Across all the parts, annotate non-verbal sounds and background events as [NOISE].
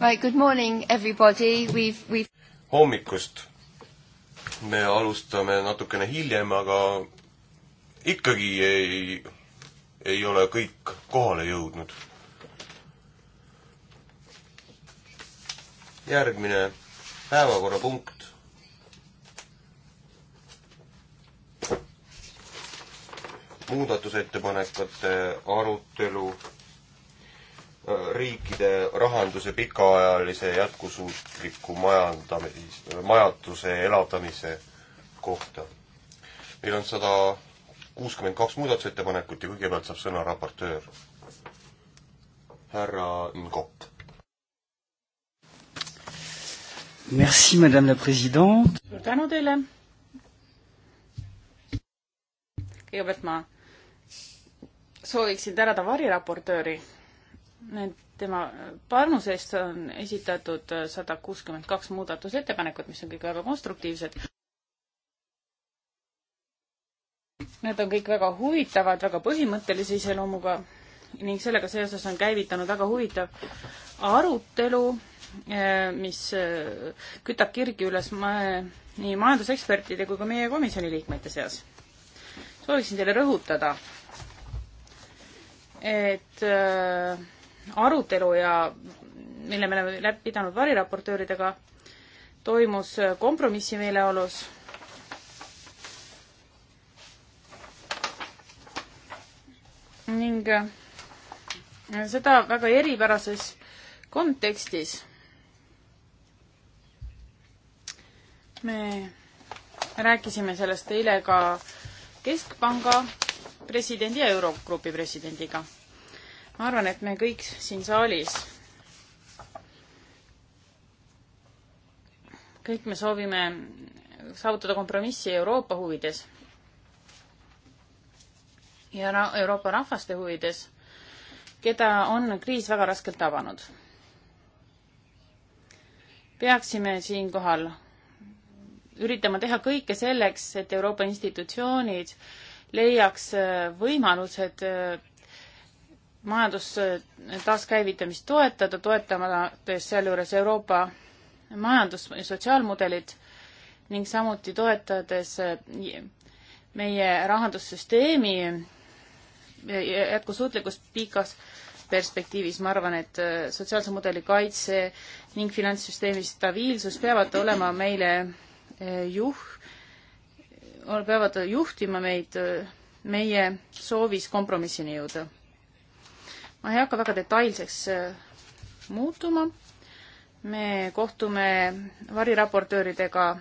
Right, good morning everybody, we've, we've hommikust! me alustame natukene hiljem, aga ikkagi ei, ei ole kõik kohale jõudnud. järgmine päevakorrapunkt muudatusettepanekute arutelu riikide rahanduse pikaajalise jätkusuutliku majandamis, majanduse elavdamise kohta. meil on sada kuuskümmend kaks muudatusettepanekut ja kõigepealt saab sõna raportöör. härra Nkokk. Merci, madame la president. suur tänu teile. kõigepealt ma sooviksin tänada variraportööri tema panusest on esitatud sada kuuskümmend kaks muudatusettepanekut, mis on kõik väga konstruktiivsed. Need on kõik väga huvitavad, väga põhimõttelise iseloomuga ning sellega seoses on käivitanud väga huvitav arutelu, eh, mis eh, kütab kirgi üles ma-, nii majandusekspertide kui ka meie komisjoni liikmete seas. sooviksin teile rõhutada, et äh, arutelu ja mille me oleme läbi pidanud variraportööridega, toimus kompromissi meeleolus. ning äh, seda väga eripärases kontekstis. me rääkisime sellest eile ka keskpanga presidendi ja Eurogrupi presidendiga ma arvan, et me kõik siin saalis, kõik me soovime saavutada kompromissi Euroopa huvides ja Euroopa rahvaste huvides, keda on kriis väga raskelt tabanud. peaksime siinkohal üritama teha kõike selleks, et Euroopa institutsioonid leiaks võimalused majandus äh, taaskäivitamist toetada, toetamates sealjuures Euroopa majandus- ja sotsiaalmudelit ning samuti toetades äh, meie rahandussüsteemi äh, jätkusuutlikkust pikas perspektiivis, ma arvan, et sotsiaalse mudeli kaitse ning finantssüsteemi stabiilsus peavad olema meile juh-, peavad juhtima meid meie soovis kompromissini jõuda ma ei hakka väga detailseks äh, muutuma. me kohtume variraportööridega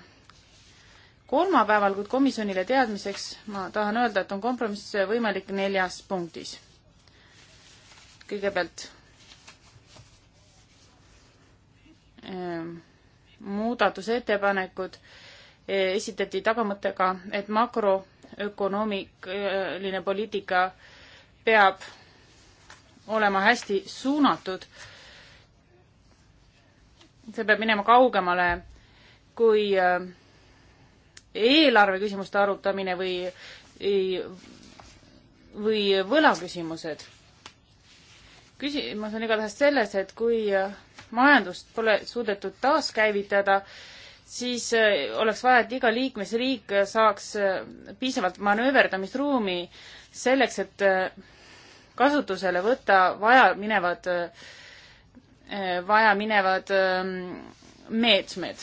kolmapäeval, kuid komisjonile teadmiseks ma tahan öelda, et on kompromiss võimalik neljas punktis. kõigepealt ähm, muudatusettepanekud äh, esitati tagamõttega, et makroökonoomiline äh, poliitika peab olema hästi suunatud. see peab minema kaugemale kui äh, eelarve küsimuste arutamine või, või võlaküsimused. küsimus on igatahes selles, et kui äh, majandust pole suudetud taaskäivitada, siis äh, oleks vaja, et iga liikmesriik saaks piisavalt manööverdamisruumi selleks, et kasutusele võtta vajaminevad, vajaminevad ähm, meetmed.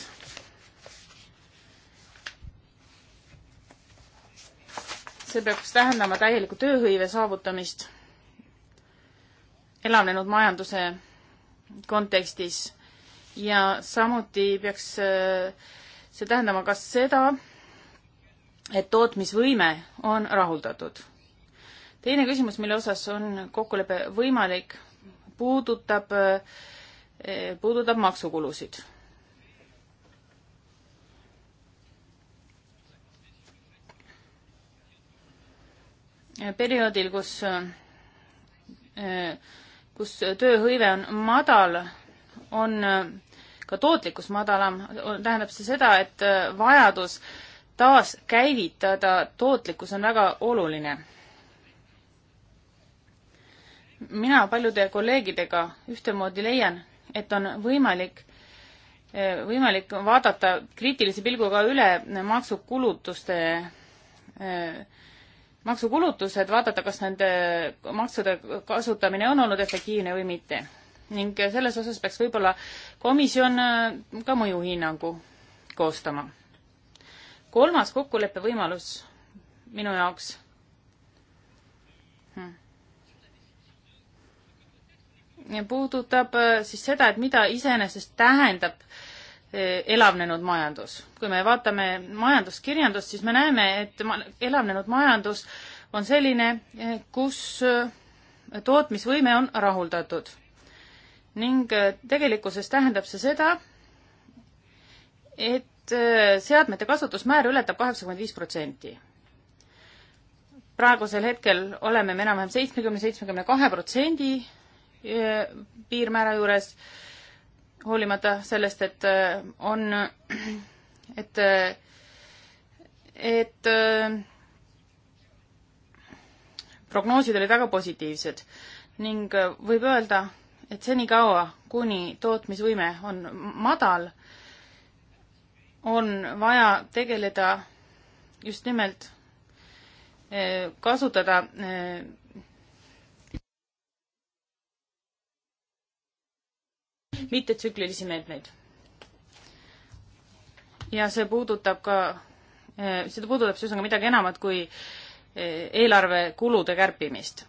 see peaks tähendama täielikku tööhõive saavutamist elavnenud majanduse kontekstis ja samuti peaks äh, see tähendama ka seda, et tootmisvõime on rahuldatud teine küsimus, mille osas on kokkulepe võimalik, puudutab, eh, puudutab maksukulusid. perioodil, kus, eh, kus tööhõive on madal, on ka tootlikkus madalam, tähendab see seda, et vajadus taaskäivitada tootlikkus on väga oluline mina paljude kolleegidega ühtemoodi leian, et on võimalik, eh, võimalik vaadata kriitilise pilguga üle maksukulutuste, eh, maksukulutused, vaadata, kas nende maksude kasutamine on olnud efektiivne või mitte. ning selles osas peaks võib-olla komisjon eh, ka mõjuhinnangu koostama. kolmas kokkuleppe võimalus minu jaoks hmm puudutab äh, siis seda, et mida iseenesest tähendab äh, elavnenud majandus. kui me vaatame majanduskirjandust, siis me näeme, et elavnenud majandus on selline, äh, kus tootmisvõime on rahuldatud. ning tegelikkuses tähendab see seda, et seadmete kasutusmäär ületab kaheksakümmend viis protsenti. praegusel hetkel oleme me enam-vähem seitsmekümne, seitsmekümne kahe protsendi Eh, piirmäära juures, hoolimata sellest, et eh, on, [CLEARS THROAT] et, eh, et prognoosid olid väga positiivsed ning võib öelda, et senikaua, kuni tootmisvõime on madal, on vaja tegeleda just nimelt kasutada mittetsüklilisi meetmeid. ja see puudutab ka, eh, see puudutab siis ühesõnaga midagi enamat kui eh, eelarve kulude kärpimist.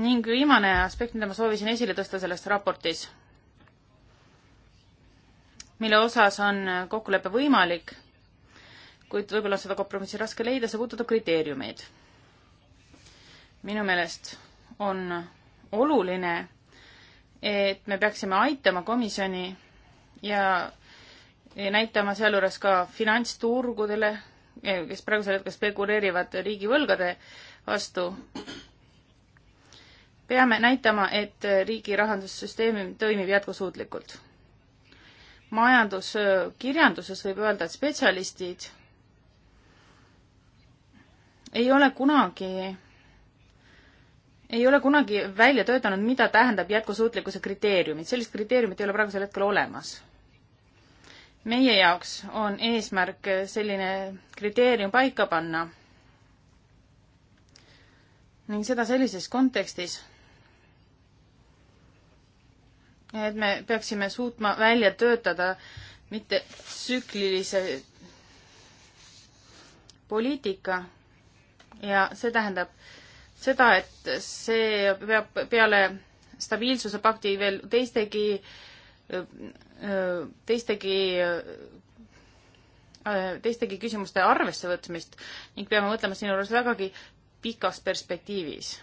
ning viimane aspekt, mida ma soovisin esile tõsta selles raportis, mille osas on kokkulepe võimalik, kuid võib-olla seda kompromissi raske leida, see puudutab kriteeriumeid minu meelest on oluline, et me peaksime aitama komisjoni ja näitama sealjuures ka finantsturgudele, kes praegusel hetkel spekuleerivad riigivõlgade vastu, peame näitama, et riigi rahandussüsteem toimib jätkusuutlikult. majanduskirjanduses võib öelda, et spetsialistid ei ole kunagi ei ole kunagi välja töötanud, mida tähendab jätkusuutlikkuse kriteeriumid, sellist kriteeriumit ei ole praegusel hetkel olemas. meie jaoks on eesmärk selline kriteerium paika panna ning seda sellises kontekstis, et me peaksime suutma välja töötada mitte tsüklilise poliitika ja see tähendab, seda, et see peab peale stabiilsuse pakti veel teistegi, teistegi teistegi küsimuste arvesse võtmist ning peame mõtlema siinjuures vägagi pikas perspektiivis.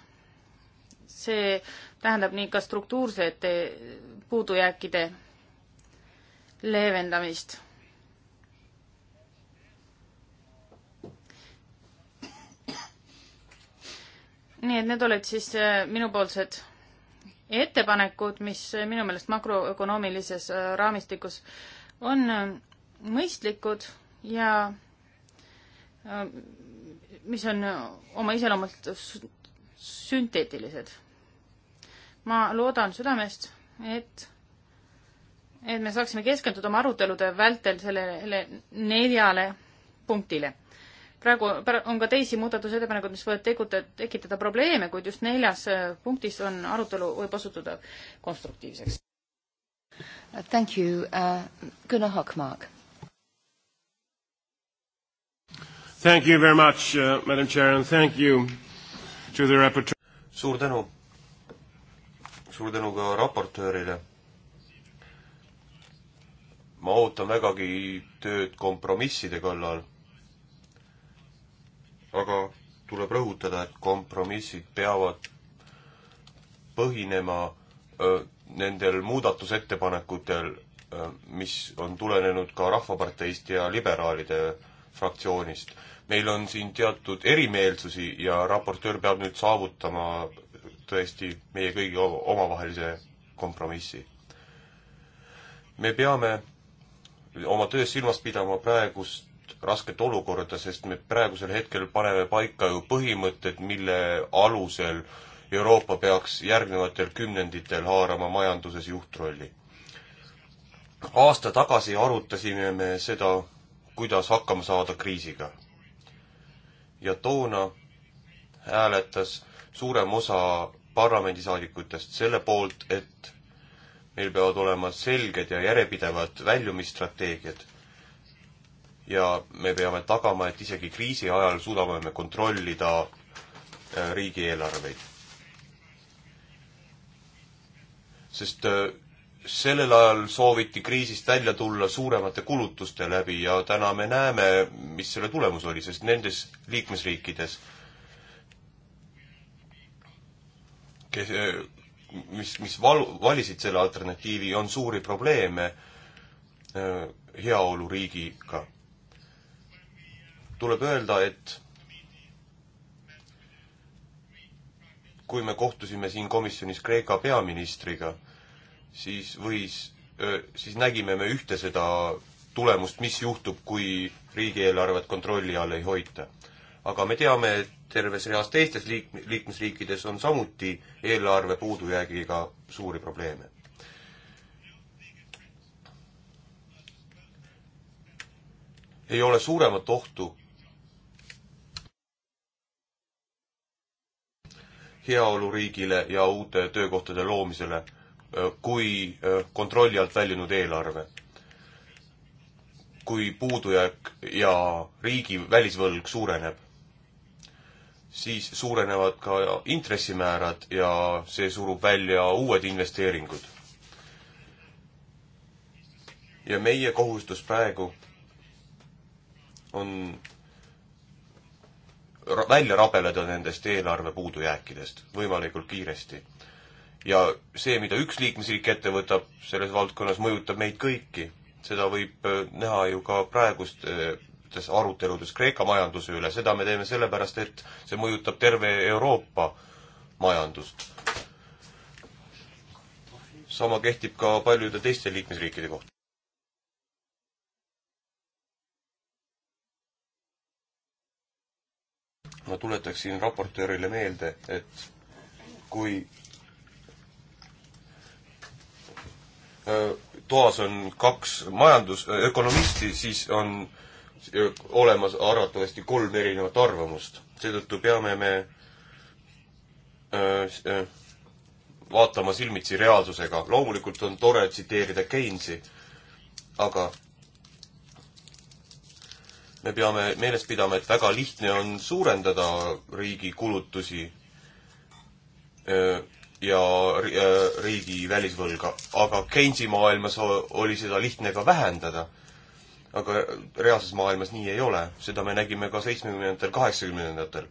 see tähendab nii ka struktuursete puudujääkide leevendamist nii et need olid siis äh, minupoolsed ettepanekud, mis äh, minu meelest makroökonoomilises äh, raamistikus on mõistlikud ja mis on oma iseloomult sünteetilised. ma loodan südamest, et, et me saaksime keskenduda oma arutelude vältel sellele neljale punktile praegu on ka teisi muudatusettepanekuid, mis võivad tekuta-, tekitada probleeme, kuid just neljas äh, punktis on arutelu, võib osutuda konstruktiivseks. Thank you uh,, Gunnar Hökmark. Thank you very much uh,, Madam Chair and thank you to the raporteur. suur tänu. suur tänu ka raportöörile ma ootan vägagi tööd kompromisside kallal aga tuleb rõhutada, et kompromissid peavad põhinema öö, nendel muudatusettepanekutel, mis on tulenenud ka Rahvaparteist ja liberaalide fraktsioonist. meil on siin teatud erimeelsusi ja raportöör peab nüüd saavutama tõesti meie kõigi omavahelise kompromissi. me peame oma töös silmas pidama praegust rasket olukorda, sest me praegusel hetkel paneme paika ju põhimõtted, mille alusel Euroopa peaks järgnevatel kümnenditel haarama majanduses juhtrolli. aasta tagasi arutasime me seda, kuidas hakkama saada kriisiga. ja toona hääletas suurem osa parlamendisaadikutest selle poolt, et meil peavad olema selged ja järjepidevad väljumisstrateegiad ja me peame tagama, et isegi kriisi ajal suudame me kontrollida äh, riigieelarveid. sest äh, sellel ajal sooviti kriisist välja tulla suuremate kulutuste läbi ja täna me näeme, mis selle tulemus oli, sest nendes liikmesriikides, kes, äh, mis, mis val-, valisid selle alternatiivi, on suuri probleeme heaoluriigiga tuleb öelda, et kui me kohtusime siin komisjonis Kreeka peaministriga, siis võis, siis nägime me ühte seda tulemust, mis juhtub, kui riigieelarvet kontrolli all ei hoita. aga me teame, et terves reas teistes liik-, liikmesriikides on samuti eelarve puudujäägiga suuri probleeme. ei ole suuremat ohtu heaoluriigile ja uute töökohtade loomisele kui kontrolli alt väljunud eelarve. kui puudujääk ja riigi välisvõlg suureneb, siis suurenevad ka intressimäärad ja see surub välja uued investeeringud. ja meie kohustus praegu on välja rabeleda nendest eelarve puudujääkidest võimalikult kiiresti. ja see, mida üks liikmesriik ette võtab selles valdkonnas, mõjutab meid kõiki. seda võib äh, näha ju ka praegustes aruteludes Kreeka majanduse üle, seda me teeme sellepärast, et see mõjutab terve Euroopa majandust. sama kehtib ka paljude teiste liikmesriikide kohta. ma tuletaksin raportöörile meelde, et kui toas on kaks majandus, ökonomisti, siis on olemas arvatavasti kolm erinevat arvamust. seetõttu peame me vaatama silmitsi reaalsusega. loomulikult on tore tsiteerida Keinsi, aga me peame meeles pidama, et väga lihtne on suurendada riigi kulutusi ja riigi välisvõlga, aga Keinsi maailmas oli seda lihtne ka vähendada. aga reaalses maailmas nii ei ole, seda me nägime ka seitsmekümnendatel, kaheksakümnendatel.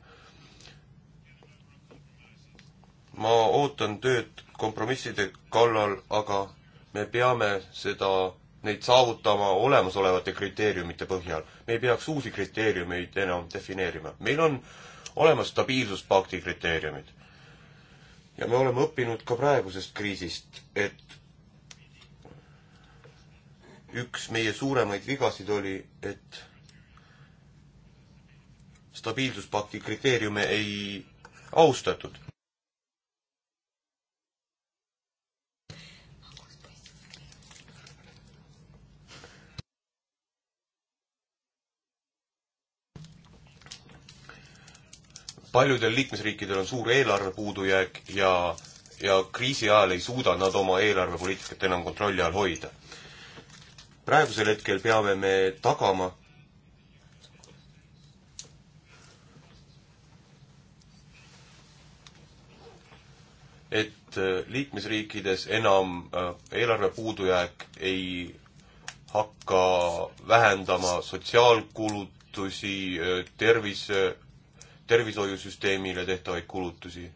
ma ootan tööd kompromisside kallal, aga me peame seda neid saavutama olemasolevate kriteeriumite põhjal. me ei peaks uusi kriteeriumeid enam defineerima. meil on olemas stabiilsuspakti kriteeriumid. ja me oleme õppinud ka praegusest kriisist, et üks meie suuremaid vigasid oli, et stabiilsuspakti kriteeriume ei austatud paljudel liikmesriikidel on suur eelarve puudujääk ja, ja kriisi ajal ei suuda nad oma eelarvepoliitikat enam kontrolli all hoida. praegusel hetkel peame me tagama et äh, liikmesriikides enam äh, eelarve puudujääk ei hakka vähendama sotsiaalkulutusi, äh, tervise tervishoiusüsteemile tehtavaid kulutusi.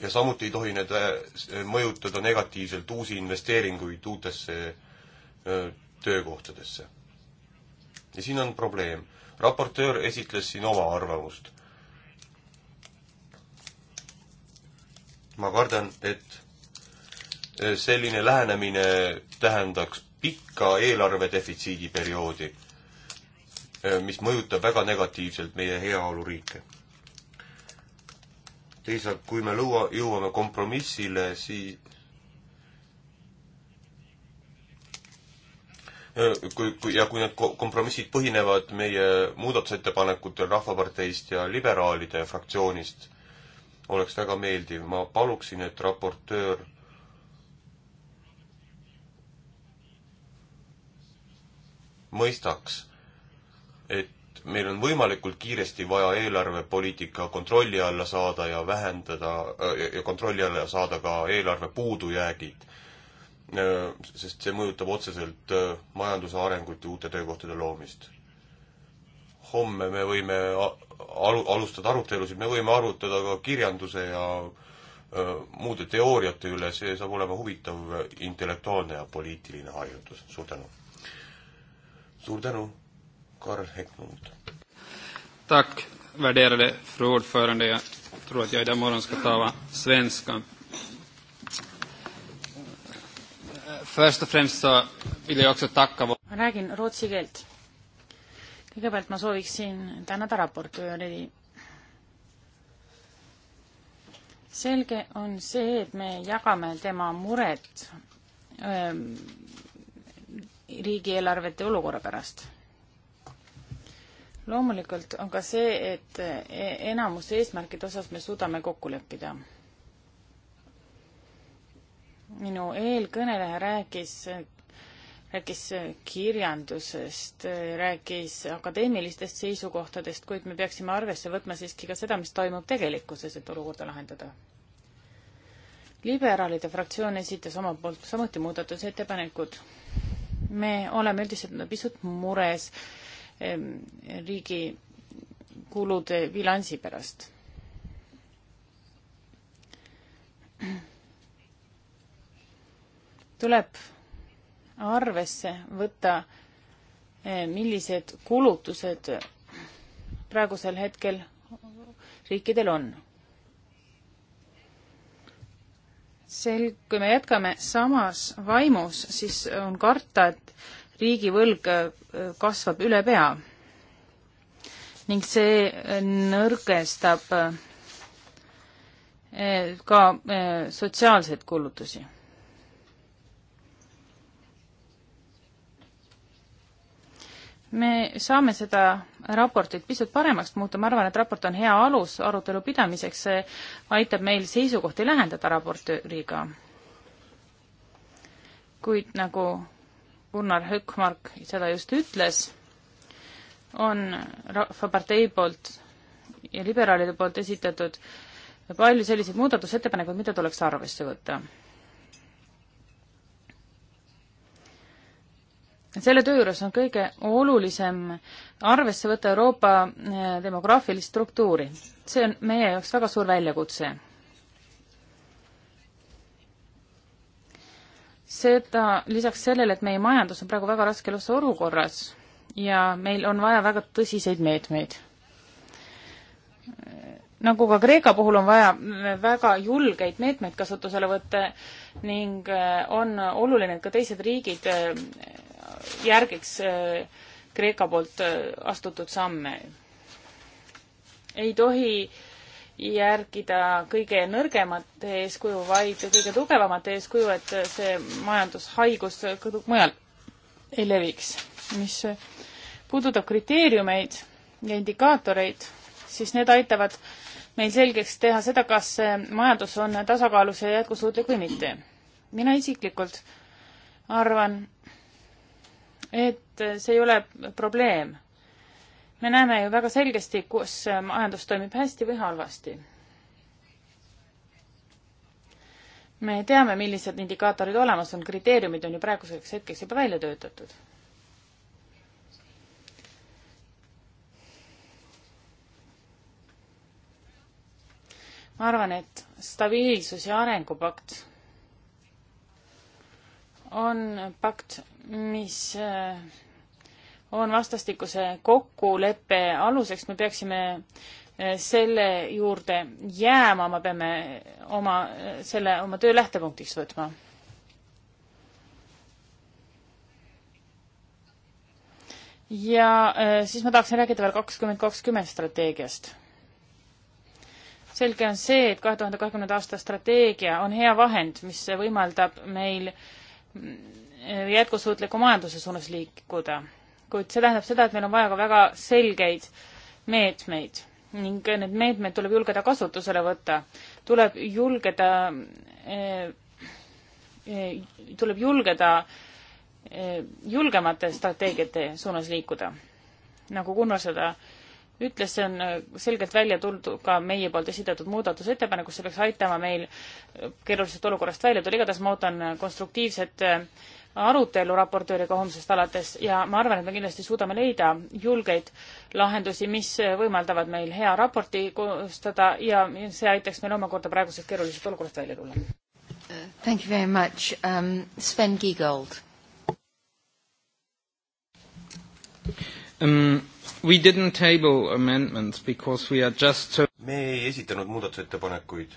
ja samuti ei tohi need äh, mõjutada negatiivselt uusi investeeringuid uutesse äh, töökohtadesse. ja siin on probleem. raportöör esitles siin oma arvamust. ma kardan, et äh, selline lähenemine tähendaks pikka eelarve defitsiidi perioodi Äh, mis mõjutab väga negatiivselt meie heaoluriike. teisalt, kui me lõua, jõuame kompromissile, siis äh, kui, kui ja kui need kompromissid põhinevad meie muudatusettepanekutel Rahvaparteist ja liberaalide fraktsioonist, oleks väga meeldiv. ma paluksin, et raportöör mõistaks et meil on võimalikult kiiresti vaja eelarvepoliitika kontrolli alla saada ja vähendada äh,, ja kontrolli alla saada ka eelarve puudujäägid äh,. sest see mõjutab otseselt äh, majanduse arengut ja uute töökohtade loomist. homme me võime alu-, alustada arutelusid, me võime arutada ka kirjanduse ja äh, muude teooriate üle, see saab olema huvitav intellektuaalne ja poliitiline harjutus. suur tänu! suur tänu! Karl Hägglund. Tack, värderade fru ordförande. Jag tror att jag i den morgon ska tala svenska. Först och främst så vill jag också tacka vår... Ma räägin rootsi keelt. Kõigepealt ma sooviksin tänada raportööri. Selge on see, et me jagame tema muret öö, ähm, riigieelarvete olukorra pärast loomulikult on ka see, et e-, enamus eesmärkide osas me suudame kokku leppida. minu eelkõneleja rääkis, rääkis kirjandusest, rääkis akadeemilistest seisukohtadest, kuid me peaksime arvesse võtma siiski ka seda, mis toimub tegelikkuses, et olukorda lahendada. liberaalide fraktsioon esitas omalt poolt samuti muudatusettepanekud. me oleme üldiselt pisut mures äh, riigi kulude bilansi pärast. tuleb arvesse võtta, eh, millised kulutused praegusel hetkel riikidel on sel-, kui me jätkame samas vaimus, siis on karta, et riigivõlg äh, kasvab üle pea ning see nõrgestab äh, ka äh, sotsiaalseid kulutusi. me saame seda raportit pisut paremaks muuta, ma arvan, et raport on hea alus arutelu pidamiseks, see aitab meil seisukohti lähendada raportööriga. kuid nagu Gunnar Hökmark seda just ütles, on Rahvapartei poolt ja liberaalide poolt esitatud palju selliseid muudatusettepanekuid, mida tuleks arvesse võtta. selle töö juures on kõige olulisem arvesse võtta Euroopa eh, demograafilist struktuuri. see on meie jaoks väga suur väljakutse seda lisaks sellele, et meie majandus on praegu väga raskelas olukorras ja meil on vaja väga tõsiseid meetmeid. nagu ka Kreeka puhul on vaja väga julgeid meetmeid kasutusele võtta ning äh, on oluline, et ka teised riigid äh, järgiks äh, Kreeka poolt astutud samme. ei tohi äh, järgida kõige nõrgemate eeskuju, vaid kõige tugevamate eeskuju, et see majandushaigus mujal ei leviks. mis puudutab kriteeriumeid ja indikaatoreid, siis need aitavad meil selgeks teha seda, kas majandus on tasakaalus ja jätkusuutlik või mitte. mina isiklikult arvan, et see ei ole probleem me näeme ju väga selgesti, kus äh, majandus toimib hästi või halvasti. me teame, millised indikaatorid olemas on, kriteeriumid on ju praeguseks hetkeks juba välja töötatud ma arvan, et stabiilsus ja arengupakt on pakt, mis äh, on vastastikuse kokkuleppe aluseks, me peaksime eh, selle juurde jääma, me peame oma, eh, selle oma töö lähtepunktiks võtma. ja eh, siis ma tahaksin rääkida veel kakskümmend kakskümmend strateegiast. selge on see, et kahe tuhande kahekümnenda aasta strateegia on hea vahend, mis võimaldab meil mm, jätkusuutliku majanduse suunas liikuda kuid see tähendab seda, et meil on vaja ka väga selgeid meetmeid ning need meetmed tuleb julgeda kasutusele võtta, tuleb julgeda, eh, eh, tuleb julgeda eh, julgemate strateegiate suunas liikuda. nagu Gunnar seda ütles, see on selgelt välja tuldud ka meie poolt esitatud muudatusettepanekus, see peaks aitama meil keerulisest olukorrast välja tulla, igatahes ma ootan konstruktiivset arutelu raportööriga homsest alates ja ma arvan, et me kindlasti suudame leida julgeid lahendusi, mis võimaldavad meil hea raporti koostada ja see aitaks meil omakorda praegusest keerulisest olukorrast välja tulla. Thank you very much um,, Sven Kiigold um,. We didn't table amendments because we are just me ei esitanud muudatusettepanekuid,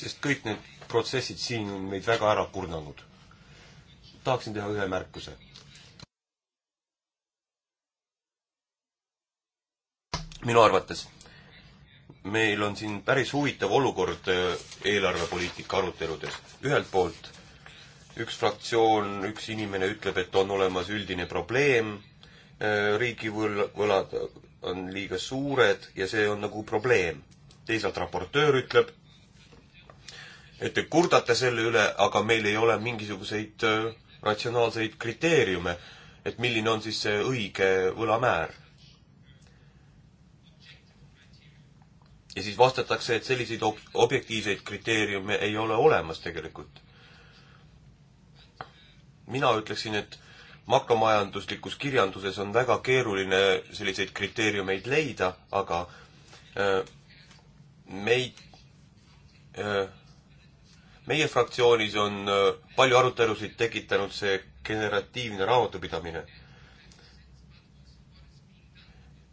sest kõik need protsessid siin on meid väga ära kurnanud. tahaksin teha ühe märkuse. minu arvates meil on siin päris huvitav olukord äh, eelarvepoliitika aruteludes. ühelt poolt üks fraktsioon, üks inimene ütleb, et on olemas üldine probleem, äh, riigivõlad on liiga suured ja see on nagu probleem. teisalt raportöör ütleb, et te kurdate selle üle, aga meil ei ole mingisuguseid äh, ratsionaalseid kriteeriume, et milline on siis see õige võlamäär. ja siis vastatakse, et selliseid ob-, objektiivseid kriteeriume ei ole olemas tegelikult. mina ütleksin, et makromajanduslikus kirjanduses on väga keeruline selliseid kriteeriumeid leida, aga äh, meid äh, meie fraktsioonis on äh, palju arutelusid tekitanud see generatiivne raamatupidamine.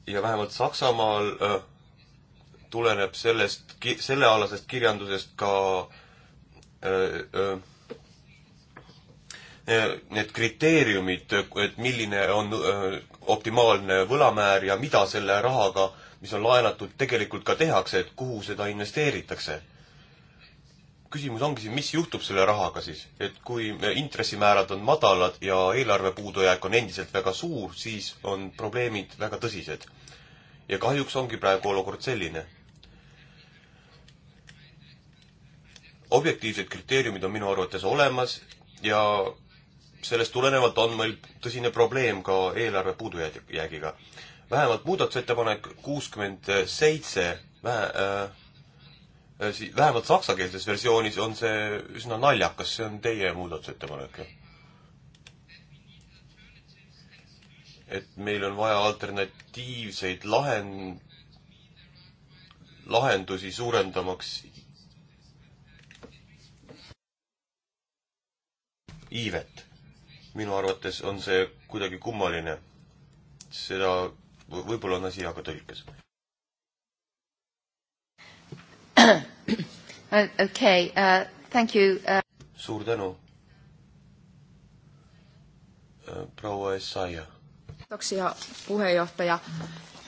ja vähemalt Saksamaal äh, tuleneb sellest, sellealasest kirjandusest ka äh, äh, äh, need kriteeriumid, et milline on äh, optimaalne võlamäär ja mida selle rahaga, mis on laenatud, tegelikult ka tehakse, et kuhu seda investeeritakse küsimus ongi siin, mis juhtub selle rahaga siis, et kui intressimäärad on madalad ja eelarve puudujääk on endiselt väga suur, siis on probleemid väga tõsised. ja kahjuks ongi praegu olukord selline. objektiivsed kriteeriumid on minu arvates olemas ja sellest tulenevalt on meil tõsine probleem ka eelarve puudujäägiga. vähemalt muudatusettepanek kuuskümmend seitse vähe äh, Äh, vähemalt saksakeelses versioonis on see üsna naljakas, see on teie muudatusettepanek ju. et meil on vaja alternatiivseid lahen-, lahendusi suurendamaks iivet. minu arvates on see kuidagi kummaline. seda võib-olla on asi aga tõlkes [COUGHS] okei, uh, thank you uh.... suur tänu. Äh, proua Essaia. kiitoksia, puhejuhataja. Äh,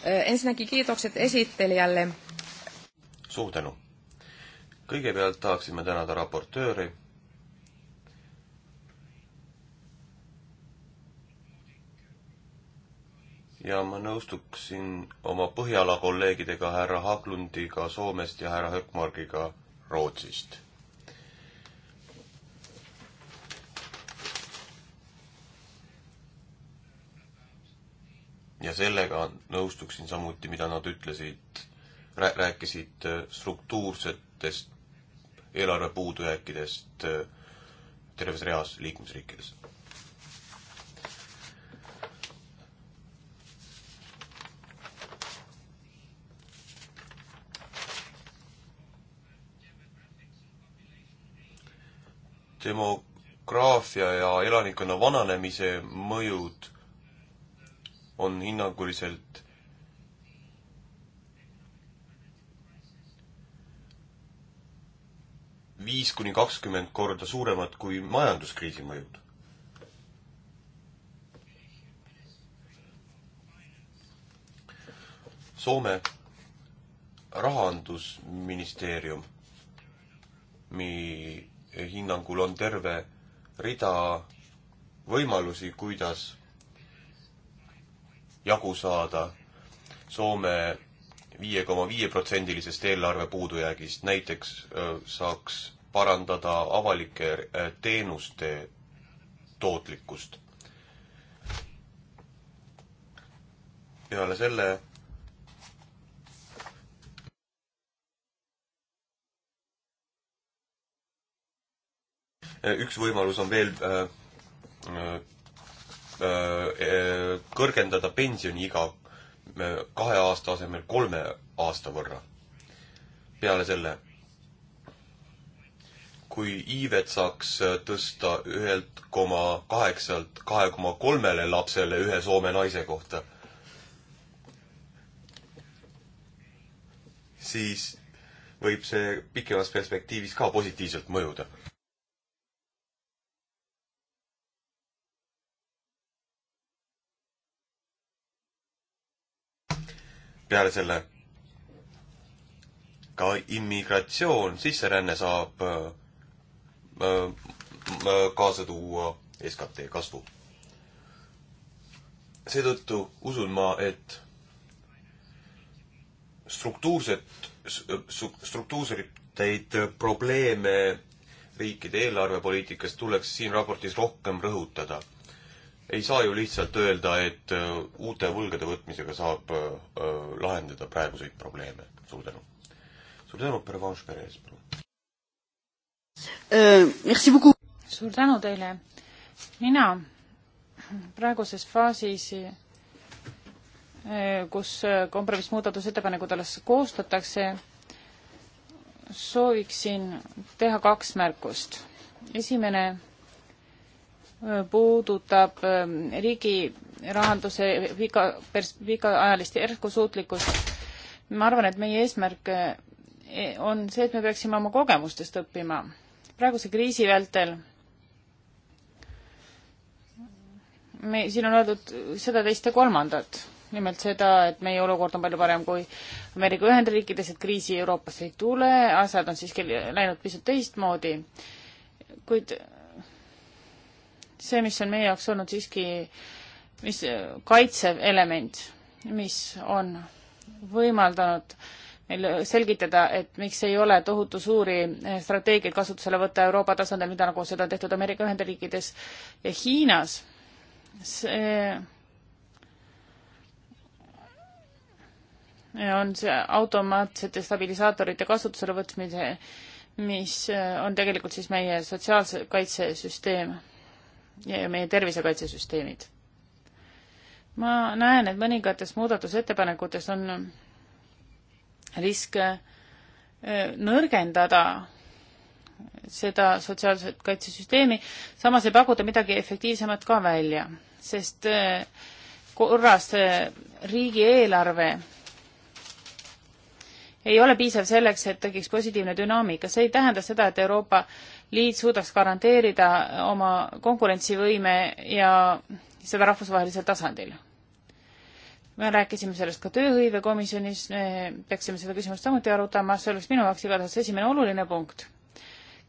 ensinnäkin kiitokset esittelijälle. suur tänu. kõigepealt tahaksime tänada raportööri ja ma nõustuksin oma Põhjala kolleegidega, härra Haglundiga Soomest ja härra Höckmargiga Rootsist. ja sellega nõustuksin samuti, mida nad ütlesid, rääkisid äh, struktuursetest eelarve puudujääkidest äh, terves reas liikmesriikides demograafia ja elanikkonna vananemise mõjud on hinnanguliselt viis kuni kakskümmend korda suuremad kui majanduskriisi mõjud. Soome rahandusministeerium, mi hinnangul on terve rida võimalusi, kuidas jagu saada Soome viie koma viie protsendilisest eelarve puudujäägist, näiteks saaks parandada avalike teenuste tootlikkust. peale selle Äh, üks võimalus on veel äh, äh, kõrgendada pensioniiga kahe aasta asemel kolme aasta võrra. peale selle, kui iivet saaks tõsta ühelt koma kaheksalt kahe koma kolmele lapsele ühe Soome naise kohta, siis võib see pikemas perspektiivis ka positiivselt mõjuda peale selle ka immigratsioon, sisseränne saab äh, äh, kaasa tuua SKT kasvu. seetõttu usun ma, et struktuurset, struktuurseid probleeme riikide eelarvepoliitikas tuleks siin raportis rohkem rõhutada ei saa ju lihtsalt öelda, et äh, uute võlgade võtmisega saab äh, äh, lahendada praeguseid probleeme. suur tänu. suur tänu, Pervanš Perez, palun. suur tänu teile. mina praeguses faasis, kus kompromissmuudatusettepanekud alles koostatakse, sooviksin teha kaks märkust. esimene puudutab ähm, riigi rahanduse pika, pikaajalist jätkusuutlikkust. ma arvan, et meie eesmärk äh, on see, et me peaksime oma kogemustest õppima. praeguse kriisi vältel me, siin on öeldud seda, teist ja kolmandat. nimelt seda, et meie olukord on palju parem kui Ameerika Ühendriikides, et kriisi Euroopasse ei tule, asjad on siiski läinud pisut teistmoodi. kuid see, mis on meie jaoks olnud siiski, mis kaitsev element, mis on võimaldanud meil selgitada, et miks ei ole tohutu suuri strateegiaid kasutusele võtta Euroopa tasandil, mida nagu seda on tehtud Ameerika Ühendriikides ja Hiinas. see on see automaatsete stabilisaatorite kasutusele võtmise, mis on tegelikult siis meie sotsiaalse kaitsesüsteem ja meie tervisekaitsesüsteemid. ma näen, et mõningates muudatusettepanekutes on risk äh, nõrgendada seda sotsiaalset kaitsesüsteemi, samas ei pakuta midagi efektiivsemat ka välja, sest äh, korras äh, riigieelarve ei ole piisav selleks, et tekiks positiivne dünaamika, see ei tähenda seda, et Euroopa äh, liit suudaks garanteerida oma konkurentsivõime ja seda rahvusvahelisel tasandil. me rääkisime sellest ka tööhõivekomisjonis, me peaksime seda küsimust samuti arutama, see oleks minu jaoks igatahes esimene oluline punkt.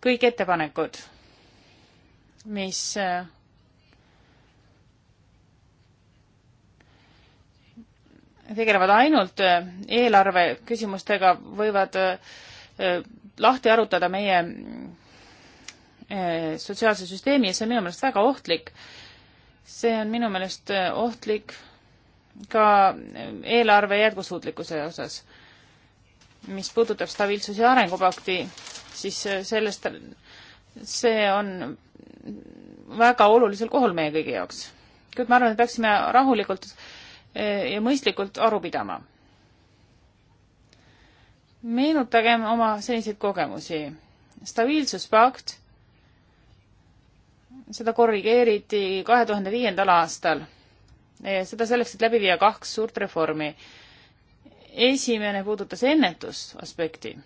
kõik ettepanekud, mis äh, tegelevad ainult äh, eelarve küsimustega, võivad äh, lahti arutada meie Eh, sotsiaalse süsteemi ja see on minu meelest väga ohtlik. see on minu meelest eh, ohtlik ka eelarve jätkusuutlikkuse osas. mis puudutab stabiilsus- ja arengupakti, siis eh, sellest, see on väga olulisel kohal meie kõigi jaoks. kuid ma arvan, et peaksime rahulikult ja mõistlikult aru pidama. meenutagem oma seniseid kogemusi. stabiilsuspakt seda korrigeeriti kahe tuhande viiendal aastal. seda selleks, et läbi viia kaks suurt reformi. esimene puudutas ennetusaspekti.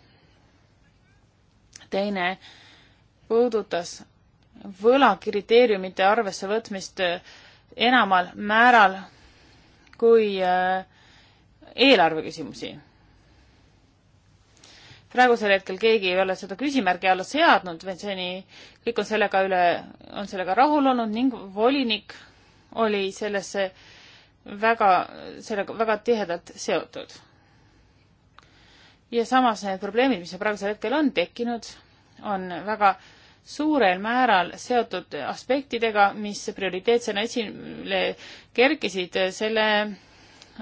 teine puudutas võlakriteeriumite arvesse võtmist enamal määral kui äh, eelarve küsimusi praegusel hetkel keegi ei ole seda küsimärgi alla seadnud, seni kõik on sellega üle, on sellega rahul olnud ning volinik oli sellesse väga, sellega väga tihedalt seotud. ja samas need probleemid, mis praegusel hetkel on tekkinud, on väga suurel määral seotud aspektidega, mis prioriteetsena esile kerkisid selle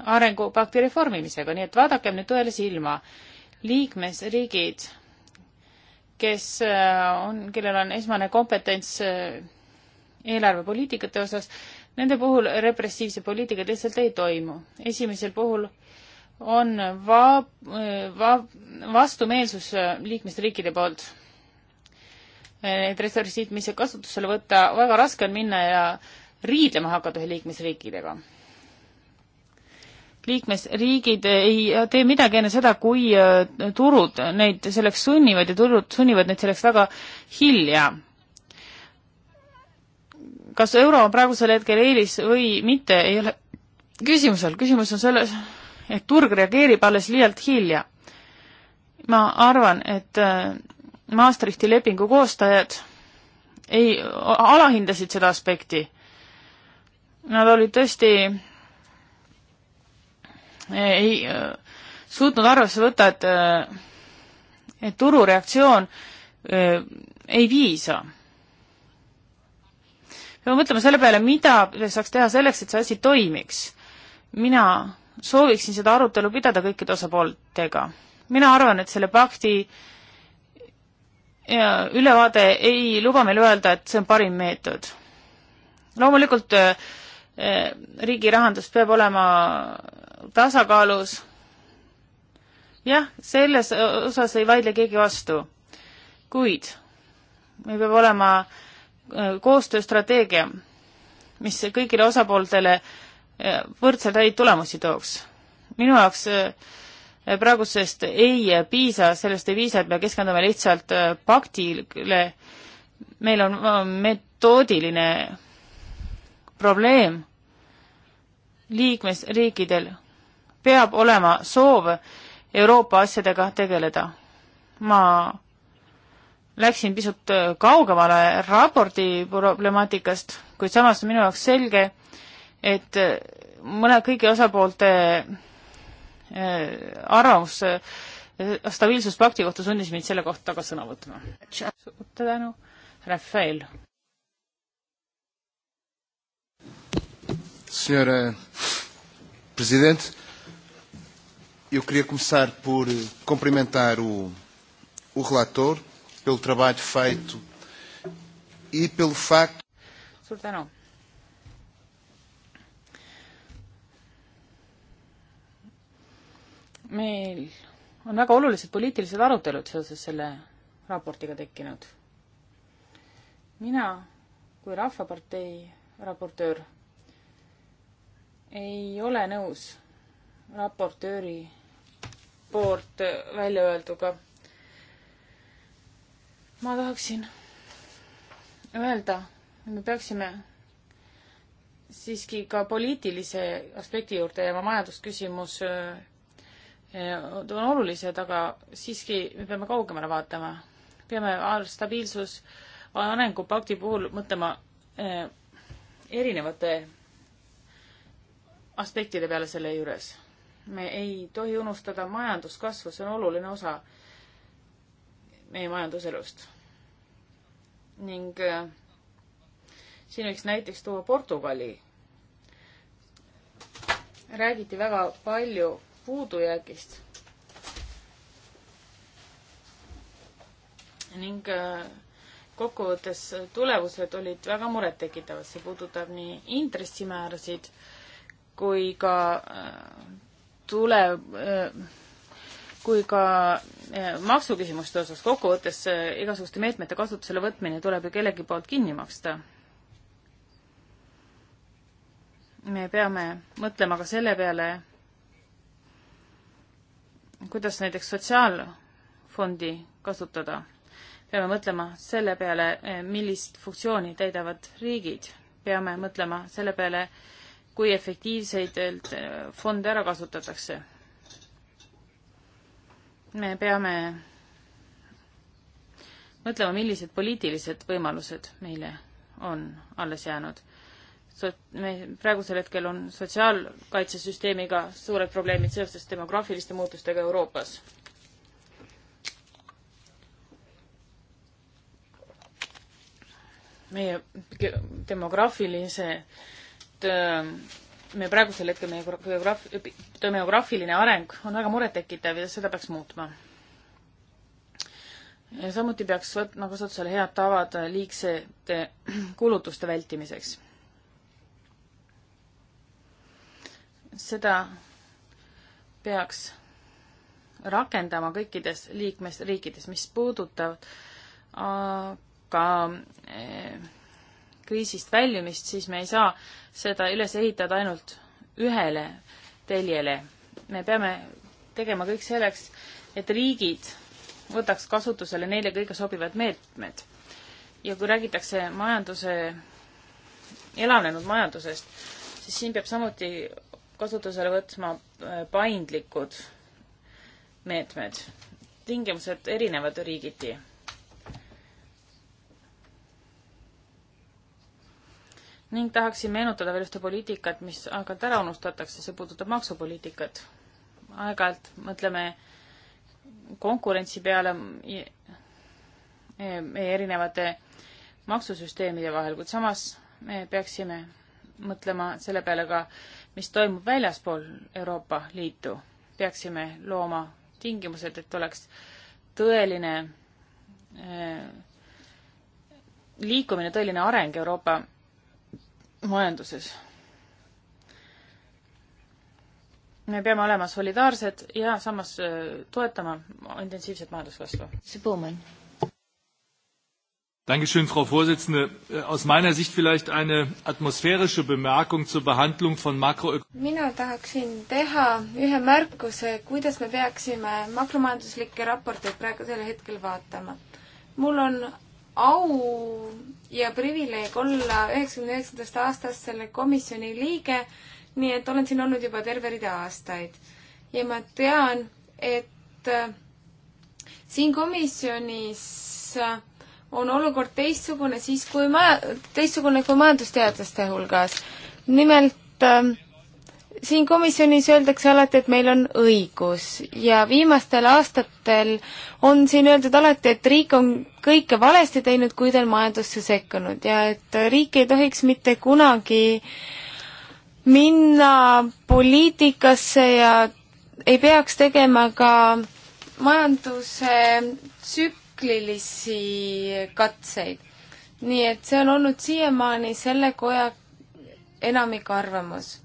arengupakti reformimisega, nii et vaadakem nüüd tõele silma liikmesriigid, kes äh, on, kellel on esmane kompetents äh, eelarvepoliitikate osas, nende puhul repressiivse poliitika lihtsalt ei toimu. esimesel puhul on va-, äh, va-, vastumeelsus liikmesriikide poolt. Need ressursid, mis kasutusele võtta, väga raske on minna ja riidlema hakata ühe liikmesriikidega liikmesriigid ei äh, tee midagi enne seda, kui äh, turud neid selleks sunnivad ja turud sunnivad neid selleks väga hilja. kas euro on praegusel hetkel eelis või mitte, ei ole küsimusel, küsimus on selles, et turg reageerib alles liialt hilja. ma arvan, et äh, Maastrichti lepingu koostajad ei, alahindasid seda aspekti. Nad olid tõesti ei äh, suutnud arvesse võtta, et, äh, et turureaktsioon äh, ei piisa. peame mõtlema selle peale, mida saaks teha selleks, et see asi toimiks. mina sooviksin seda arutelu pidada kõikide osapooltega. mina arvan, et selle pakti ülevaade ei luba meil öelda, et see on parim meetod. loomulikult riigi rahandus peab olema tasakaalus. jah, selles osas ei vaidle keegi vastu. kuid meil peab olema äh, koostööstrateegia, mis kõigile osapooltele äh, võrdselt häid tulemusi tooks. minu jaoks äh, praegusest ei piisa, sellest ei piisa, et me keskendume lihtsalt paktile. meil on metoodiline probleem liikmesriikidel peab olema soov Euroopa asjadega tegeleda. ma läksin pisut äh, kaugemale raporti problemaatikast, kuid samas on minu jaoks selge, et äh, mõne kõigi osapoolte äh, arvamus stabiilsuspakti kohta sundis mind selle kohta ka sõna võtma. suur tänu, Rafael. Senhor Presidente, Eu queria começar por eh, cumprimentar o, o relator pelo trabalho feito e pelo facto. suur tänu. meil on väga olulised poliitilised arutelud seoses selle raportiga tekkinud. mina kui Rahvapartei raportöör ei ole nõus raportööri poolt välja öelduga. ma tahaksin öelda, et me peaksime siiski ka poliitilise aspekti juurde jääma, majandusküsimus eh, on olulised, aga siiski me peame kaugemale vaatama. peame stabiilsus arengupakti puhul mõtlema eh, erinevate aspektide peale selle juures me ei tohi unustada majanduskasvu, see on oluline osa meie majanduselust. ning äh, siin võiks näiteks tuua Portugali. räägiti väga palju puudujäägist. ning äh, kokkuvõttes tulemused olid väga murettekitavad, see puudutab nii intressimäärasid kui ka äh, tule äh, kui ka äh, maksuküsimuste osas kokkuvõttes äh, igasuguste meetmete kasutusele võtmine tuleb ju kellegi poolt kinni maksta. me peame mõtlema ka selle peale, kuidas näiteks sotsiaalfondi kasutada. peame mõtlema selle peale, millist funktsiooni täidavad riigid. peame mõtlema selle peale, kui efektiivseid äh, fonde ära kasutatakse. me peame mõtlema, millised poliitilised võimalused meile on alles jäänud. me praegusel hetkel on sotsiaalkaitsesüsteemiga suured probleemid seoses demograafiliste muutustega Euroopas meie demograafilise et äh, me praegusel hetkel meie geograaf-, demograafiline areng on väga murettekitav ja seda peaks muutma. ja samuti peaks võtma nagu kasutusele head tavad liigsete [CLEARS THROAT] kulutuste vältimiseks. seda peaks rakendama kõikides liikmesriikides, mis puudutavad aga äh, kriisist väljumist, siis me ei saa seda üles ehitada ainult ühele teljele. me peame tegema kõik selleks, et riigid võtaks kasutusele neile kõige sobivad meetmed. ja kui räägitakse majanduse, elavnenud majandusest, siis siin peab samuti kasutusele võtma äh, paindlikud meetmed. tingimused erinevad riigiti ning tahaksin meenutada veel ühte poliitikat, mis aeg-ajalt ära unustatakse, see puudutab maksupoliitikat. aeg-ajalt mõtleme konkurentsi peale e-, meie erinevate maksusüsteemide vahel, kuid samas me peaksime mõtlema selle peale ka, mis toimub väljaspool Euroopa Liitu. peaksime looma tingimused, et oleks tõeline e, liikumine, tõeline areng Euroopa majanduses. me peame olema solidaarsed ja samas äh, toetama intensiivset majanduskasvu. Dankeschön, Frau Vorsitzende. Äh, aus meiner Sicht vielleicht eine atmosphärische Bemerkung zur Behandlung von Makro... Mina tahaksin teha ühe märkuse, kuidas me peaksime makromajanduslikke raporteid praegusel hetkel vaatama. Mul on au ja privileeg olla üheksakümne üheksandast aastast selle komisjoni liige, nii et olen siin olnud juba terve rida aastaid. ja ma tean, et äh, siin komisjonis äh, on olukord teistsugune siis, kui ma, teistsugune kui majandusteadlaste hulgas. nimelt äh, siin komisjonis öeldakse alati, et meil on õigus ja viimastel aastatel on siin öeldud alati, et riik on kõike valesti teinud, kui ta on majandusse sekkunud ja et riik ei tohiks mitte kunagi minna poliitikasse ja ei peaks tegema ka majanduse tsüklilisi katseid. nii et see on olnud siiamaani selle koja enamik arvamus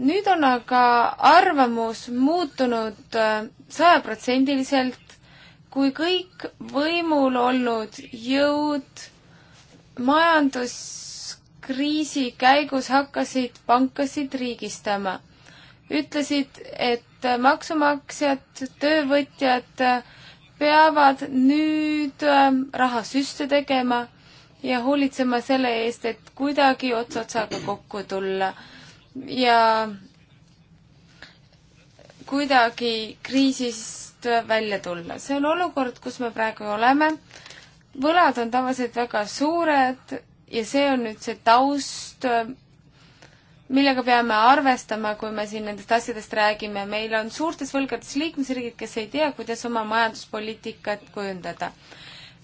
nüüd on aga arvamus muutunud äh, sajaprotsendiliselt, kui kõik võimul olnud jõud majanduskriisi käigus hakkasid pankasid riigistama. ütlesid, et äh, maksumaksjad, töövõtjad äh, peavad nüüd ähm, rahasüste tegema ja hoolitsema selle eest, et kuidagi ots otsaga kokku tulla ja kuidagi kriisist välja tulla. see on olukord, kus me praegu oleme. võlad on tavaliselt väga suured ja see on nüüd see taust, millega peame arvestama, kui me siin nendest asjadest räägime. meil on suurtes võlgades liikmesriigid, kes ei tea, kuidas oma majanduspoliitikat kujundada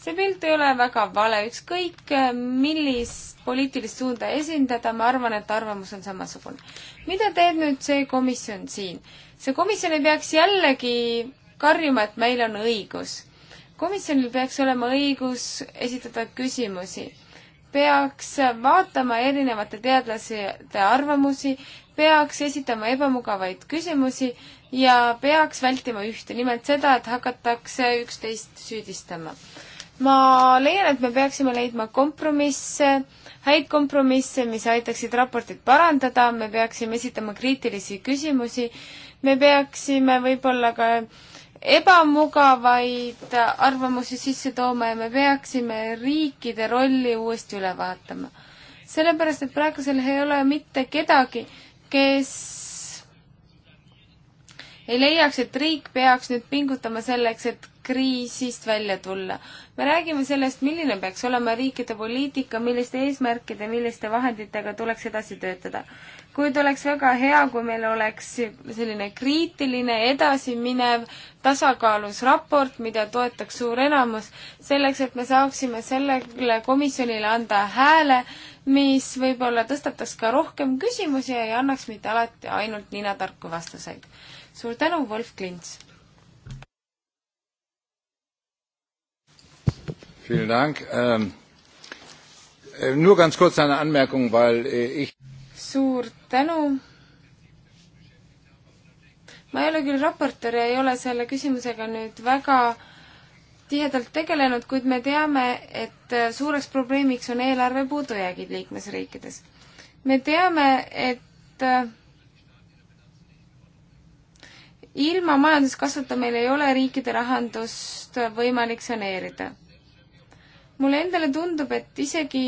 see pilt ei ole väga vale, ükskõik äh, millist poliitilist suunda esindada, ma arvan, et arvamus on samasugune. mida teeb nüüd see komisjon siin? see komisjon ei peaks jällegi karjuma, et meil on õigus. komisjonil peaks olema õigus esitada küsimusi, peaks vaatama erinevate teadlaste arvamusi, peaks esitama ebamugavaid küsimusi ja peaks vältima ühte, nimelt seda, et hakatakse üksteist süüdistama ma leian, et me peaksime leidma kompromisse, häid kompromisse, mis aitaksid raportit parandada, me peaksime esitama kriitilisi küsimusi, me peaksime võib-olla ka ebamugavaid arvamusi sisse tooma ja me peaksime riikide rolli uuesti üle vaatama. sellepärast, et praegusel ei ole mitte kedagi, kes ei leiaks, et riik peaks nüüd pingutama selleks, et kriisist välja tulla. me räägime sellest, milline peaks olema riikide poliitika, milliste eesmärkide, milliste vahenditega tuleks edasi töötada. kuid oleks väga hea, kui meil oleks selline kriitiline, edasiminev, tasakaalus raport, mida toetaks suur enamus, selleks et me saaksime sellele komisjonile anda hääle, mis võib-olla tõstataks ka rohkem küsimusi ja ei annaks mitte alati ainult ninatarku vastuseid. suur tänu, Wolf Klints! Vielen Dank. Ähm, äh, nur ganz kurz eine Anmerkung, weil äh, ich. suur tänu. ma ei ole küll raportöör ja ei ole selle küsimusega nüüd väga tihedalt tegelenud, kuid me teame, et äh, suureks probleemiks on eelarve puudujäägid liikmesriikides. me teame, et ilma majanduskasvuta meil ei ole riikide rahandust võimalik saneerida mulle endale tundub, et isegi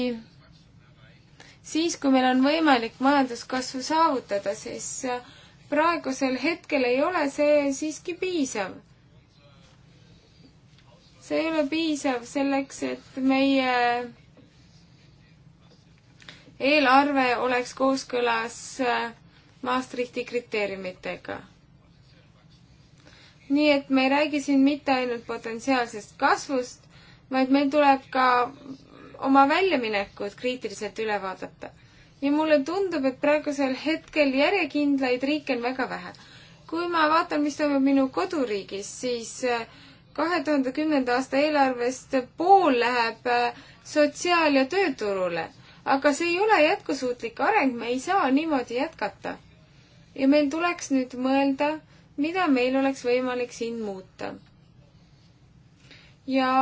siis, kui meil on võimalik majanduskasvu saavutada, siis äh, praegusel hetkel ei ole see siiski piisav. see ei ole piisav selleks, et meie eelarve oleks kooskõlas äh, Maastrichti kriteeriumitega. nii et me ei räägi siin mitte ainult potentsiaalsest kasvust, vaid meil tuleb ka oma väljaminekud kriitiliselt üle vaadata. ja mulle tundub, et praegusel hetkel järjekindlaid riike on väga vähe. kui ma vaatan, mis toimub minu koduriigis, siis äh, kahe tuhande kümnenda aasta eelarvest pool läheb äh, sotsiaal- ja tööturule. aga see ei ole jätkusuutlik areng, me ei saa niimoodi jätkata. ja meil tuleks nüüd mõelda, mida meil oleks võimalik siin muuta. ja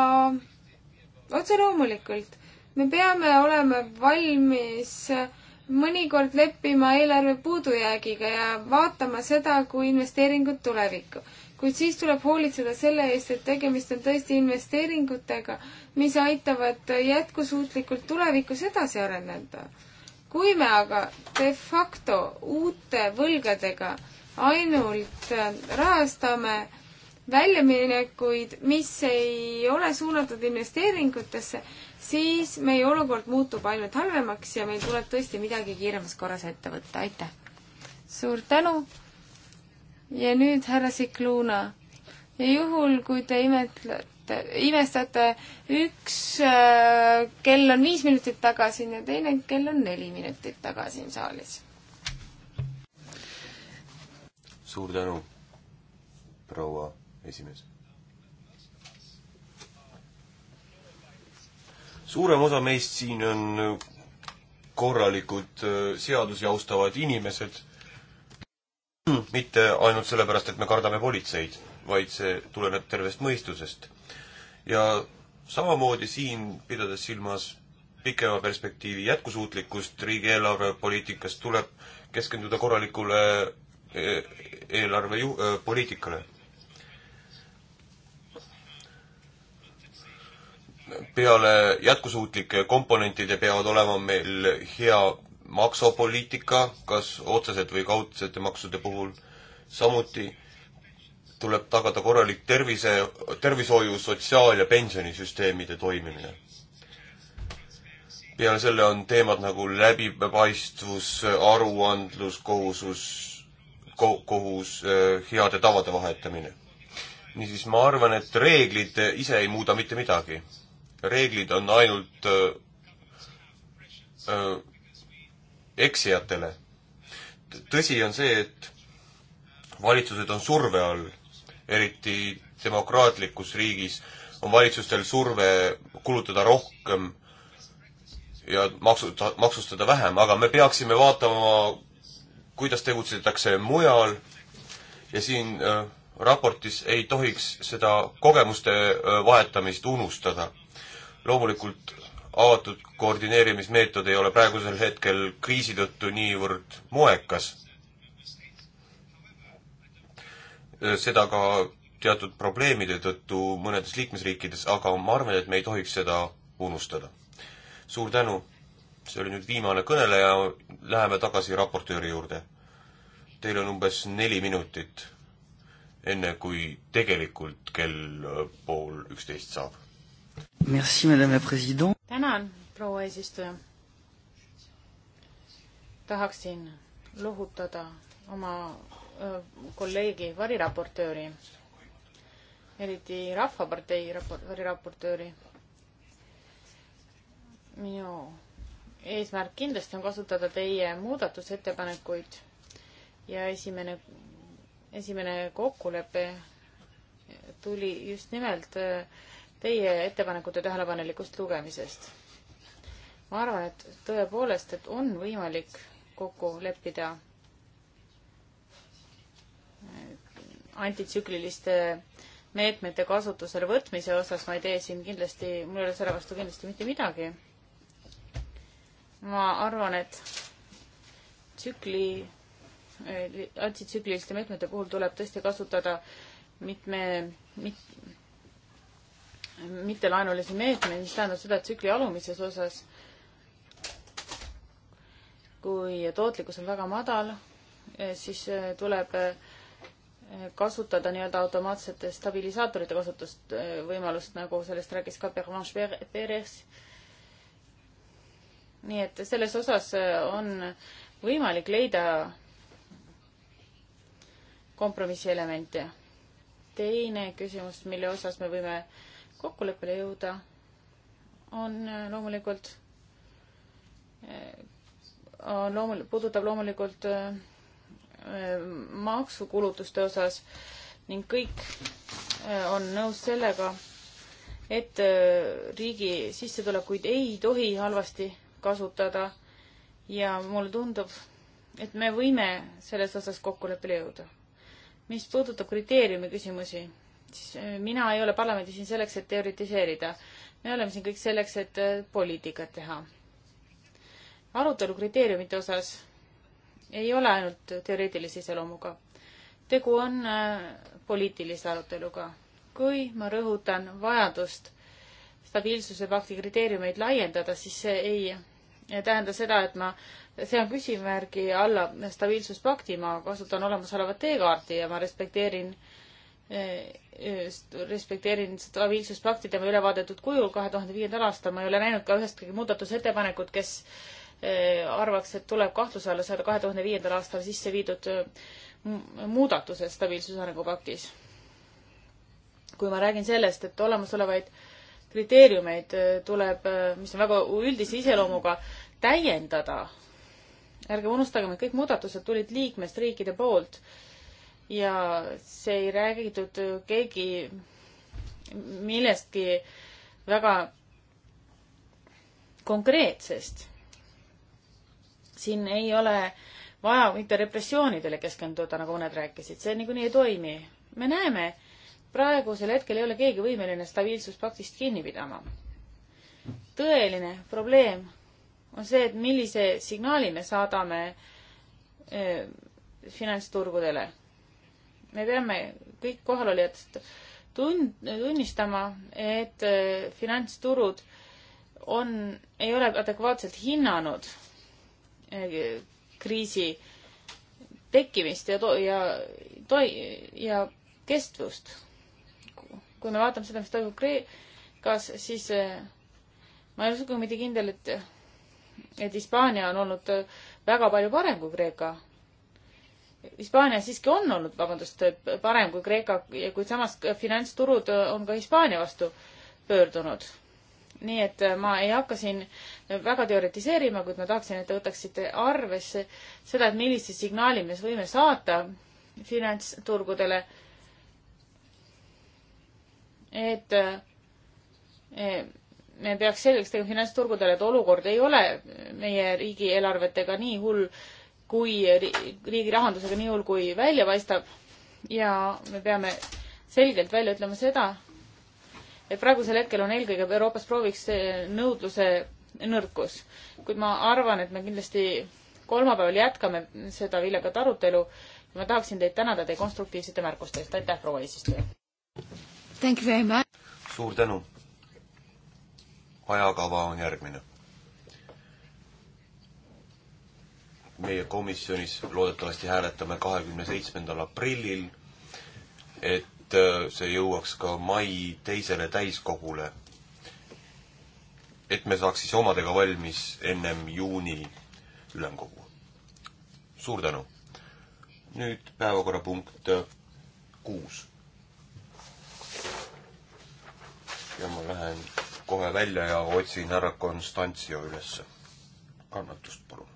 otse loomulikult, me peame olema valmis mõnikord leppima eelarve puudujäägiga ja vaatama seda kui investeeringut tulevikku. kuid siis tuleb hoolitseda selle eest, et tegemist on tõesti investeeringutega, mis aitavad jätkusuutlikult tulevikus edasi areneda. kui me aga de facto uute võlgadega ainult rahastame väljaminekuid, mis ei ole suunatud investeeringutesse, siis meie olukord muutub ainult halvemaks ja meil tuleb tõesti midagi kiiremas korras ette võtta, aitäh! suur tänu! ja nüüd härra Sikluuna. ja juhul, kui te imetlete, imestate, üks äh, kell on viis minutit tagasi ja teine kell on neli minutit tagasi siin saalis. suur tänu, proua esimees. suurem osa meist siin on korralikud äh, seadusi austavad inimesed, hmm, mitte ainult sellepärast, et me kardame politseid, vaid see tuleneb tervest mõistusest. ja samamoodi siin, pidades silmas pikema perspektiivi jätkusuutlikkust riigieelarvepoliitikast, tuleb keskenduda korralikule äh, eelarve ju-, äh, poliitikale peale jätkusuutlike komponentide peavad olema meil hea maksupoliitika, kas otsesed või kaudsete maksude puhul, samuti tuleb tagada korralik tervise, tervishoiu, sotsiaal- ja pensionisüsteemide toimimine. peale selle on teemad nagu läbipaistvus, aruandlus, kohusus, kohus, äh, heade tavade vahetamine. niisiis, ma arvan, et reeglid ise ei muuda mitte midagi reeglid on ainult öö, äh, öö, äh, eksijatele. tõsi on see, et valitsused on surve all, eriti demokraatlikus riigis on valitsustel surve kulutada rohkem ja maksuta, maksustada vähem, aga me peaksime vaatama, kuidas tegutsetakse mujal ja siin äh, raportis ei tohiks seda kogemuste äh, vahetamist unustada loomulikult avatud koordineerimismeetod ei ole praegusel hetkel kriisi tõttu niivõrd moekas. seda ka teatud probleemide tõttu mõnedes liikmesriikides, aga ma arvan, et me ei tohiks seda unustada. suur tänu, see oli nüüd viimane kõneleja, läheme tagasi raportööri juurde. Teil on umbes neli minutit, enne kui tegelikult kell pool üksteist saab tänan, proua eesistuja. tahaksin lohutada oma kolleegi variraportööri, eriti Rahvapartei variraportööri. minu eesmärk kindlasti on kasutada teie muudatusettepanekuid ja esimene, esimene kokkulepe tuli just nimelt äh, teie ettepanekute tähelepanelikust lugemisest. ma arvan, et tõepoolest, et on võimalik kokku leppida antitsükliliste meetmete kasutusele võtmise osas, ma ei tee siin kindlasti, mul ei ole selle vastu kindlasti mitte midagi. ma arvan, et tsükli, antitsükliliste meetmete puhul tuleb tõesti kasutada mitme, mit-, mittelaenulisi meetmeid, mis tähendab seda, et tsükli alumises osas, kui tootlikkus on väga madal, eh, siis eh, tuleb eh, kasutada nii-öelda automaatsete stabilisaatorite kasutust, võimalust, nagu sellest rääkis ka Pervenche Perez. nii et selles osas on võimalik leida kompromissielemente. teine küsimus, mille osas me võime äh, kokkuleppele jõuda, on äh, loomulikult, äh, on loomul-, puudutab loomulikult äh, maksukulutuste osas ning kõik on nõus sellega, et riigi sissetulekuid ei tohi halvasti kasutada ja mulle tundub, et me võime selles osas kokkuleppele jõuda. mis puudutab kriteeriumi küsimusi, siis äh, mina ei ole parlamendis siin selleks, et teoritiseerida. me oleme siin kõik selleks, et äh, poliitikat teha. arutelu kriteeriumite osas ei ole ainult teoreetilise iseloomuga. tegu on äh, poliitilise aruteluga. kui ma rõhutan vajadust stabiilsuse pakti kriteeriumeid laiendada, siis see ei tähenda seda, et ma sean küsimärgi alla stabiilsuspakti, ma kasutan olemasolevat teekaarti ja ma respekteerin respekteerin stabiilsuspakti tema ülevaadetud kujul kahe tuhande viiendal aastal. ma ei ole näinud ka ühestki muudatusettepanekut, kes eh, arvaks, et tuleb kahtluse alla saada kahe tuhande viiendal aastal sisse viidud eh, muudatused stabiilsuse arengupaktis. kui ma räägin sellest, et olemasolevaid kriteeriumeid eh, tuleb, mis on väga üldise iseloomuga, täiendada. ärgem unustagem, et kõik muudatused tulid liikmesriikide poolt ja see ei räägitud keegi millestki väga konkreetsest. siin ei ole vaja mitte repressioonidele keskenduda, nagu mõned rääkisid, see niikuinii ei toimi. me näeme, praegusel hetkel ei ole keegi võimeline stabiilsuspaktist kinni pidama. tõeline probleem on see, et millise signaali me saadame eh, finantsturgudele me peame kõik kohalolijad tun-, tunnistama, et äh, finantsturud on, ei ole adekvaatselt hinnanud äh, kriisi tekkimist ja to-, ja toi-, ja kestvust. kui me vaatame seda, mis toimub Kreekas, siis äh, ma ei ole sugugi mitte kindel, et, et Hispaania on olnud väga palju parem kui Kreeka Hispaania siiski on olnud, vabandust, parem kui Kreeka, kuid samas finantsturud on ka Hispaania vastu pöördunud. nii et ma ei hakka siin väga teoritiseerima, kuid ma tahaksin, et te võtaksite arvesse seda, et millise signaali me võime saata finantsturgudele, et eh, me peaks selgeks tegema finantsturgudele, et olukord ei ole meie riigieelarvetega nii hull, kui riigi rahandusega nii hull, kui välja paistab. ja me peame selgelt välja ütlema seda, et praegusel hetkel on eelkõige Euroopas prooviks nõudluse nõrkus, kuid ma arvan, et me kindlasti kolmapäeval jätkame seda viljakat arutelu ja ma tahaksin teid tänada teie konstruktiivsete märkuste eest, aitäh, proua eesistuja! suur tänu! ajakava on järgmine meie komisjonis loodetavasti hääletame kahekümne seitsmendal aprillil, et äh, see jõuaks ka mai teisele täiskogule. et me saaks siis omadega valmis ennem juuni ülemkogu. suur tänu! nüüd päevakorrapunkt äh, kuus. ja ma lähen kohe välja ja otsin härra Konstantsio ülesse. kannatust palun.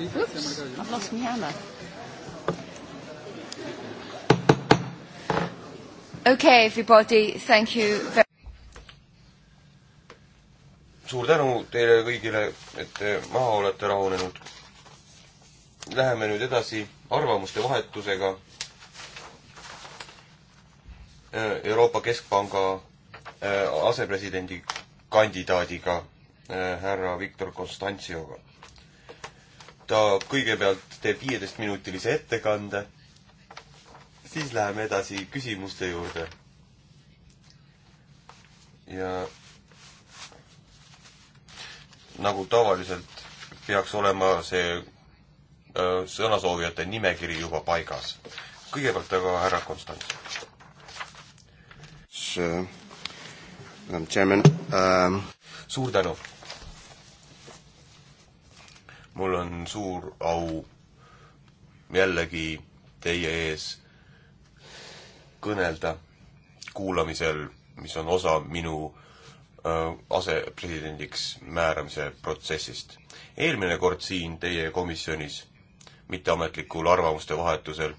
Oops, I've lost my hammer. Okay, everybody, thank you very suur tänu teile kõigile, et te maha olete rahunenud. Läheme nüüd edasi arvamuste vahetusega äh, Euroopa Keskpanga äh, asepresidendi kandidaadiga äh, härra Viktor Konstantsioga ta kõigepealt teeb viieteistminutilise ettekande, siis läheme edasi küsimuste juurde. ja nagu tavaliselt peaks olema see öö, äh, sõnasoovijate nimekiri juba paigas. kõigepealt aga härra Konstants. Madam Chairman um.... suur tänu mul on suur au jällegi teie ees kõnelda kuulamisel, mis on osa minu asepresidendiks määramise protsessist. eelmine kord siin teie komisjonis, mitteametlikul arvamuste vahetusel,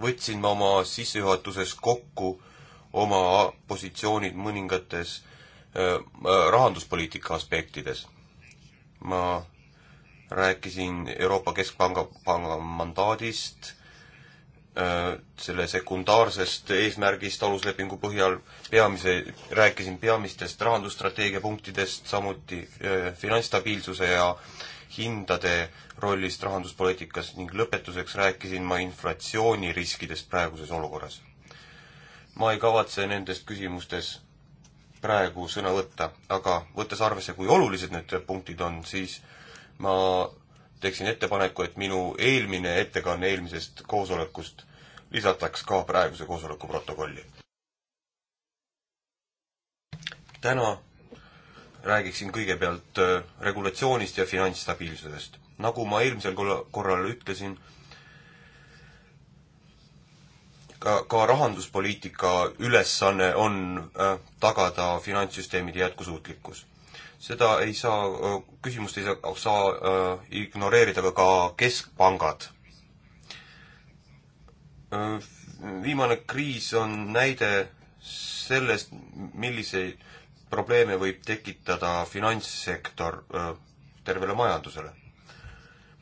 võtsin ma oma sissejuhatuses kokku oma positsioonid mõningates rahanduspoliitika aspektides. ma rääkisin Euroopa Keskpanga panga mandaadist, selle sekundaarsest eesmärgist aluslepingu põhjal, peamise, rääkisin peamistest rahandusstrateegia punktidest, samuti finantsstabiilsuse ja hindade rollist rahanduspoliitikas ning lõpetuseks rääkisin ma inflatsiooniriskidest praeguses olukorras. ma ei kavatse nendes küsimustes praegu sõna võtta, aga võttes arvesse, kui olulised need punktid on, siis ma teeksin ettepaneku, et minu eelmine ettekanne eelmisest koosolekust lisataks ka praeguse koosoleku protokolli. täna räägiksin kõigepealt äh, regulatsioonist ja finantsstabiilsusest. nagu ma eelmisel korral ütlesin, ka, ka rahanduspoliitika ülesanne on äh, tagada finantssüsteemide jätkusuutlikkus. seda ei saa äh,, küsimust ei saa, saa äh, ignoreerida ka, ka keskpangad äh,. Viimane kriis on näide sellest, milliseid probleeme võib tekitada finantssektor äh, tervele majandusele.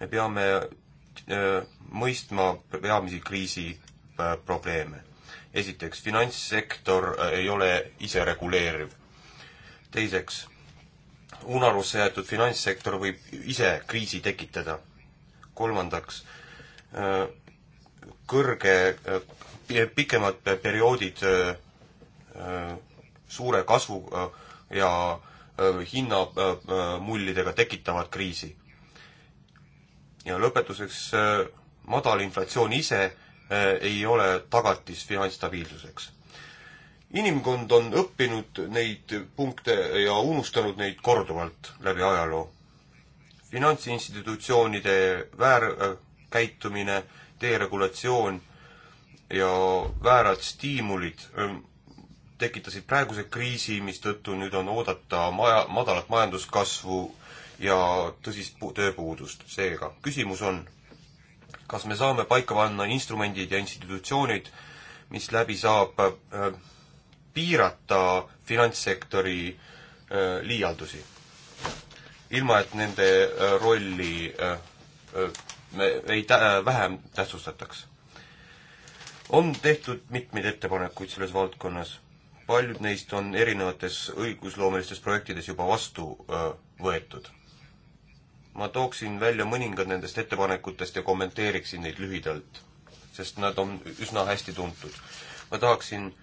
me peame äh, mõistma peamisi kriisi Äh, probleeme. esiteks, finantssektor äh, ei ole isereguleeriv. teiseks, unarusse jäetud finantssektor võib ise kriisi tekitada. kolmandaks, äh, kõrge, pikemad perioodid suure kasvu ja hinnamullidega tekitavad kriisi. ja lõpetuseks madal inflatsioon ise Äh, ei ole tagatis finantsstabiilsuseks. inimkond on õppinud neid punkte ja unustanud neid korduvalt läbi ajaloo. finantsinstitutsioonide väärkäitumine, äh, deregulatsioon ja väärad stiimulid ähm, tekitasid praeguse kriisi, mistõttu nüüd on oodata maja, madalat majanduskasvu ja tõsist tööpuudust. seega küsimus on, kas me saame paika panna instrumendid ja institutsioonid, mis läbi saab äh, piirata finantssektori äh, liialdusi, ilma et nende äh, rolli me ei tä-, vähem tähtsustataks. on tehtud mitmeid ettepanekuid selles valdkonnas, paljud neist on erinevates õigusloomelistes projektides juba vastu võetud ma tooksin välja mõningad nendest ettepanekutest ja kommenteeriksin neid lühidalt, sest nad on üsna hästi tuntud. ma tahaksin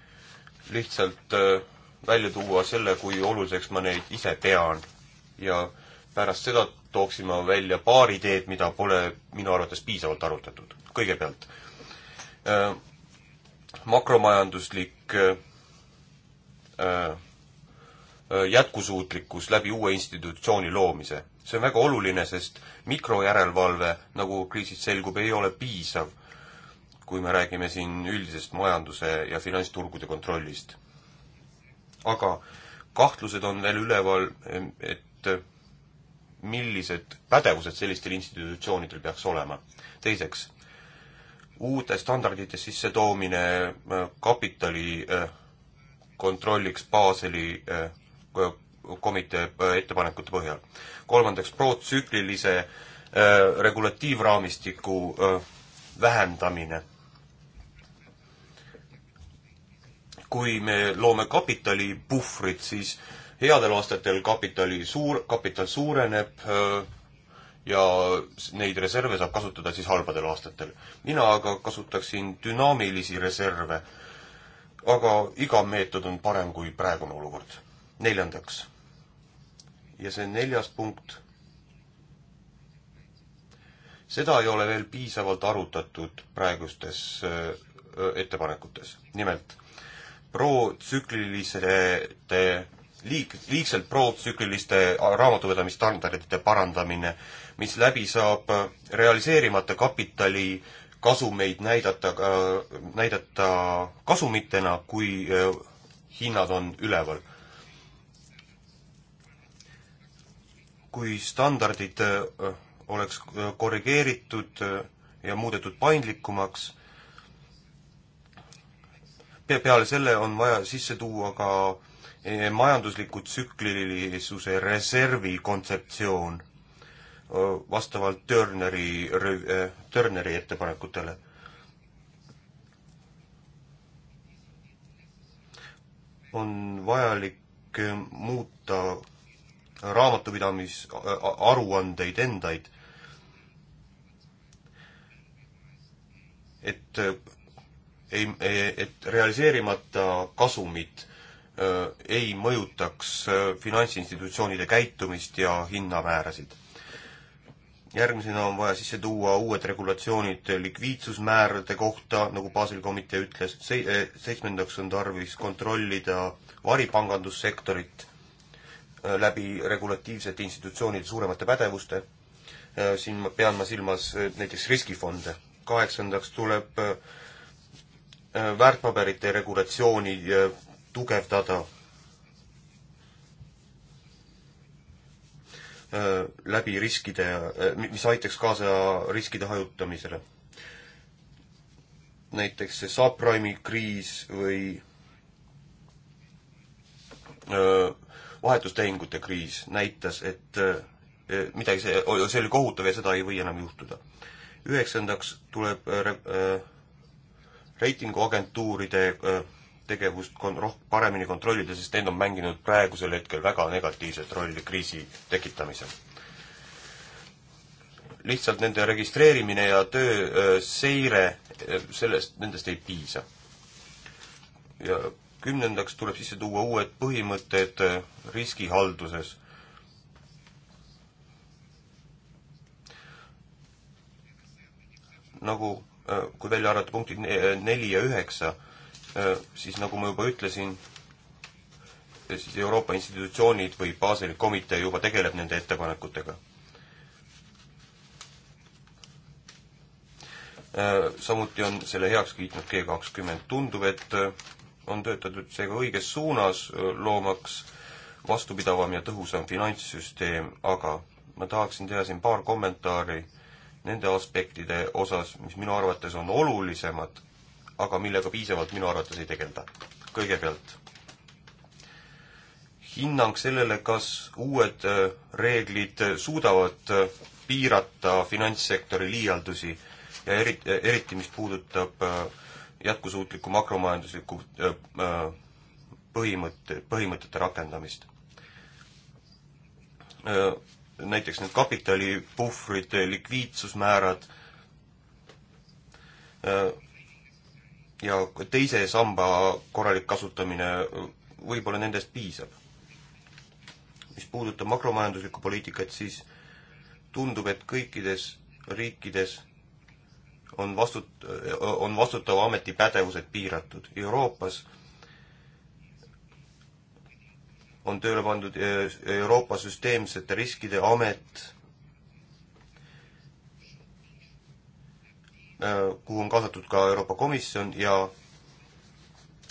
lihtsalt äh, välja tuua selle, kui oluliseks ma neid ise pean ja pärast seda tooksin ma välja paar ideed, mida pole minu arvates piisavalt arutatud. kõigepealt äh, makromajanduslik äh, Äh, jätkusuutlikkus läbi uue institutsiooni loomise. see on väga oluline, sest mikrojärelevalve, nagu kriisist selgub, ei ole piisav, kui me räägime siin üldisest majanduse ja finantsturgude kontrollist. aga kahtlused on veel üleval, et äh, millised pädevused sellistel institutsioonidel peaks olema. teiseks, uute standardite sissetoomine äh, kapitali kontrolliks Baseli komitee ettepanekute põhjal. kolmandaks, protsüklilise äh, regulatiivraamistiku äh, vähendamine. kui me loome kapitalipuhvrit, siis headel aastatel kapitali suur, kapital suureneb äh, ja neid reserve saab kasutada siis halbadel aastatel. mina aga kasutaksin dünaamilisi reserve, aga iga meetod on parem kui praegune olukord neljandaks, ja see neljas punkt, seda ei ole veel piisavalt arutatud praegustes ettepanekutes. nimelt protsükliliste liig-, liigselt protsükliliste raamatupidamisstandardite parandamine, mis läbi saab realiseerimata kapitali kasumeid näidata, näidata kasumitena, kui hinnad on üleval. kui standardid oleks korrigeeritud ja muudetud paindlikumaks, peale selle on vaja sisse tuua ka e, majandusliku tsüklilisuse reservi kontseptsioon vastavalt Turneri, Turneri ettepanekutele on vajalik muuta raamatupidamisaruandeid endaid. et äh, ei, et realiseerimata kasumid äh, ei mõjutaks äh, finantsinstitutsioonide käitumist ja hinnamäärasid. järgmisena on vaja sisse tuua uued regulatsioonid likviidsusmäärade kohta, nagu Basel komitee ütles, seitsmendaks on tarvis kontrollida varipangandussektorit läbi regulatiivsete institutsioonide suuremate pädevuste, äh, siin ma pean ma silmas äh, näiteks riskifonde. kaheksandaks tuleb äh, väärtpaberite regulatsiooni tugevdada läbi riskide, mis aitaks kaasa riskide hajutamisele. näiteks see subprime'i kriis või öö, vahetustehingute kriis näitas, et eh, eh, midagi, see, see oli kohutav ja seda ei või enam juhtuda. üheksandaks tuleb eh, reitinguagentuuride tegevust kon-, roh-, paremini kontrollida, sest need on mänginud praegusel hetkel väga negatiivset rolli kriisi tekitamisel. lihtsalt nende registreerimine ja töö seire, sellest, nendest ei piisa. ja kümnendaks tuleb sisse tuua uued põhimõtted eh, riskihalduses. nagu, eh, kui välja arvata punktid eh, neli ja üheksa, siis nagu ma juba ütlesin, siis Euroopa institutsioonid või Baseli komitee juba tegeleb nende ettepanekutega. samuti on selle heaks kiitnud G kakskümmend, tundub, et on töötatud seega õiges suunas, loomaks vastupidavam ja tõhusam finantssüsteem, aga ma tahaksin teha siin paar kommentaari nende aspektide osas, mis minu arvates on olulisemad, aga millega piisavalt minu arvates ei tegelda. kõigepealt hinnang sellele, kas uued reeglid suudavad piirata finantssektori liialdusi ja eriti, eriti mis puudutab äh, jätkusuutliku makromajandusliku põhimõtte, põhimõtete rakendamist. näiteks need kapitalipuhvrid, likviidsusmäärad ja teise samba korralik kasutamine, võib-olla nendest piisab. mis puudutab makromajanduslikku poliitikat, siis tundub, et kõikides riikides on vastut-, on vastutava ameti pädevused piiratud. Euroopas on tööle pandud eh, Euroopa süsteemsete riskide amet, eh, kuhu on kaasatud ka Euroopa Komisjon ja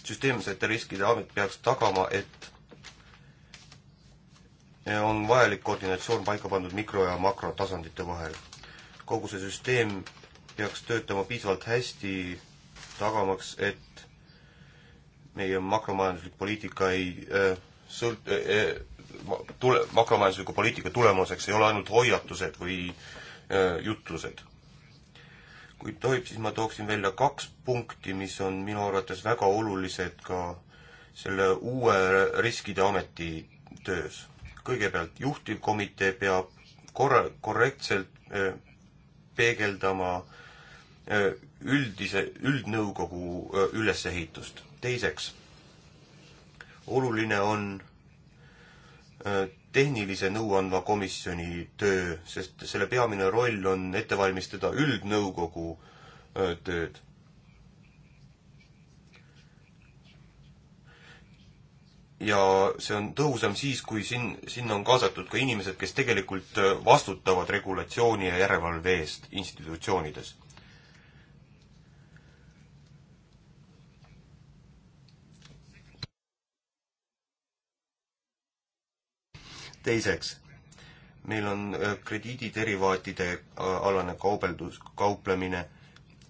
süsteemsete riskide amet peaks tagama, et eh, on vajalik koordinatsioon paika pandud mikro- ja makrotasandite vahel. kogu see süsteem peaks töötama piisavalt hästi, tagamaks, et meie makromajanduslik poliitika ei äh, sõlt- äh,, äh tule-, makromajandusliku poliitika tulemuseks ei ole ainult hoiatused või äh, jutlused. kui tohib, siis ma tooksin välja kaks punkti, mis on minu arvates väga olulised ka selle uue riskide ameti töös. kõigepealt juhtivkomitee peab korra-, korrektselt äh, peegeldama äh, Äh, üldise, üldnõukogu äh, ülesehitust. teiseks, oluline on äh, tehnilise nõuandva komisjoni töö, sest selle peamine roll on ette valmistada üldnõukogu tööd. ja see on tõhusam siis, kui sin-, sinna on kaasatud ka inimesed, kes tegelikult vastutavad regulatsiooni ja järelevalve eest institutsioonides teiseks, meil on äh, krediididerivaatide äh, alane kaubeldus, kauplemine,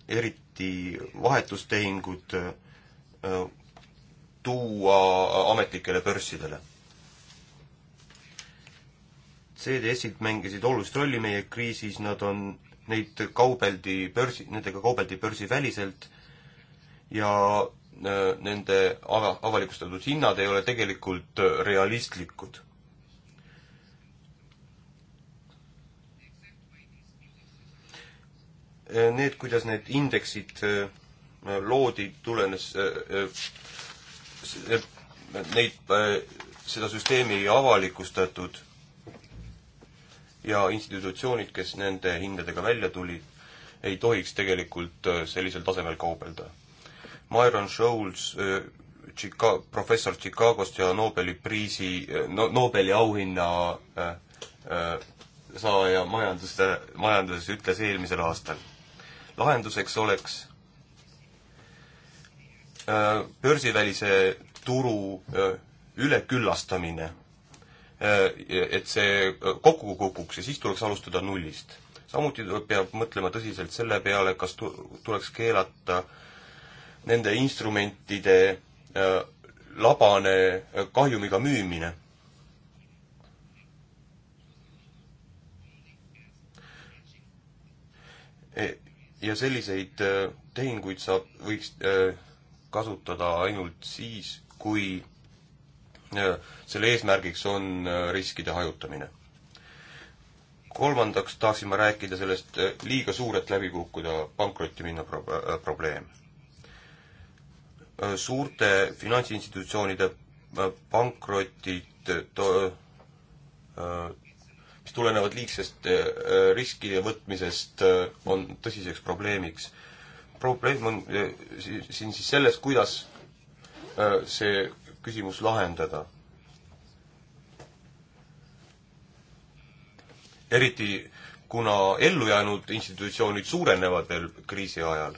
eriti vahetustehingud äh, tuua ametlikele börssidele. CDS-id mängisid olulist rolli meie kriisis, nad on, neid kaubeldi börsi, nendega kaubeldi börsiväliselt ja nende ava-, avalikustatud hinnad ei ole tegelikult realistlikud Äh, need, kuidas need indeksid äh, loodi, tulenes äh, neid, seda süsteemi ei avalikustatud ja institutsioonid, kes nende hindadega välja tulid, ei tohiks tegelikult sellisel tasemel kaubelda. Myron Scholes, Chica-, professor Chicagost ja Nobeli priisi, no-, Nobeli auhinna äh, äh, saaja majanduste, majanduses ütles eelmisel aastal lahenduseks oleks äh, börsivälise turu äh, üleküllastamine, äh, et see kokku kukuks ja siis tuleks alustada nullist. samuti peab mõtlema tõsiselt selle peale, kas tuleks keelata nende instrumentide labane kahjumiga müümine. E, ja selliseid äh, tehinguid saab, võiks äh, kasutada ainult siis, kui äh, selle eesmärgiks on riskide hajutamine. kolmandaks tahaksin ma rääkida sellest liiga suurelt läbi kukkuda pankrotti minna pro-, probleem. suurte finantsinstitutsioonide pankrotid to-, mis tulenevad liigsest äh, äh, riskide võtmisest, äh, on tõsiseks probleemiks. probleem on siin siis selles, kuidas see küsimus lahendada. eriti kuna ellujäänud institutsioonid suurenevad veel kriisi ajal.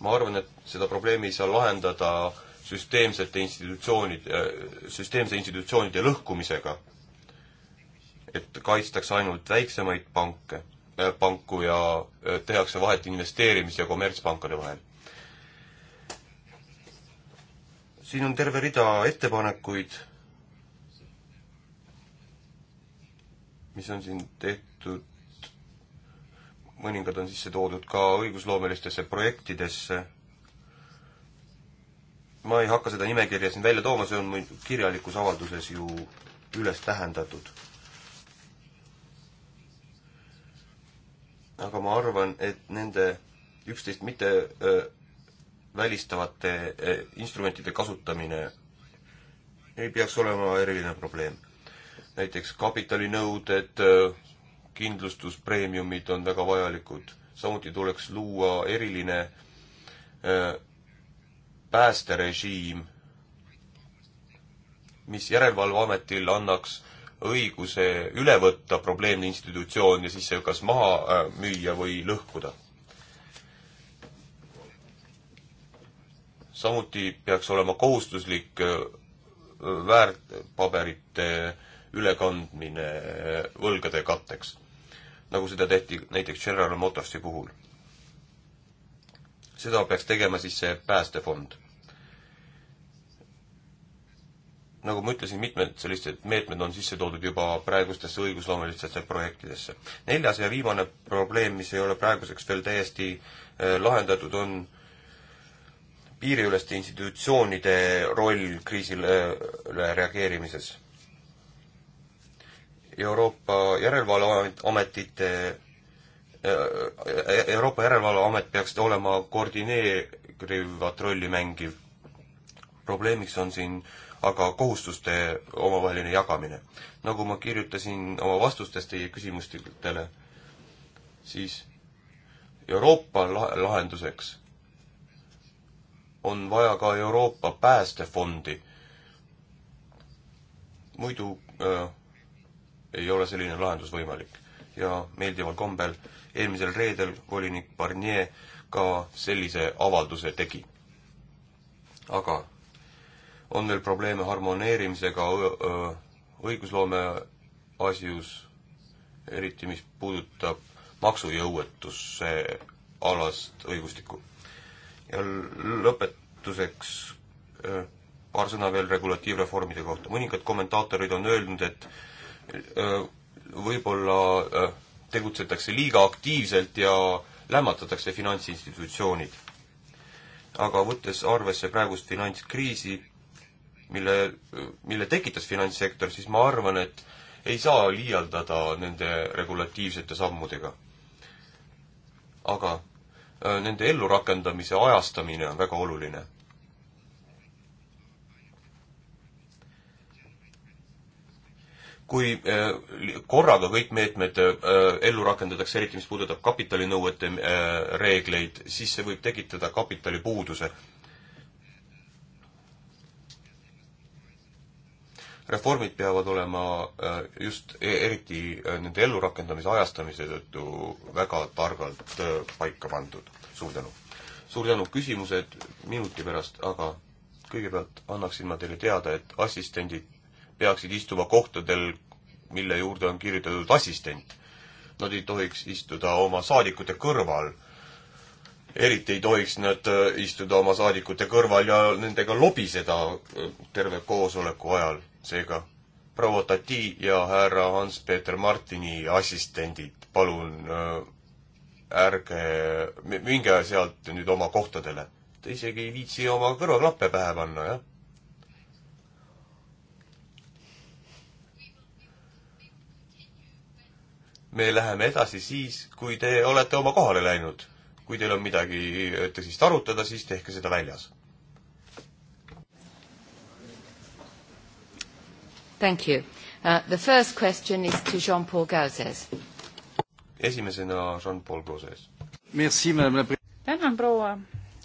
ma arvan, et seda probleemi ei saa lahendada süsteemsete institutsioonide, süsteemse institutsioonide lõhkumisega et kaitstakse ainult väiksemaid panke, äh, panku ja äh, tehakse vahet investeerimis- ja kommertspankade vahel. siin on terve rida ettepanekuid, mis on siin tehtud, mõningad on sisse toodud ka õigusloomelistesse projektidesse ma ei hakka seda nimekirja siin välja tooma, see on mul kirjalikus avalduses ju üles tähendatud. aga ma arvan, et nende üksteist mitte välistavate instrumentide kasutamine ei peaks olema eriline probleem. näiteks kapitalinõuded, kindlustuspreemiumid on väga vajalikud, samuti tuleks luua eriline päästerežiim, mis Järelevalveametil annaks äh, õiguse üle võtta probleemne institutsioon ja siis see kas maha äh, müüa või lõhkuda. samuti peaks olema kohustuslik äh, väärtpaberite ülekandmine äh, võlgade katteks, nagu seda tehti näiteks General Motorsi puhul. seda peaks tegema siis see päästefond nagu ma ütlesin, mitmed sellised meetmed on sisse toodud juba praegustesse õigusloomelistesse projektidesse. neljas ja viimane probleem, mis ei ole praeguseks veel täiesti äh, lahendatud, on piiriüleste institutsioonide roll kriisile äh, reageerimises. Euroopa Järelevalveametite äh, Euroopa Järelevalveamet peaks olema koordineerivat rolli mängiv. probleemiks on siin äh, aga kohustuste omavaheline jagamine. nagu ma kirjutasin oma vastustes teie küsimustele, siis Euroopa lahenduseks on vaja ka Euroopa päästefondi. muidu äh, ei ole selline lahendus võimalik. ja meeldival kombel eelmisel reedel volinik Barnier ka sellise avalduse tegi. aga on meil probleeme harmoneerimisega õigusloome asjus, eriti mis puudutab maksujõuetuse alast õigustikku. ja lõpetuseks paar sõna veel regulatiivreformide kohta. mõningad kommentaatorid on öelnud, et võib-olla tegutsetakse liiga aktiivselt ja lämmatatakse finantsinstitutsioonid. aga võttes arvesse praegust finantskriisi, mille, mille tekitas finantssektor, siis ma arvan, et ei saa liialdada nende regulatiivsete sammudega. aga äh, nende ellurakendamise ajastamine on väga oluline. kui äh, korraga kõik meetmed äh, ellu rakendatakse, eriti mis puudutab kapitalinõuete reegleid, siis see võib tekitada kapitalipuuduse reformid peavad olema äh, just e-, eriti äh, nende ellurakendamise ajastamise tõttu väga targalt äh, paika pandud. suur tänu! suur tänu, küsimused minuti pärast, aga kõigepealt annaksin ma teile teada, et assistendid peaksid istuma kohtadel, mille juurde on kirjutatud assistent. Nad ei tohiks istuda oma saadikute kõrval eriti ei tohiks nad istuda oma saadikute kõrval ja nendega lobiseda terve koosoleku ajal seega proua Tati ja härra Hans-Peeter Martini assistendid, palun äh, ärge, minge sealt nüüd oma kohtadele. Te isegi ei viitsi oma kõrvaklappe pähe panna, jah? me läheme edasi siis, kui te olete oma kohale läinud. kui teil on midagi tõsist arutada, siis tehke seda väljas Thank you uh,. The first question is to Jean-Paul Gauzes. esimesena Jean-Paul Gauzes. Merci, madame la pre-. tänan, proua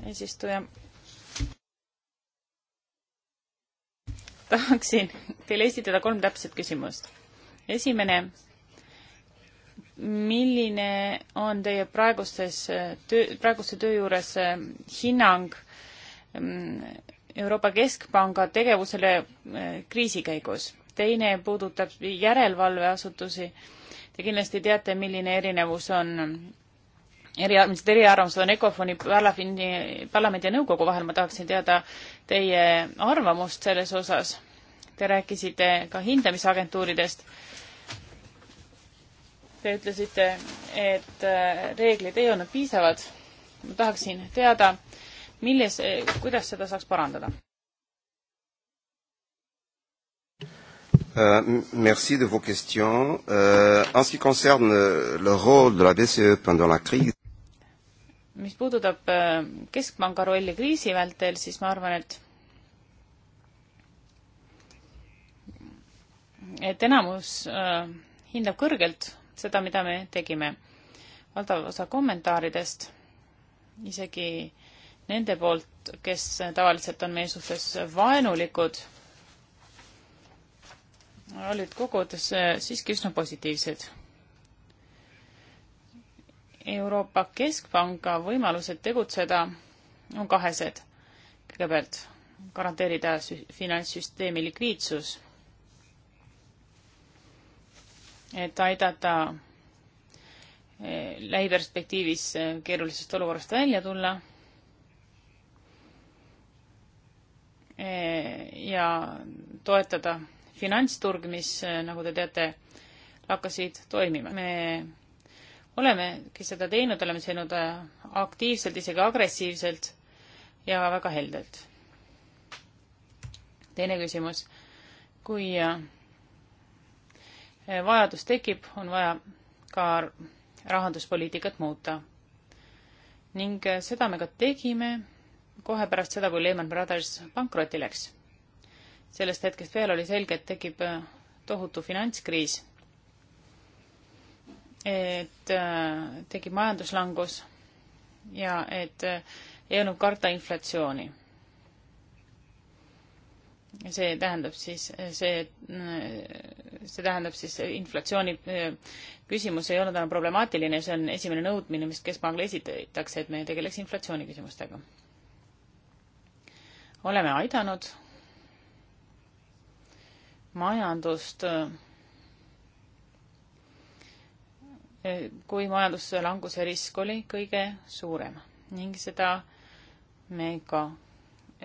eesistuja. tahaksin teile esitada kolm täpset küsimust. esimene, milline on teie praegustes töö, praeguse töö juures ähm, hinnang ähm, Euroopa Keskpanga tegevusele äh, kriisi käigus? teine puudutab järelevalveasutusi. Te kindlasti teate, milline erinevus on eri, millised eriarvamused on Ecofoni parlamendi, parlamendi ja nõukogu vahel, ma tahaksin teada teie arvamust selles osas. Te rääkisite ka hindamisagentuuridest. Te ütlesite, et äh, reeglid ei olnud piisavad. ma tahaksin teada, milles, kuidas seda saaks parandada? Euh, merci de vos questions. Euh, en ce qui concerne euh, le rôle de la BCE pendant la crise, mis puudutab euh, keskpanga rolli kriisi vältel, siis ma arvan, et et enamus äh, hindab kõrgelt seda, mida me tegime. valdav osa kommentaaridest, isegi nende poolt, kes tavaliselt on meie suhtes vaenulikud olid kogudes siiski üsna positiivsed. Euroopa Keskpanga võimalused tegutseda on kahesed. kõigepealt garanteerida finantssüsteemi likviidsus, et aidata eh, lähiperspektiivis eh, keerulisest olukorrast välja tulla eh, ja toetada finantsturg, mis, eh, nagu te teate, hakkasid toimima. me olemegi seda teinud, oleme teinud eh, aktiivselt, isegi agressiivselt ja väga heldelt. teine küsimus. kui eh, vajadus tekib, on vaja ka rahanduspoliitikat muuta. ning seda me ka tegime kohe pärast seda, kui Lehman Brothers pankrotti läks sellest hetkest peale oli selge, et tekib äh, tohutu finantskriis. et äh, tekib majanduslangus ja et äh, ei olnud karta inflatsiooni. see tähendab siis, see, see tähendab siis inflatsiooni küsimus ei olnud enam problemaatiline, see on esimene nõudmine, mis keskpangale esitatakse, et me tegeleks inflatsiooni küsimustega. oleme aidanud majandust. kui majanduse languse risk oli kõige suurem ning seda me ka,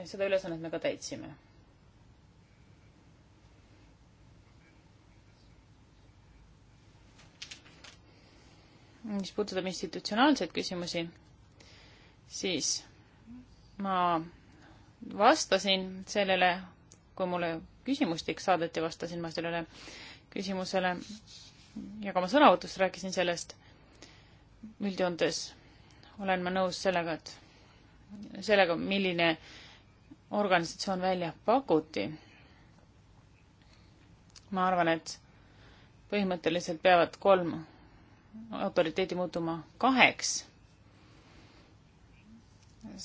seda ülesannet me ka täitsime. mis puudutab institutsionaalseid küsimusi, siis ma vastasin sellele, kui mulle küsimustik saadeti, vastasin ma sellele küsimusele ja ka oma sõnavõtus rääkisin sellest. üldjoontes olen ma nõus sellega, et sellega, milline organisatsioon välja pakuti. ma arvan, et põhimõtteliselt peavad kolm autoriteeti muutuma kaheks.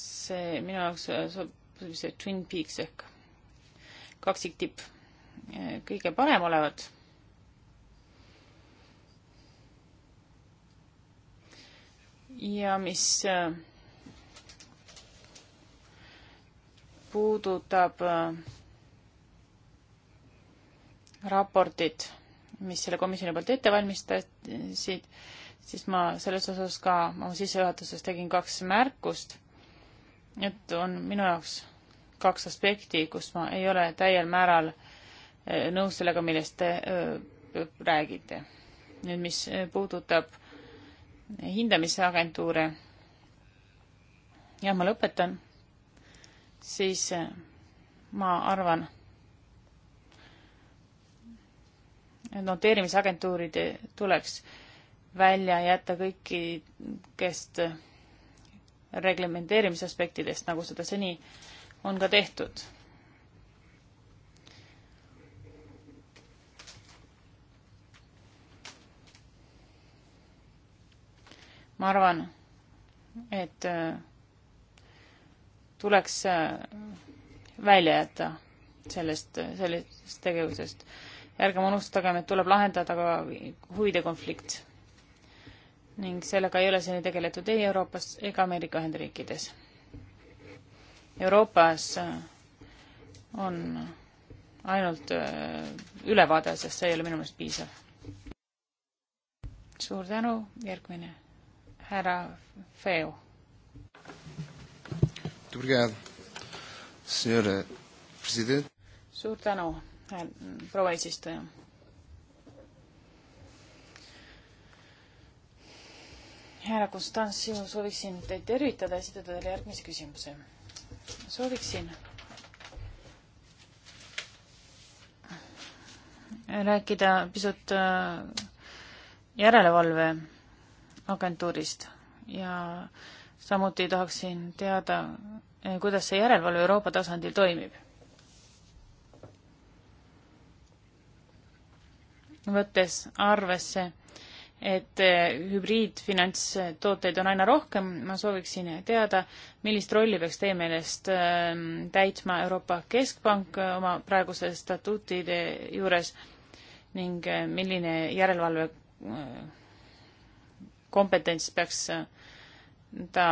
see minu jaoks sobib see Twin Peaks ehk kaksiktipp eh, kõige parem olevat. ja mis eh, puudutab eh, raportit, mis selle komisjoni poolt ette valmistasid, siis ma selles osas ka oma sissejuhatuses tegin kaks märkust. et on minu jaoks kaks aspekti, kus ma ei ole täiel määral eh, nõus sellega, millest te eh, räägite. nüüd, mis puudutab hindamisagentuure, jah, ma lõpetan, siis eh, ma arvan, et noteerimisagentuurid tuleks välja jätta kõikidest reglementeerimise aspektidest, nagu seda seni äh, on ka tehtud. ma arvan, et äh, tuleks äh, välja jätta sellest, äh, sellest tegevusest. ärgem unustagem, et tuleb lahendada ka huvide konflikt. ning sellega ei ole seni tegeletud ei Euroopas ega Ameerika Ühendriikides Euroopas on ainult äh, ülevaade, sest see ei ole minu meelest piisav. suur tänu, järgmine härra Feo. suur tänu, proua eesistuja. härra Konstantin, sooviksin teid tervitada, esitada teile järgmise küsimuse sooviksin rääkida pisut äh, järelevalveagentuurist ja samuti tahaksin teada, äh, kuidas see järelevalve Euroopa tasandil toimib. võttes arvesse et eh, hübriidfinantstooteid on aina rohkem, ma sooviksin teada, millist rolli peaks teie meelest ehm, täitma Euroopa Keskpank eh, oma praeguse statuutide juures ning eh, milline järelevalve kompetents peaks ta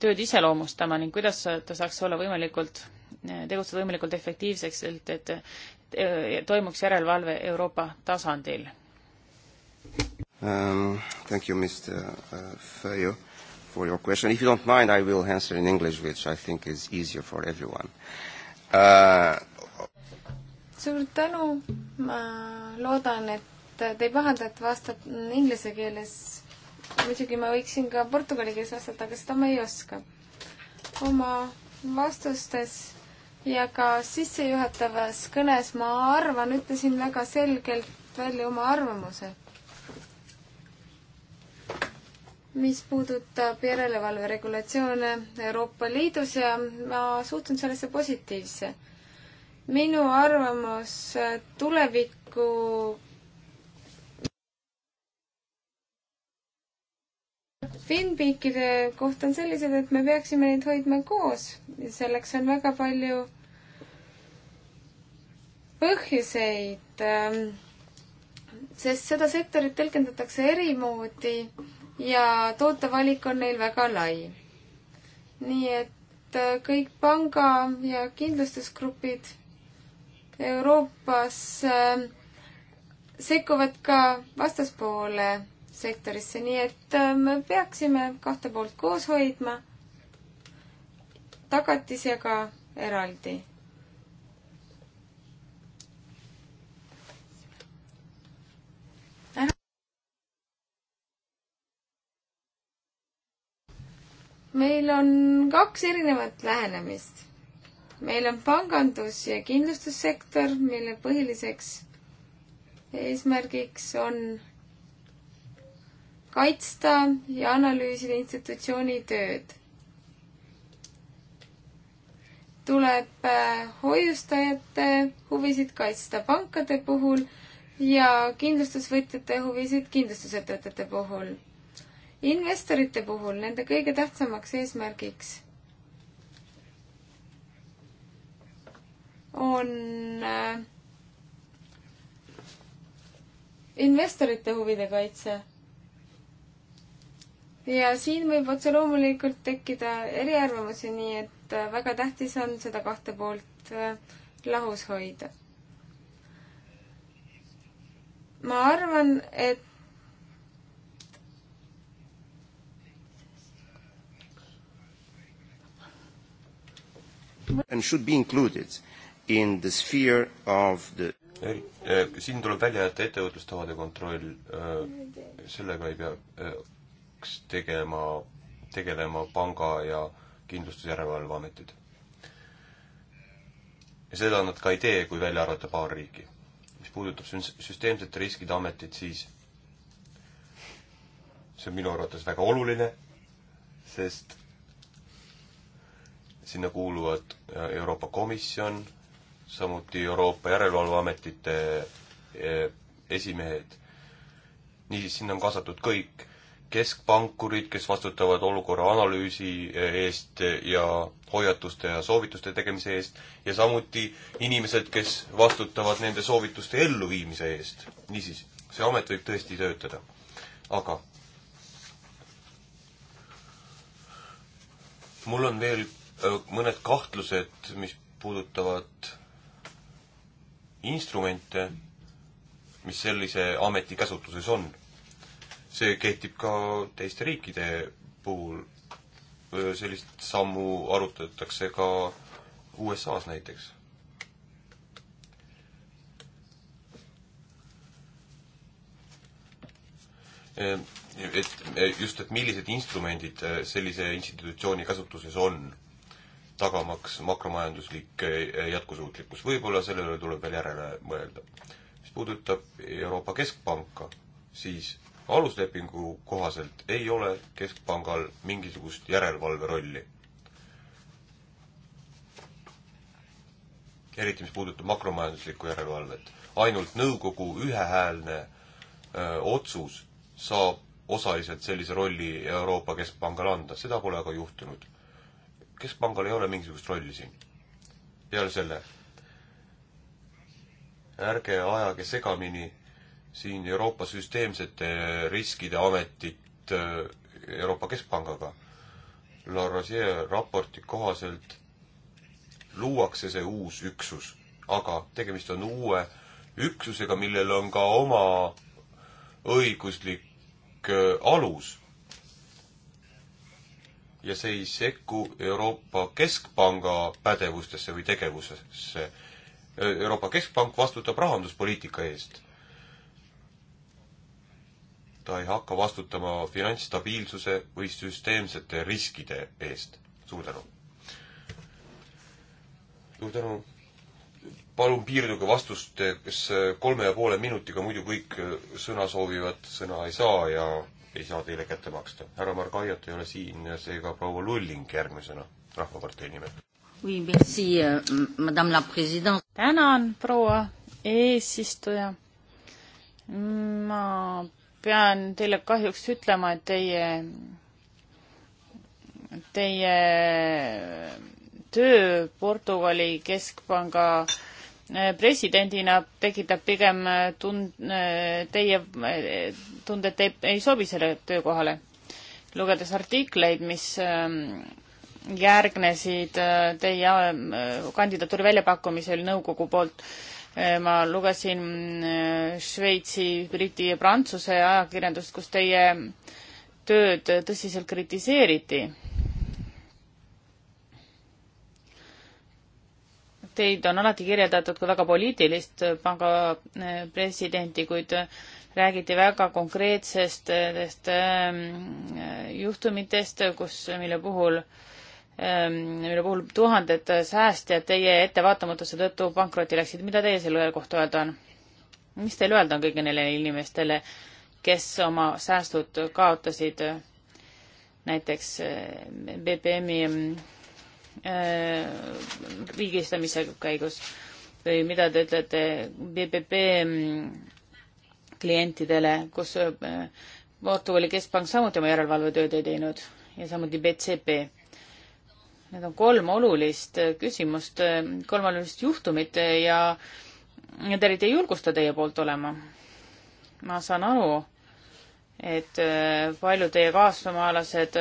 tööd iseloomustama ning kuidas ta saaks olla võimalikult, tegutseda võimalikult efektiivseks, et, et Eh, toimuks järelevalve Euroopa tasandil um,? Thank you, Mr uh, Feio, for your question. If you don't mind, I will answer in english, which I think is easier for everyone uh.... suur tänu, ma loodan, et te ei pahanda, et vastan inglise keeles. muidugi ma võiksin ka portugali keeles vastata, aga seda ma ei oska. oma vastustes ja ka sissejuhatavas kõnes, ma arvan, ütlesin väga selgelt välja oma arvamuse, mis puudutab järelevalveregulatsioone Euroopa Liidus ja ma suhtun sellesse positiivse. minu arvamus tuleviku Finnpiikide koht on sellised, et me peaksime neid hoidma koos. selleks on väga palju põhjuseid, ähm, sest seda sektorit tõlgendatakse eri moodi ja tootevalik on neil väga lai. nii et äh, kõik panga- ja kindlustusgrupid Euroopas ähm, sekkuvad ka vastaspoole sektorisse, nii et äh, me peaksime kahte poolt koos hoidma, tagatisega eraldi. Äh? meil on kaks erinevat lähenemist. meil on pangandus- ja kindlustussektor, mille põhiliseks eesmärgiks on kaitsta ja analüüsida institutsiooni tööd. tuleb äh, hoiustajate huvisid kaitsta pankade puhul ja kindlustusvõtjate huvisid kindlustusettevõtete puhul. investorite puhul nende kõige tähtsamaks eesmärgiks on äh, investorite huvide kaitse ja siin võib otse loomulikult tekkida eriarvamusi, nii et äh, väga tähtis on seda kahte poolt äh, lahus hoida. ma arvan, et and should be included in the sphere of the äh, siin tuleb välja, et ettevõtlustavade kontroll, sellega ei pea peaks tegema, tegelema panga ja kindlustusjärelevalveametid. ja seda nad ka ei tee, kui välja arvata paar riiki. mis puudutab süsteemsete riskide ametit, siis see on minu arvates väga oluline, sest sinna kuuluvad äh, Euroopa Komisjon, samuti Euroopa Järelevalveametite äh, esimehed. niisiis, sinna on kaasatud kõik keskpankurid, kes vastutavad olukorra analüüsi eest ja hoiatuste ja soovituste tegemise eest ja samuti inimesed, kes vastutavad nende soovituste elluviimise eest. niisiis, see amet võib tõesti töötada. aga mul on veel äh, mõned kahtlused, mis puudutavad instrumente, mis sellise ameti käsutuses on see kehtib ka teiste riikide puhul. sellist sammu arutatakse ka USA-s näiteks. et just, et millised instrumendid sellise institutsiooni kasutuses on, tagamaks makromajanduslik jätkusuutlikkus, võib-olla sellele tuleb veel järele mõelda. mis puudutab Euroopa Keskpanka, siis aluslepingu kohaselt ei ole Keskpangal mingisugust järelevalve rolli. eriti, mis puudutab makromajanduslikku järelevalvet. ainult nõukogu ühehäälne öö, otsus saab osaliselt sellise rolli Euroopa Keskpangale anda, seda pole aga juhtunud. keskpangal ei ole mingisugust rolli siin. peale selle, ärge ajage segamini siin Euroopa süsteemsete riskide ametit äh, Euroopa Keskpangaga. La Rosier raporti kohaselt luuakse see uus üksus, aga tegemist on uue üksusega, millel on ka oma õiguslik äh, alus. ja see ei sekku Euroopa Keskpanga pädevustesse või tegevusesse. Äh, Euroopa Keskpank vastutab rahanduspoliitika eest ta ei hakka vastutama finantsstabiilsuse või süsteemsete riskide eest. suur tänu! suur tänu! palun piirduge vastusteks kolme ja poole minutiga, muidu kõik sõna soovivad, sõna ei saa ja ei saa teile kätte maksta. härra Margaiat ei ole siin, seega proua Lulling järgmisena Rahvapartei nimel. Euh, tänan, proua eesistuja. ma pean teile kahjuks ütlema, et teie, teie töö Portugali keskpanga äh, presidendina tekitab pigem äh, tund-, äh, teie tunde, et te ei, ei sobi sellele töökohale. lugedes artikleid, mis ähm, järgnesid teie kandidatuuri väljapakkumisel nõukogu poolt, Äh, ma lugesin äh, Šveitsi, Briti ja Prantsuse ajakirjandust, kus teie tööd tõsiselt kritiseeriti. Teid on alati kirjeldatud kui väga poliitilist äh, panga presidenti, kuid räägiti väga konkreetsest ähm, juhtumitest, kus, mille puhul äh, Ehm, mille puhul tuhanded säästjad teie ettevaatamatuse tõttu pankrotti läksid. mida teie selle kohta öelda on? mis teil öelda on kõigile neile inimestele, kes oma säästud kaotasid näiteks eh, BPM-i riigistamise eh, käigus või mida te ütlete BPP mm, klientidele, kus eh, Portugali keskpank samuti oma järelevalvetööd ei teinud ja samuti BCP Need on kolm olulist äh, küsimust, äh, kolm olulist juhtumit äh, ja need olid ei julgusta teie poolt olema. ma saan aru, et paljud teie kaasmaalased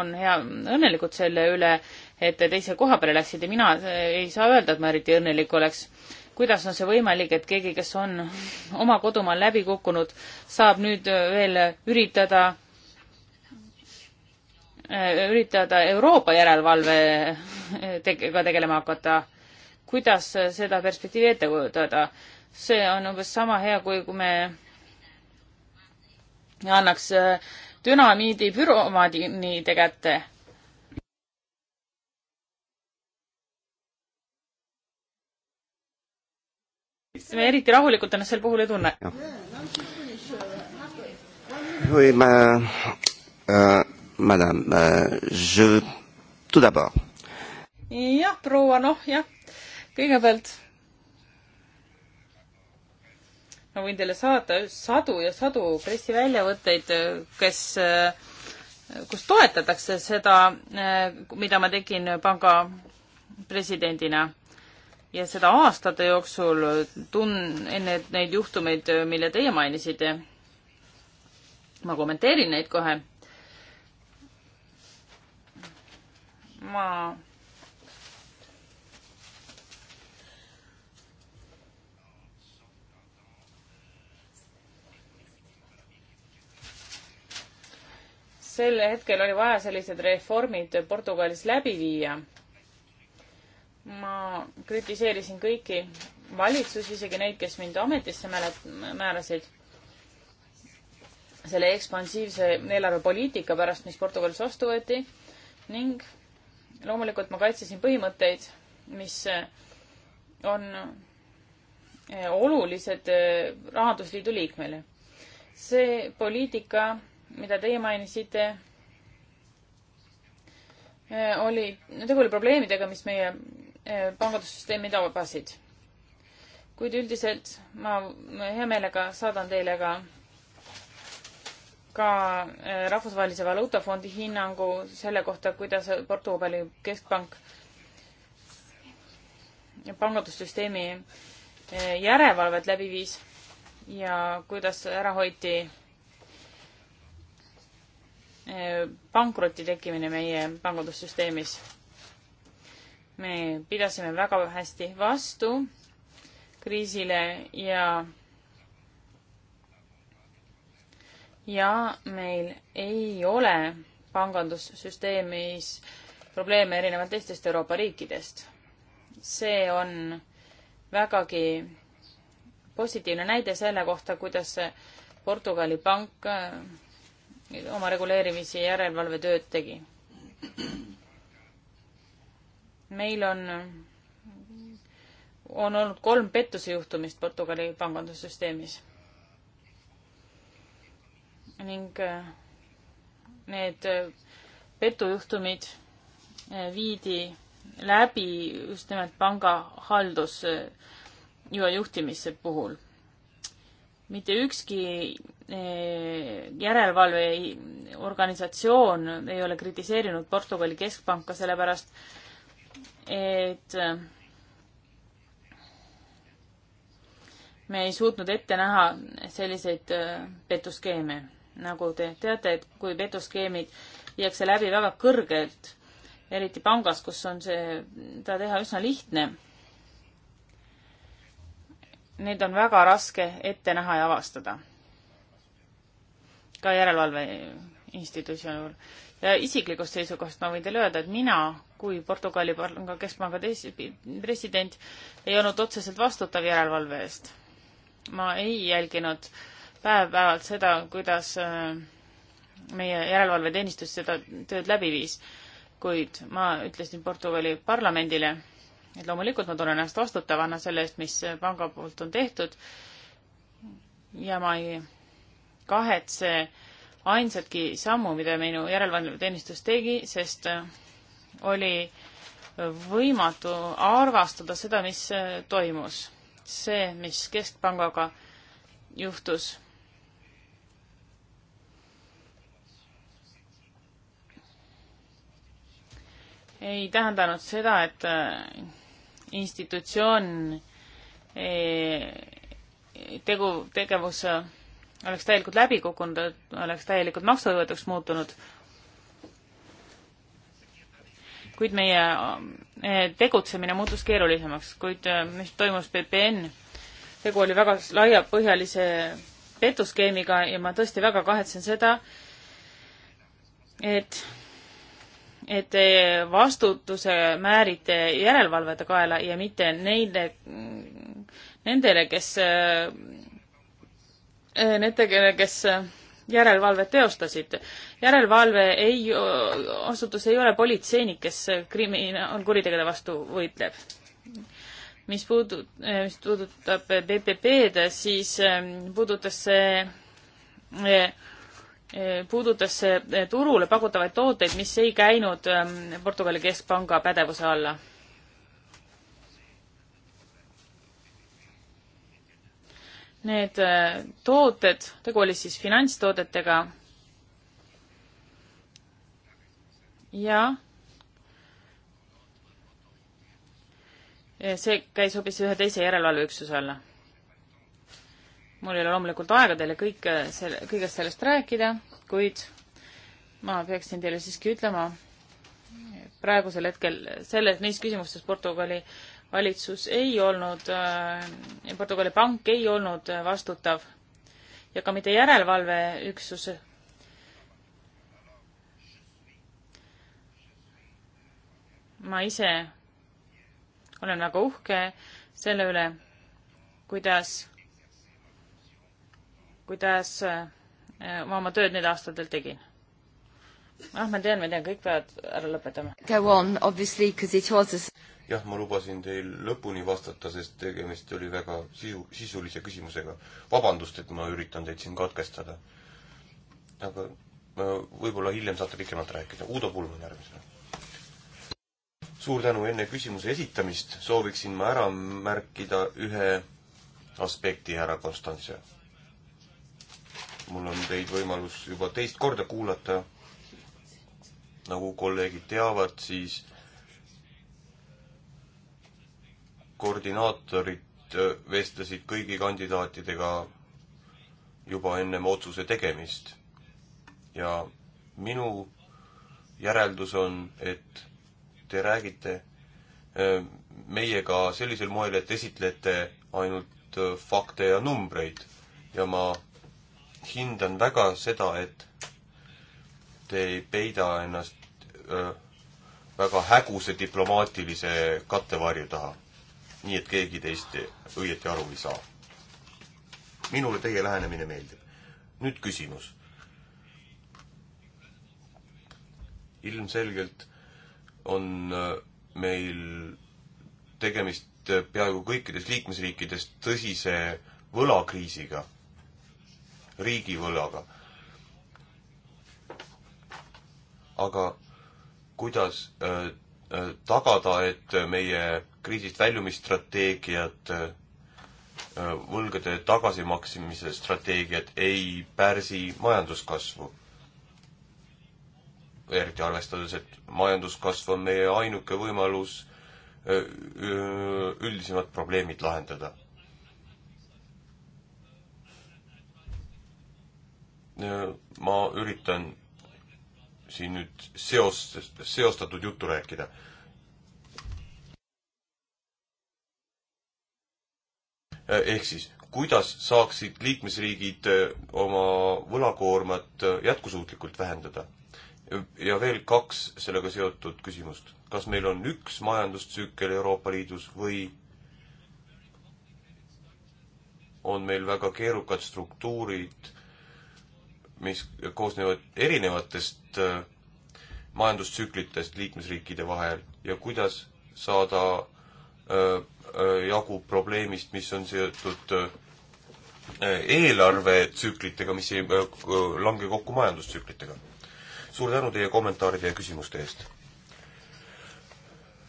on hea, õnnelikud selle üle, et te teise koha peale läksite, mina ei saa öelda, et ma eriti õnnelik oleks. kuidas on see võimalik, et keegi, kes on [LAUGHS] oma kodumaal läbi kukkunud, saab nüüd veel üritada Äh, üritada Euroopa järelevalvega äh, tegelema hakata. kuidas seda perspektiivi ette kujutada? see on umbes sama hea, kui, kui me annaks äh, dünamiidi büromaadide kätte. me eriti rahulikult ennast sel puhul ei tunne. või me äh, madame äh,, je, tout d'abord. jah, proua, noh jah, kõigepealt ma võin teile saata sadu ja sadu pressiväljavõtteid, kes, kus toetatakse seda, mida ma tegin panga presidendina. ja seda aastate jooksul tun-, enne neid juhtumeid, mille teie mainisite. ma kommenteerin neid kohe. ma sel hetkel oli vaja sellised reformid Portugalis läbi viia. ma kritiseerisin kõiki valitsusi, isegi neid, kes mind ametisse mälet-, määrasid, selle ekspansiivse eelarvepoliitika pärast, mis Portugalis vastu võeti ning loomulikult ma kaitsesin põhimõtteid, mis eh, on eh, olulised eh, Rahandusliidu liikmele. see poliitika, mida teie mainisite, oli, tegu oli probleemidega, mis meie pangandussüsteemi tabasid. kuid üldiselt ma hea meelega saadan teile ka ka äh, Rahvusvahelise Valuutafondi hinnangu selle kohta, kuidas Portugali keskpank pangandussüsteemi äh, järelevalvet läbi viis ja kuidas ära hoiti äh, pankroti tekkimine meie pangandussüsteemis. me pidasime väga hästi vastu kriisile ja ja meil ei ole pangandussüsteemis probleeme erinevalt teistest Euroopa riikidest. see on vägagi positiivne näide selle kohta, kuidas Portugali pank äh, oma reguleerimise järelevalvetööd tegi. meil on, on olnud kolm pettuse juhtumist Portugali pangandussüsteemis ning äh, need äh, petujuhtumid äh, viidi läbi just nimelt panga haldusjuhtimise puhul. mitte ükski järelevalveorganisatsioon ei ole kritiseerinud Portugali keskpanka sellepärast, et me ei suutnud ette näha selliseid petuskeeme nagu te teate, et kui petuskeemid viiakse läbi väga kõrgelt, eriti pangas, kus on see, seda teha üsna lihtne, neid on väga raske ette näha ja avastada. ka järelevalve institutsioonil. ja isiklikust seisukohast ma võin teile öelda, et mina kui Portugali panga keskpanga president ei olnud otseselt vastutav järelevalve eest. ma ei jälginud äh, päev-päevalt seda, kuidas äh, meie järelevalveteenistus seda tööd läbi viis. kuid ma ütlesin Portugali parlamendile, et loomulikult ma tunnen ennast vastutavana selle eest, mis panga poolt on tehtud ja ma ei kahetse ainsatki sammu, mida minu järelevalveteenistus tegi, sest äh, oli võimatu arvastada seda, mis äh, toimus. see, mis Keskpangaga juhtus, ei tähendanud seda, et äh, institutsioon äh, tegu, tegevus äh, oleks täielikult läbi kukkunud, oleks täielikult maksuvõetuks muutunud. kuid meie tegutsemine muutus keerulisemaks, kuid mis toimus PPN, tegu oli väga laiapõhjalise petuskeemiga ja ma tõesti väga kahetsen seda, et et vastutuse määrite järelevalvete kaela ja mitte neile, nendele, kes, eh, nendele, kes järelevalvet teostasid. järelevalve ei, asutus ei ole politseinik, kes krimina-, kuritegude vastu võitleb. mis puudu-, eh, mis puudutab PPP-d, siis eh, puudutas see puudutas see eh, turule pakutavaid tooteid, mis ei käinud ähm, Portugali keskpanga pädevuse alla. Need äh, tooted, tegu oli siis finantstoodetega ja see käis hoopis ühe teise järelevalveüksuse alla mul ei ole loomulikult aega teile kõike äh, selle, kõigest sellest rääkida, kuid ma peaksin teile siiski ütlema praegusel hetkel selles, neis küsimustes Portugali valitsus ei olnud, äh, Portugali pank ei olnud äh, vastutav ja ka mitte järelevalveüksus. ma ise olen väga uhke selle üle, kuidas kuidas eh, ma oma tööd neil aastatel tegin. ah, ma tean, ma tean, kõik peavad ära lõpetama. Go on, obviously, because it was a jah, ma lubasin teil lõpuni vastata, sest tegemist oli väga sisu, sisulise küsimusega. vabandust, et ma üritan teid siin katkestada. aga äh, võib-olla hiljem saate pikemalt rääkida. Uudo Pulman järgmisena. suur tänu, enne küsimuse esitamist sooviksin ma ära märkida ühe aspekti, härra Konstantsev mul on teid võimalus juba teist korda kuulata. nagu kolleegid teavad, siis koordinaatorid äh, vestlesid kõigi kandidaatidega juba ennem otsuse tegemist. ja minu järeldus on, et te räägite äh, meiega sellisel moel, et esitlete ainult äh, fakte ja numbreid ja ma hindan väga seda, et te ei peida ennast öö, väga häguse diplomaatilise kattevarju taha. nii et keegi teist õieti aru ei saa. minule teie lähenemine meeldib. nüüd küsimus. ilmselgelt on meil tegemist peaaegu kõikides liikmesriikides tõsise võlakriisiga riigivõlaga. aga kuidas äh, äh, tagada, et meie kriisist väljumisstrateegiad äh,, võlgade tagasimaksimise strateegiad ei pärsi majanduskasvu? eriti arvestades, et majanduskasv on meie ainuke võimalus äh, üldisemad probleemid lahendada Äh, ma üritan siin nüüd seost, seostatud juttu rääkida. Äh, ehk siis, kuidas saaksid liikmesriigid äh, oma võlakoormat jätkusuutlikult vähendada? ja veel kaks sellega seotud küsimust. kas meil on üks majandustsükkel Euroopa Liidus või on meil väga keerukad struktuurid, mis koosnevad erinevatest äh, majandustsüklitest liikmesriikide vahel ja kuidas saada äh, äh, jagu probleemist, mis on seotud eelarvetsüklitega, mis ei lange kokku majandustsüklitega. suur tänu teie kommentaaride ja küsimuste eest.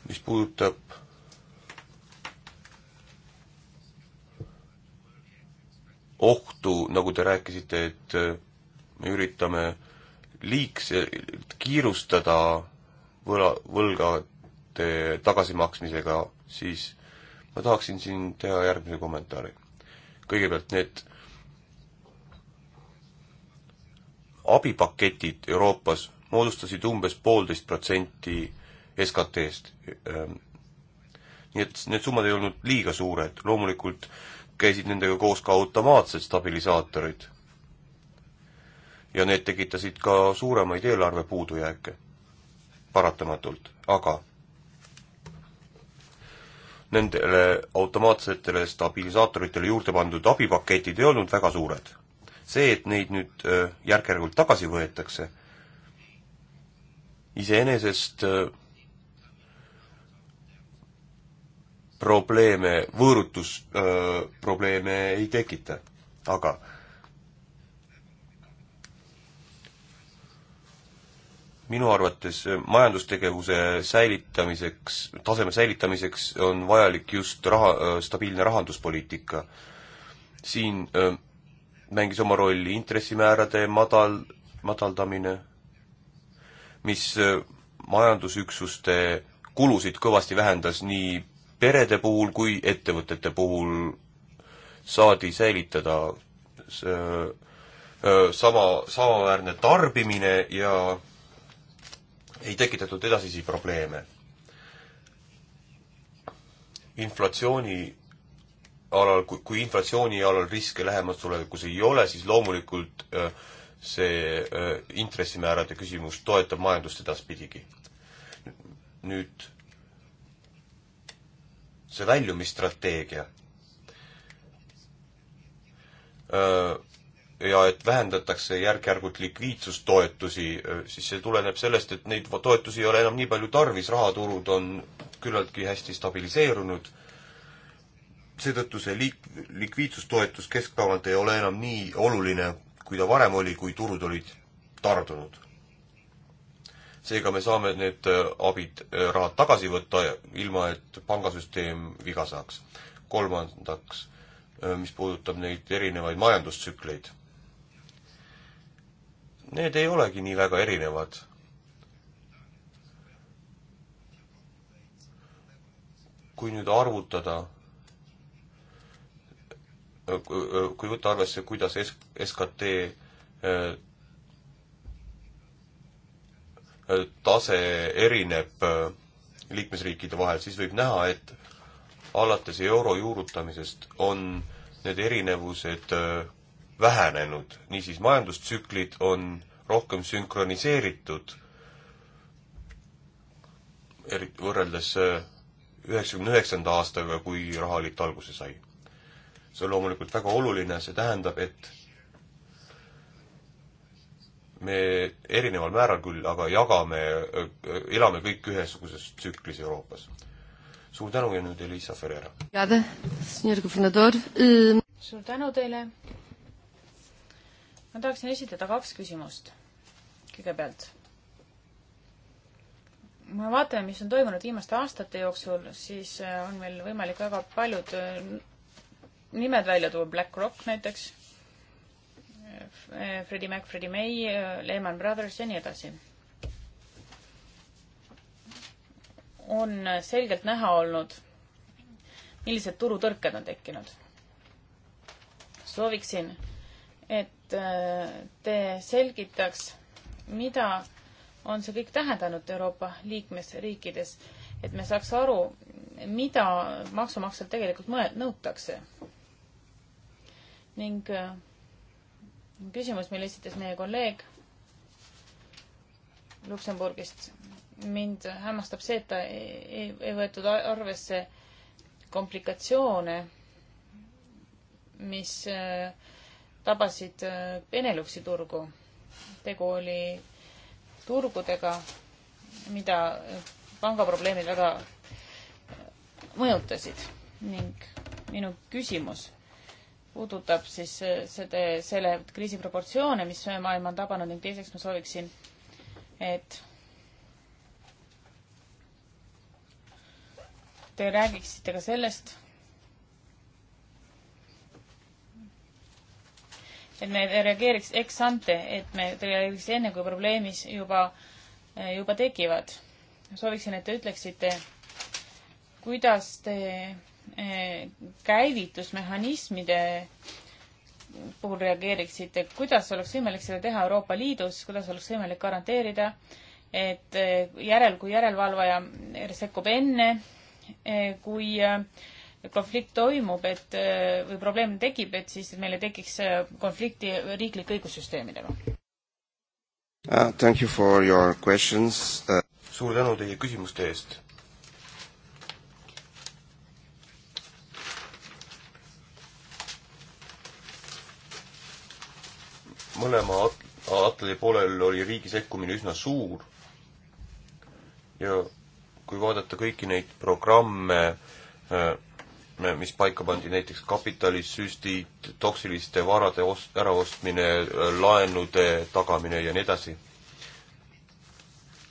mis puudutab ohtu, nagu te rääkisite, et me üritame liigselt kiirustada võla, võlgade tagasimaksmisega, siis ma tahaksin siin teha järgmise kommentaari. kõigepealt need abipaketid Euroopas moodustasid umbes poolteist protsenti SKT-st. Ehm, nii et need summad ei olnud liiga suured, loomulikult käisid nendega koos ka automaatsed stabilisaatorid ja need tekitasid ka suuremaid eelarve puudujääke, paratamatult, aga nendele automaatsetele stabilisaatoritele juurde pandud abipaketid ei olnud väga suured. see, et neid nüüd äh, järk-järgult tagasi võetakse, iseenesest äh, probleeme, võõrutusprobleeme äh, ei tekita, aga minu arvates äh, majandustegevuse säilitamiseks, taseme säilitamiseks on vajalik just raha, äh, stabiilne rahanduspoliitika. siin öö, äh, mängis oma rolli intressimäärade madal, madaldamine, mis majandusüksuste kulusid kõvasti vähendas nii perede puhul kui ettevõtete puhul, saadi säilitada see, sama, samaväärne tarbimine ja ei tekitatud edasisi probleeme. inflatsiooni alal, kui, kui inflatsiooni alal riske lähemas tulevikus ei ole, siis loomulikult äh, see äh, intressimäärade küsimus toetab majandust edaspidigi. nüüd see väljumisstrateegia äh, ja et vähendatakse järk-järgult likviidsustoetusi, äh, siis see tuleneb sellest, et neid toetusi ei ole enam nii palju tarvis, rahaturud on küllaltki hästi stabiliseerunud, seetõttu see liik-, likviidsustoetus keskpäevalt ei ole enam nii oluline, kui ta varem oli, kui turud olid tardunud. seega me saame need äh, abid, äh, rahad tagasi võtta, ilma et pangasüsteem viga saaks. kolmandaks, mis puudutab neid erinevaid majandustsükleid need ei olegi nii väga erinevad. kui nüüd arvutada, kui võtta arvesse, kuidas S-, SKT eh, tase erineb eh, liikmesriikide vahel, siis võib näha, et alates euro juurutamisest on need erinevused eh, vähenenud, niisiis majandustsüklid on rohkem sünkroniseeritud, eriti võrreldes äh, üheksakümne üheksanda aastaga, kui rahaliit alguse sai. see on loomulikult väga oluline, see tähendab, et me erineval määral küll, aga jagame, äh, äh, elame kõik ühesuguses tsüklis Euroopas. suur tänu ja nüüd Elisa Ferreira. suur tänu teile, ma tahaksin esitada kaks küsimust. kõigepealt, kui me vaatame, mis on toimunud viimaste aastate jooksul, siis äh, on meil võimalik väga paljud äh, nimed välja tuua, Black Rock näiteks, äh, Freddie Mac, Freddie May, Lehman Brothers ja nii edasi. on selgelt näha olnud, millised turutõrked on tekkinud. sooviksin, et et äh, te selgitaks, mida on see kõik tähendanud Euroopa liikmesriikides, et me saaks aru, mida maksumaksjalt tegelikult mõe-, nõutakse. ning äh, küsimus, mille esitas meie kolleeg Luksemburgist, mind hämmastab see, et ta ei, ei, ei võetud arvesse komplikatsioone, mis äh, tabasid äh, Beneluxi turgu. tegu oli turgudega, mida äh, pangaprobleemid väga äh, mõjutasid ning minu küsimus puudutab siis seda, selle kriisi proportsioone, mis maailma on tabanud ning teiseks ma sooviksin, et te räägiksite ka sellest, et me reageeriks ex ante, et me reageeriks enne, kui probleemis juba, eh, juba tekivad. sooviksin, et te ütleksite, kuidas te eh, käivitusmehhanismide puhul reageeriksite, kuidas oleks võimalik seda teha Euroopa Liidus, kuidas oleks võimalik garanteerida, et eh, järel, kui järelevalvaja sekkub enne, kui konflikt toimub, et äh, või probleem tekib, et siis meil ei tekiks äh, konflikti riiklike õigussüsteemidega uh,? Thank you for your questions uh.... suur tänu teie küsimuste eest. mõlema at-, Atlandi poolel oli riigi sekkumine üsna suur ja kui vaadata kõiki neid programme äh,, mis paika pandi näiteks kapitalissüstid, toksiliste varade ost-, äraostmine, laenude tagamine ja nii edasi,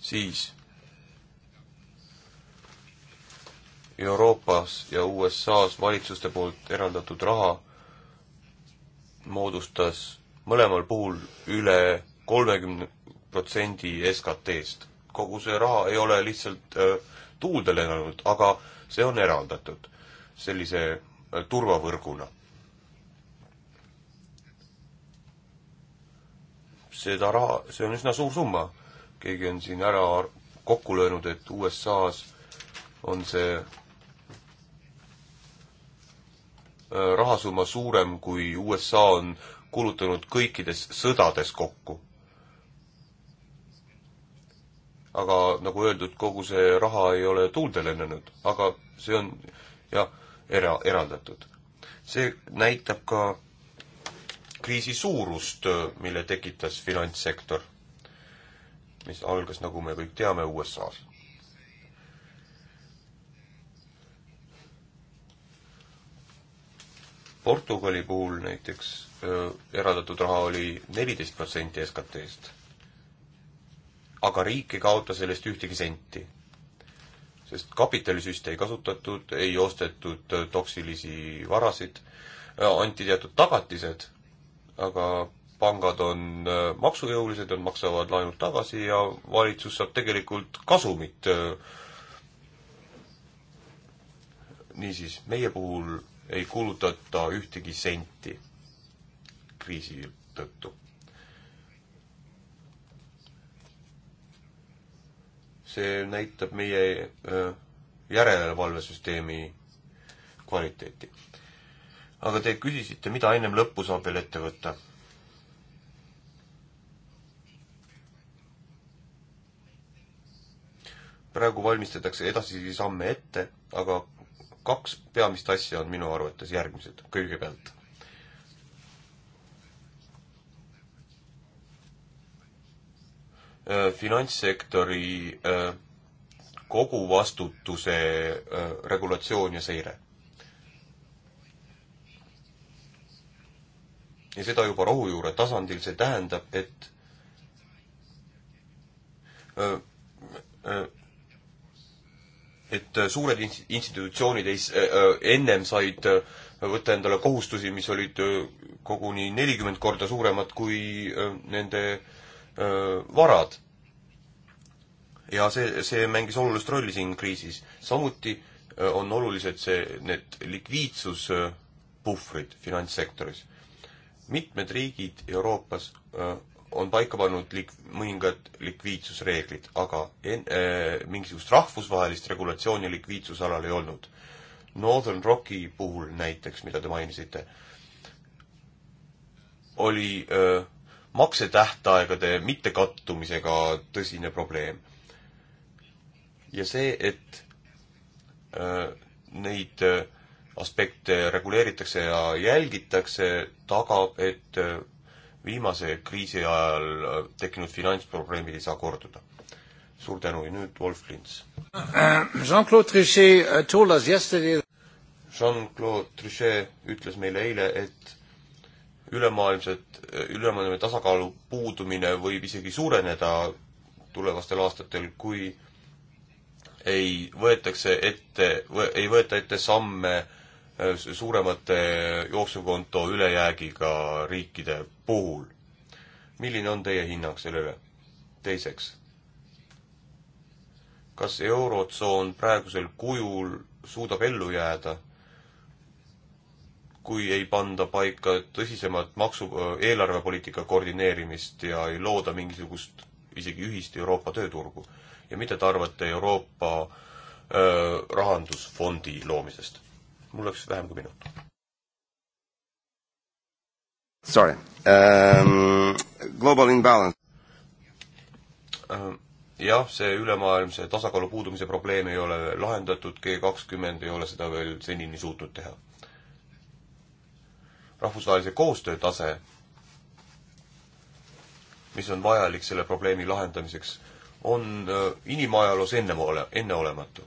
siis Euroopas ja USA-s valitsuste poolt eraldatud raha moodustas mõlemal puhul üle kolmekümne protsendi SKT-st. SKT kogu see raha ei ole lihtsalt äh, tuulde lennanud, aga see on eraldatud sellise äh, turvavõrguna. seda raha, see on üsna suur summa. keegi on siin ära kokku löönud, et USA-s on see äh, rahasumma suurem, kui USA on kulutanud kõikides sõdades kokku aga nagu öeldud, kogu see raha ei ole tuulde lennanud, aga see on ja era-, eraldatud. see näitab ka kriisi suurust, mille tekitas finantssektor, mis algas, nagu me kõik teame, USA-s. Portugali puhul näiteks öö, äh, eraldatud raha oli neliteist protsenti SKT-st. SKT aga riik ei kaota sellest ühtegi senti sest kapitalisüste ei kasutatud, ei ostetud äh, toksilisi varasid, äh, anti teatud tagatised, aga pangad on äh, maksujõulised, nad maksavad laenud tagasi ja valitsus saab tegelikult kasumit. niisiis, meie puhul ei kulutata ühtegi senti kriisi tõttu see näitab meie järelevalvesüsteemi kvaliteeti. aga te küsisite, mida ennem lõppu saab veel ette võtta? praegu valmistatakse edasisi samme ette, aga kaks peamist asja on minu arvates järgmised. kõigepealt Äh, finantssektori äh, koguvastutuse äh, regulatsioon ja seire. ja seda juba rohujuure tasandil, see tähendab, et et suured institutsioonid ei, ennem said võtta endale kohustusi, mis olid koguni nelikümmend korda suuremad kui nende äh, varad. ja see, see mängis olulist rolli siin kriisis. samuti on olulised see, need likviidsuspuhvrid finantssektoris. mitmed riigid Euroopas on paika pannud lik-, mõningad likviidsusreeglid, aga en- äh,, mingisugust rahvusvahelist regulatsiooni likviidsusalal ei olnud. Northern Rocki puhul näiteks, mida te mainisite, oli äh, maksetähtaegade mittekattumisega tõsine probleem. ja see, et öö, äh, neid öö, äh, aspekte reguleeritakse ja jälgitakse, tagab, et öö, äh, viimase kriisi ajal tekkinud finantsprobleemid ei saa korduda. suur tänu ja nüüd Wolf Lints. Jean-Claude Trichet told us yesterday Jean-Claude Trichet ütles meile eile, et ülemaailmset, ülemaailmne tasakaalu puudumine võib isegi suureneda tulevastel aastatel, kui ei võetakse ette, ei võeta ette samme äh, suuremate jooksukonto ülejäägiga riikide puhul. milline on teie hinnang sellele? teiseks, kas Eurotsoon praegusel kujul suudab ellu jääda kui ei panda paika tõsisemat maksu, eelarvepoliitika koordineerimist ja ei looda mingisugust isegi ühist Euroopa tööturgu. ja mida te arvate Euroopa öö, rahandusfondi loomisest? mul läks vähem kui minut. Sorry um,. Global imbalance um, jah, see ülemaailmse tasakaalu puudumise probleem ei ole lahendatud, G kakskümmend ei ole seda veel senini suutnud teha rahvusvahelise koostöö tase, mis on vajalik selle probleemi lahendamiseks, on äh, inimajaloos enneole-, enneolematu.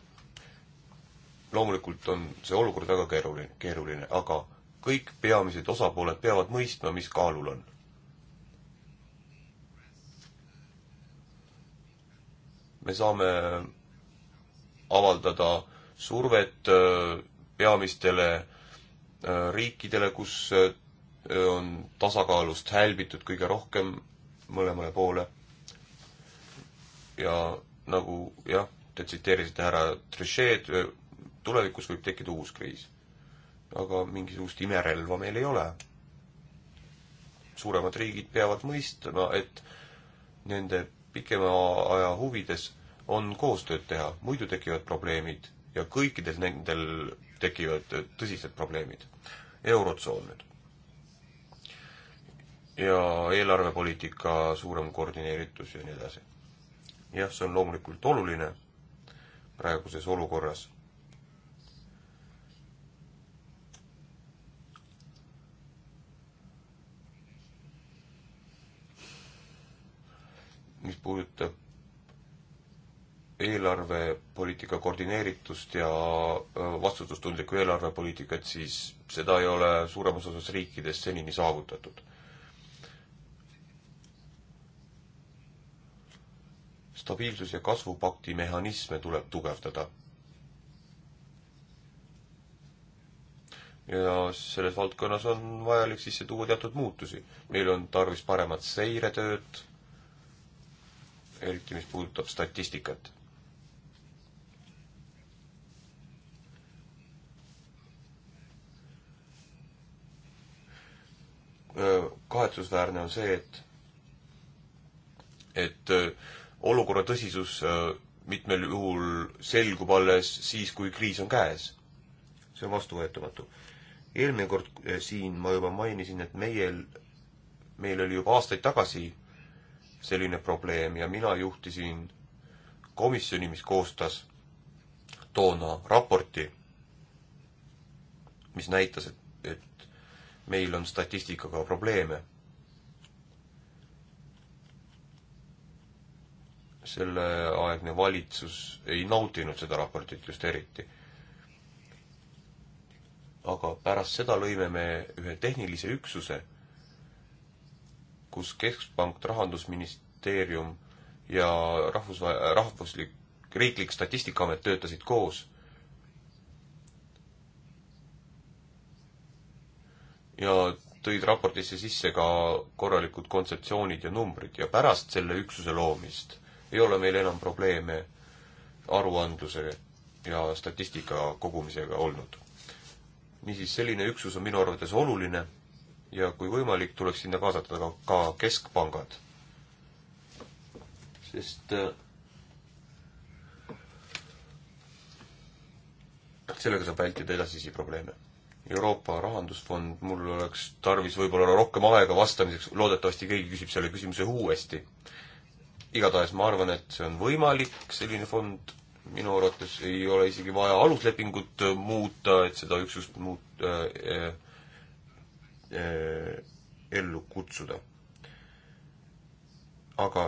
loomulikult on see olukord väga keeruline, keeruline, aga kõik peamised osapooled peavad mõistma, mis kaalul on me saame avaldada survet äh, peamistele Äh, riikidele, kus äh, on tasakaalust hälbitud kõige rohkem mõlemale poole. ja nagu jah, te tsiteerisite härra Trichet, äh, tulevikus võib tekkida uus kriis. aga mingisugust imerelva meil ei ole. suuremad riigid peavad mõistma, et nende pikema aja huvides on koostööd teha, muidu tekivad probleemid ja kõikidel nendel tekivad tõsised probleemid. Eurotsoon nüüd. ja eelarvepoliitika suurem koordineeritus ja nii edasi. jah, see on loomulikult oluline praeguses olukorras mis puudutab eelarvepoliitika koordineeritust ja äh, vastutustundlikku eelarvepoliitikat, siis seda ei ole suuremas osas riikides senini saavutatud. stabiilsus- ja kasvupakti mehhanisme tuleb tugevdada. ja selles valdkonnas on vajalik sisse tuua teatud muutusi. meil on tarvis paremat seiretööd, eriti mis puudutab statistikat kahetsusväärne on see, et, et olukorra tõsisus mitmel juhul selgub alles siis, kui kriis on käes. see on vastuvõetamatu. eelmine kord äh, siin ma juba mainisin, et meil, meil oli juba aastaid tagasi selline probleem ja mina juhtisin komisjoni, mis koostas toona raporti, mis näitas, et, et meil on statistikaga probleeme. selleaegne valitsus ei nautinud seda raportit just eriti. aga pärast seda lõime me ühe tehnilise üksuse, kus Keskpank, Rahandusministeerium ja rahvusva-, rahvuslik, riiklik statistikaamet töötasid koos ja tõid raportisse sisse ka korralikud kontseptsioonid ja numbrid ja pärast selle üksuse loomist ei ole meil enam probleeme aruandluse ja statistika kogumisega olnud. niisiis, selline üksus on minu arvates oluline ja kui võimalik, tuleks sinna kaasata ka, ka keskpangad. sest äh, sellega saab vältida edasisi probleeme Euroopa Rahandusfond, mul oleks tarvis võib-olla rohkem aega vastamiseks, loodetavasti keegi küsib selle küsimuse uuesti. igatahes ma arvan, et see on võimalik, selline fond minu arvates ei ole isegi vaja aluslepingut äh, muuta, et seda üksust muut- äh,, äh, äh, ellu kutsuda. aga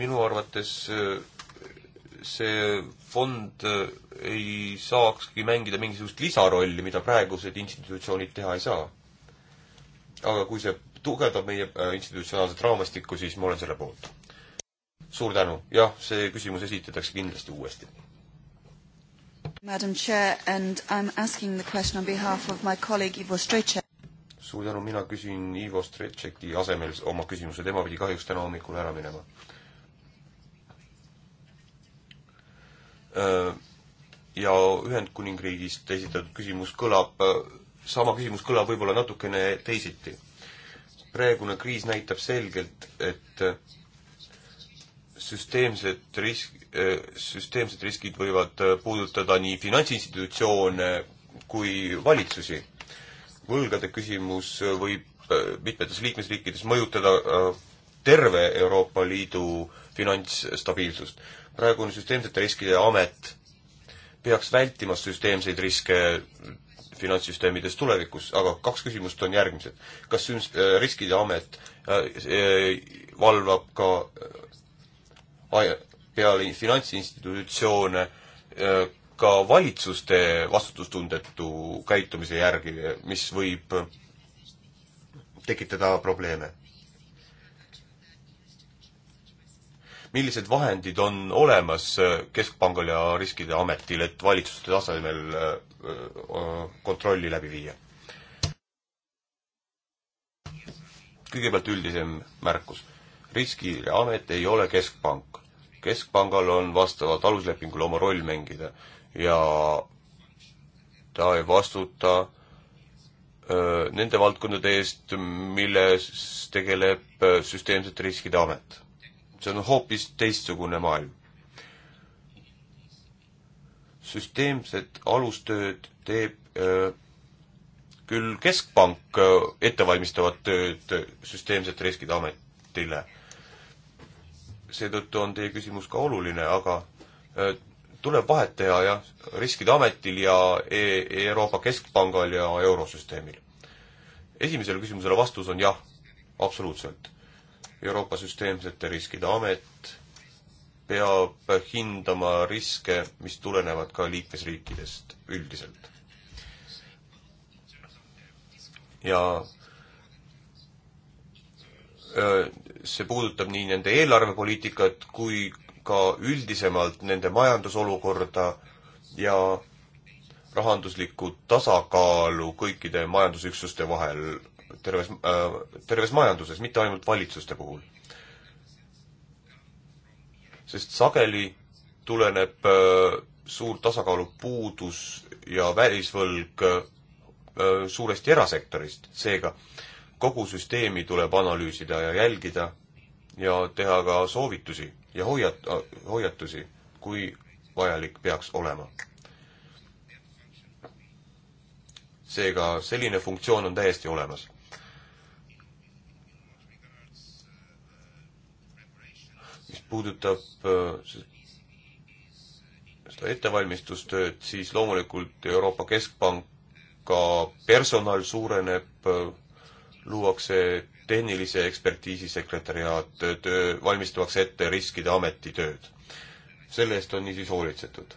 minu arvates äh, see fond äh, ei saakski mängida mingisugust lisarolli, mida praegused institutsioonid teha ei saa. aga kui see tugevdab meie äh, institutsionaalset raamistikku, siis ma olen selle poolt. suur tänu, jah, see küsimus esitatakse kindlasti uuesti. Madam Chair and I am asking the question on behalf of my colleague Ivo Strejček. suur tänu, mina küsin Ivo Strejčeki asemel oma küsimuse, tema pidi kahjuks täna hommikul ära minema Äh, ja Ühendkuningriigist esitatud küsimus kõlab, äh, sama küsimus kõlab võib-olla natukene teisiti. praegune kriis näitab selgelt, et äh, süsteemsed risk, süsteemsed riskid võivad puudutada nii finantsinstitutsioone kui valitsusi. võlgade küsimus võib mitmetes liikmesriikides mõjutada terve Euroopa Liidu finantsstabiilsust. praegune süsteemsete riskide amet peaks vältima süsteemseid riske finantssüsteemides tulevikus, aga kaks küsimust on järgmised. kas süms-, äh, riskide amet äh, äh, valvab ka peale finantsinstitutsioone ka valitsuste vastutustundetu käitumise järgi, mis võib tekitada probleeme? millised vahendid on olemas äh, Keskpangal ja Riskide Ametil, et valitsuste tasemel äh, äh, kontrolli läbi viia? kõigepealt üldisem märkus. riskide amet ei ole keskpank. keskpangal on vastavalt aluslepingule oma roll mängida ja ta ei vastuta öö, nende valdkondade eest, milles tegeleb süsteemsete riskide amet see on hoopis teistsugune maailm. süsteemset alustööd teeb öö, äh, küll Keskpank äh, ettevalmistavat tööd süsteemsete riskide ametile. seetõttu on teie küsimus ka oluline, aga öö, äh, tuleb vahet teha jah, riskide ametil ja e, e Euroopa Keskpangal ja Eurosüsteemil. esimesele küsimusele vastus on jah, absoluutselt Euroopa Süsteemsete Riskide Amet peab hindama riske, mis tulenevad ka liikmesriikidest üldiselt. ja see puudutab nii nende eelarvepoliitikat kui ka üldisemalt nende majandusolukorda ja rahanduslikku tasakaalu kõikide majandusüksuste vahel terves äh,, terves majanduses, mitte ainult valitsuste puhul. sest sageli tuleneb äh, suur tasakaalu puudus ja välisvõlg äh, suuresti erasektorist, seega kogu süsteemi tuleb analüüsida ja jälgida ja teha ka soovitusi ja hoiat-, hoiatusi, kui vajalik peaks olema. seega selline funktsioon on täiesti olemas. puudutab äh, seda ettevalmistustööd, siis loomulikult Euroopa Keskpanka personal suureneb, äh, luuakse tehnilise ekspertiisi sekretäriaat, töö, valmistamaks ette riskide ametitööd. selle eest on niisiis hoolitsetud.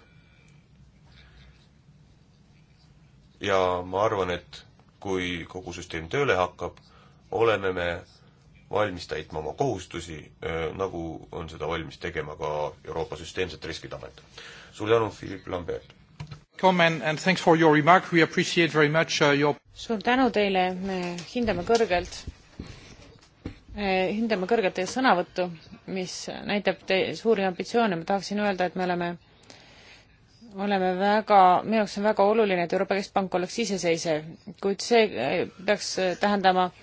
ja ma arvan, et kui kogu süsteem tööle hakkab, oleme me valmis täitma oma kohustusi, äh, nagu on seda valmis tegema ka Euroopa Süsteemsete Riskide Amet. suur tänu, Philip Lambert! Uh, your... suur tänu teile, me hindame kõrgelt, äh, hindame kõrgelt teie sõnavõttu, mis näitab teie suuri ambitsioone, ma tahaksin öelda, et me oleme oleme väga, minu jaoks on väga oluline, et Euroopa Keskpank oleks iseseisev, kuid see äh, peaks tähendama äh,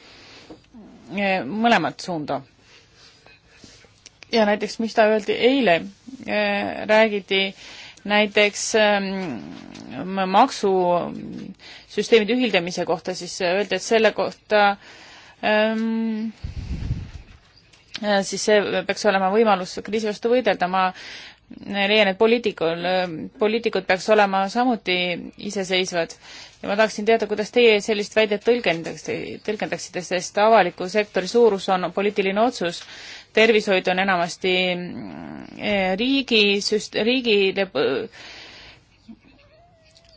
Eh, mõlemat suunda. ja näiteks, mis ta öeldi eile, eh, räägiti näiteks ehm, maksusüsteemide ühildamise kohta, siis öeldi, et selle kohta ähm, siis see peaks olema võimalus kriisi vastu võidelda, ma leian, et poliitikul, poliitikud peaks olema samuti iseseisvad, ja ma tahaksin teada, kuidas teie sellist väidet tõlgendaks, tõlgendaksite, sest avaliku sektori suurus on poliitiline otsus, tervishoid on enamasti mm, eh, riigi süst-, riigile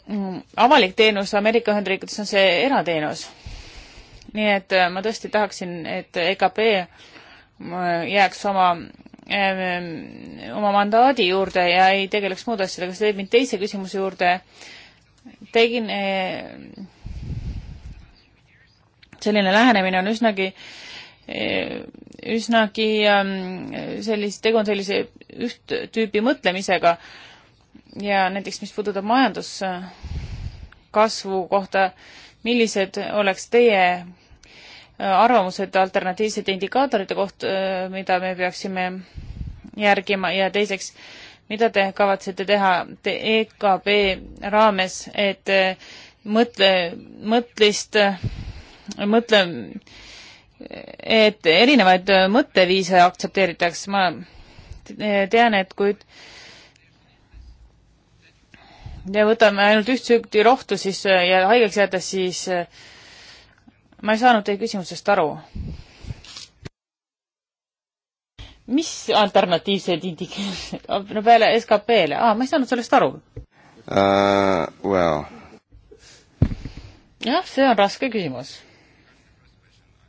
mm, avalik teenus, Ameerika Ühendriikides on see erateenus. nii et eh, ma tõesti tahaksin, et EKP eh, jääks oma oma mandaadi juurde ja ei tegeleks muude asjadega, see teeb mind teise küsimuse juurde äh, tegin, eh, selline lähenemine on üsnagi eh, üsnagi ähm, sellist, tegu on sellise üht tüüpi mõtlemisega ja näiteks, mis puudutab majanduskasvu kohta, millised oleks teie äh, arvamused alternatiivsete indikaatorite kohta, äh, mida me peaksime järgima ja teiseks, mida te kavatsete teha te EKB raames, et eh, mõtle, mõtlist, eh, mõtle, eh, et erinevaid mõtteviise aktsepteeritakse, ma tean, et kui ja võtame ainult üht süüdi rohtu siis ja haigeks jääda, siis ma ei saanud teie küsimusest aru mis alternatiivsed indikeerimised, no peale SKP-le ah,, ma ei saanud sellest aru uh,. Well. jah, see on raske küsimus.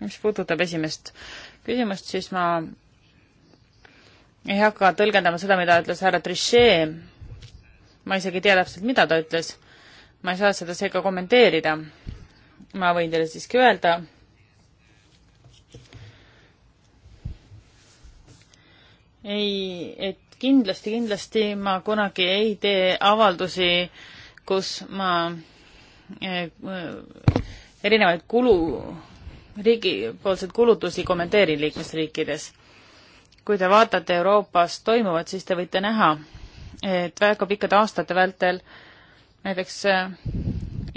mis puudutab esimest küsimust, siis ma ei hakka tõlgendama seda, mida ütles härra Trichet. ma isegi ei tea täpselt, mida ta ütles. ma ei saa seda seega kommenteerida. ma võin teile siiski öelda ei, et kindlasti, kindlasti ma kunagi ei tee avaldusi, kus ma eh, erinevaid kulu, riigipoolseid kulutusi kommenteerin liikmesriikides. kui te vaatate Euroopas toimuvat, siis te võite näha, et väga pikkade aastate vältel näiteks eh,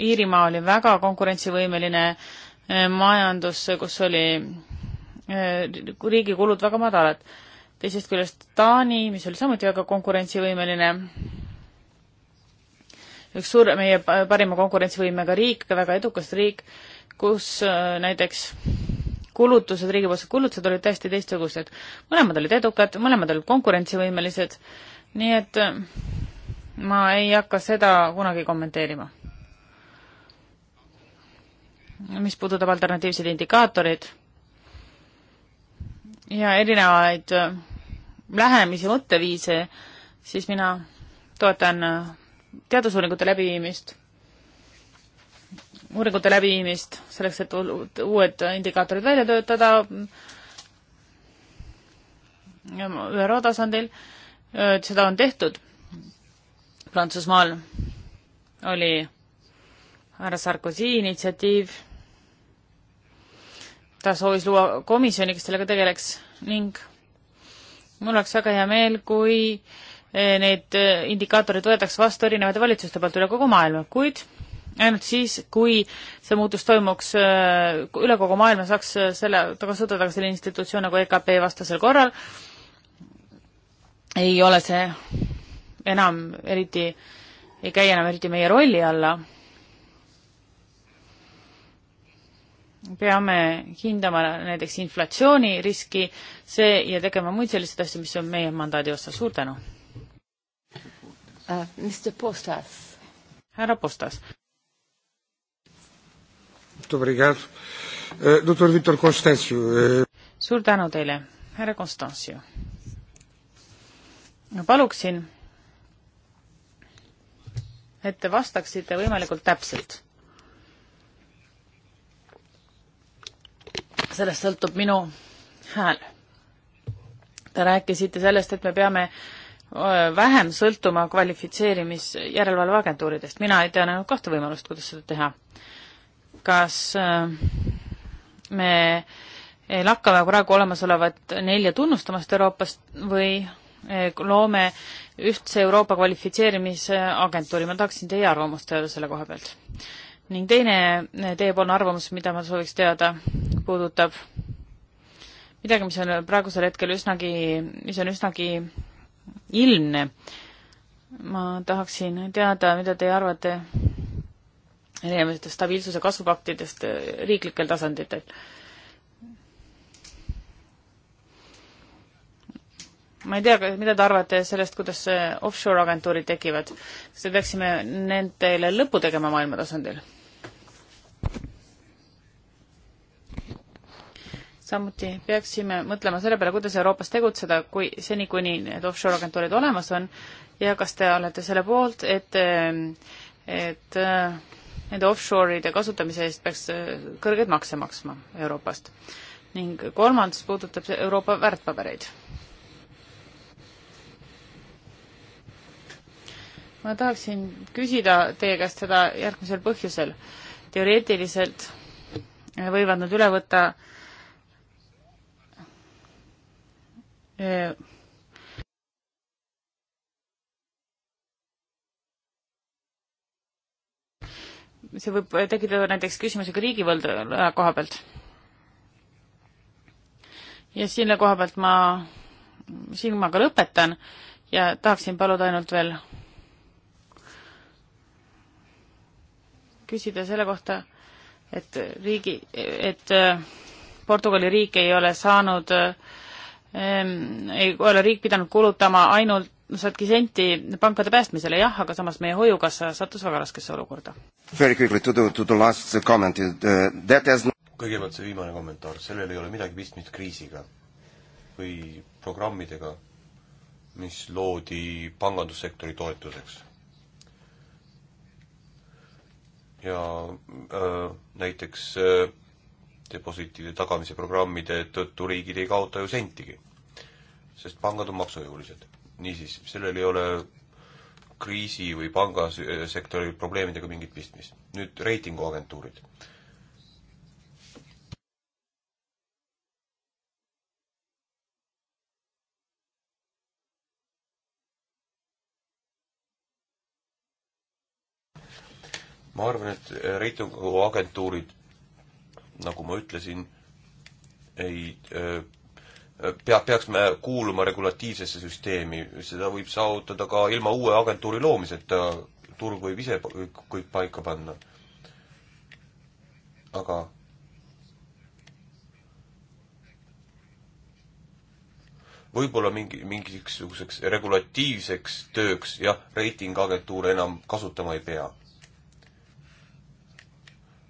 Iirimaa oli väga konkurentsivõimeline eh, majandus, kus oli riigi kulud väga madalad teisest küljest Taani, mis oli samuti väga konkurentsivõimeline, üks suur, meie parima konkurentsivõimega riik, väga edukas riik, kus äh, näiteks kulutused, riigipoolsed kulutused olid täiesti teistsugused. mõlemad olid edukad, mõlemad olid konkurentsivõimelised, nii et äh, ma ei hakka seda kunagi kommenteerima. mis puudutab alternatiivseid indikaatoreid ja erinevaid äh, lähemisi mõtteviise, siis mina toetan äh, teadusuuringute läbiviimist, uuringute läbiviimist selleks, et uued indikaatorid välja töötada mm, ÜRO tasandil, äh, seda on tehtud. Prantsusmaal oli härra Sarkozy initsiatiiv, ta soovis luua komisjoni, kes sellega tegeleks ning mul oleks väga hea meel, kui eh, need eh, indikaatorid võetakse vastu erinevate valitsuste poolt üle kogu maailma, kuid ainult siis, kui see muutus toimuks eh, üle kogu maailma, saaks selle, kasutada ka selle institutsioon nagu EKP vastasel korral, ei ole see enam eriti, ei käi enam eriti meie rolli alla peame hindama näiteks inflatsiooniriski, see ja tegema muid selliseid asju, mis on meie mandaadi osa. suur tänu uh,! Mr Postas. härra Postas. doktor uh, Viktor Konstantsiu. Uh, suur tänu teile, härra Konstantsiu. ma paluksin, et te vastaksite võimalikult täpselt sellest sõltub minu hääl. Te rääkisite sellest, et me peame vähem sõltuma kvalifitseerimisjärelevalve agentuuridest. mina ei tea ainult kahte võimalust, kuidas seda teha. kas me lakkame praegu olemasolevat nelja tunnustamast Euroopast või loome ühtse Euroopa kvalifitseerimisagentuuri, ma tahaksin teie arvamust teada selle koha pealt ning teine eh, teiepoolne arvamus, mida ma sooviks teada, puudutab midagi, mis on praegusel hetkel üsnagi, mis on üsnagi ilmne. ma tahaksin teada, mida teie arvate erinevatest stabiilsuse kasvupaktidest eh, riiklikel tasanditel. ma ei tea, mida te arvate sellest, kuidas eh, offshore agentuurid tekivad, kas me peaksime nendele lõpu tegema maailma tasandil? samuti peaksime mõtlema selle peale, kuidas Euroopas tegutseda, kui seni, kuni need offshore agentuurid olemas on ja kas te olete selle poolt, et, et nende offshore'ide kasutamise eest peaks kõrgeid makse maksma Euroopast. ning kolmandas puudutab see Euroopa väärtpabereid. ma tahaksin küsida teie käest seda järgmisel põhjusel. teoreetiliselt võivad nad üle võtta äh, see võib tekitada näiteks küsimusi ka riigivõlda koha pealt. ja selle koha pealt ma, siin ma ka lõpetan ja tahaksin paluda ainult veel küsida selle kohta, et riigi, et Portugali riik ei ole saanud äh, Ehm, ei ole riik pidanud kulutama ainult satki senti pankade päästmisele, jah, aga samas meie hoiukassa sattus väga raskesse olukorda. Uh, kõigepealt see viimane kommentaar, sellel ei ole midagi pistmist kriisiga või programmidega, mis loodi pangandussektori toetuseks. ja äh, näiteks äh, deposiitide tagamise programmide tõttu riigid ei kaota ju sentigi, sest pangad on maksujõulised. niisiis, sellel ei ole kriisi või pangasektori probleemidega mingit pistmist. nüüd reitinguagentuurid. ma arvan, et reitinguagentuurid nagu ma ütlesin, ei pea, peaksime kuuluma regulatiivsesse süsteemi, seda võib saavutada ka ilma uue agentuuri loomiseta, turg võib ise kõik paika panna. aga võib-olla mingi, mingisuguseks regulatiivseks tööks jah, reitinguagentuure enam kasutama ei pea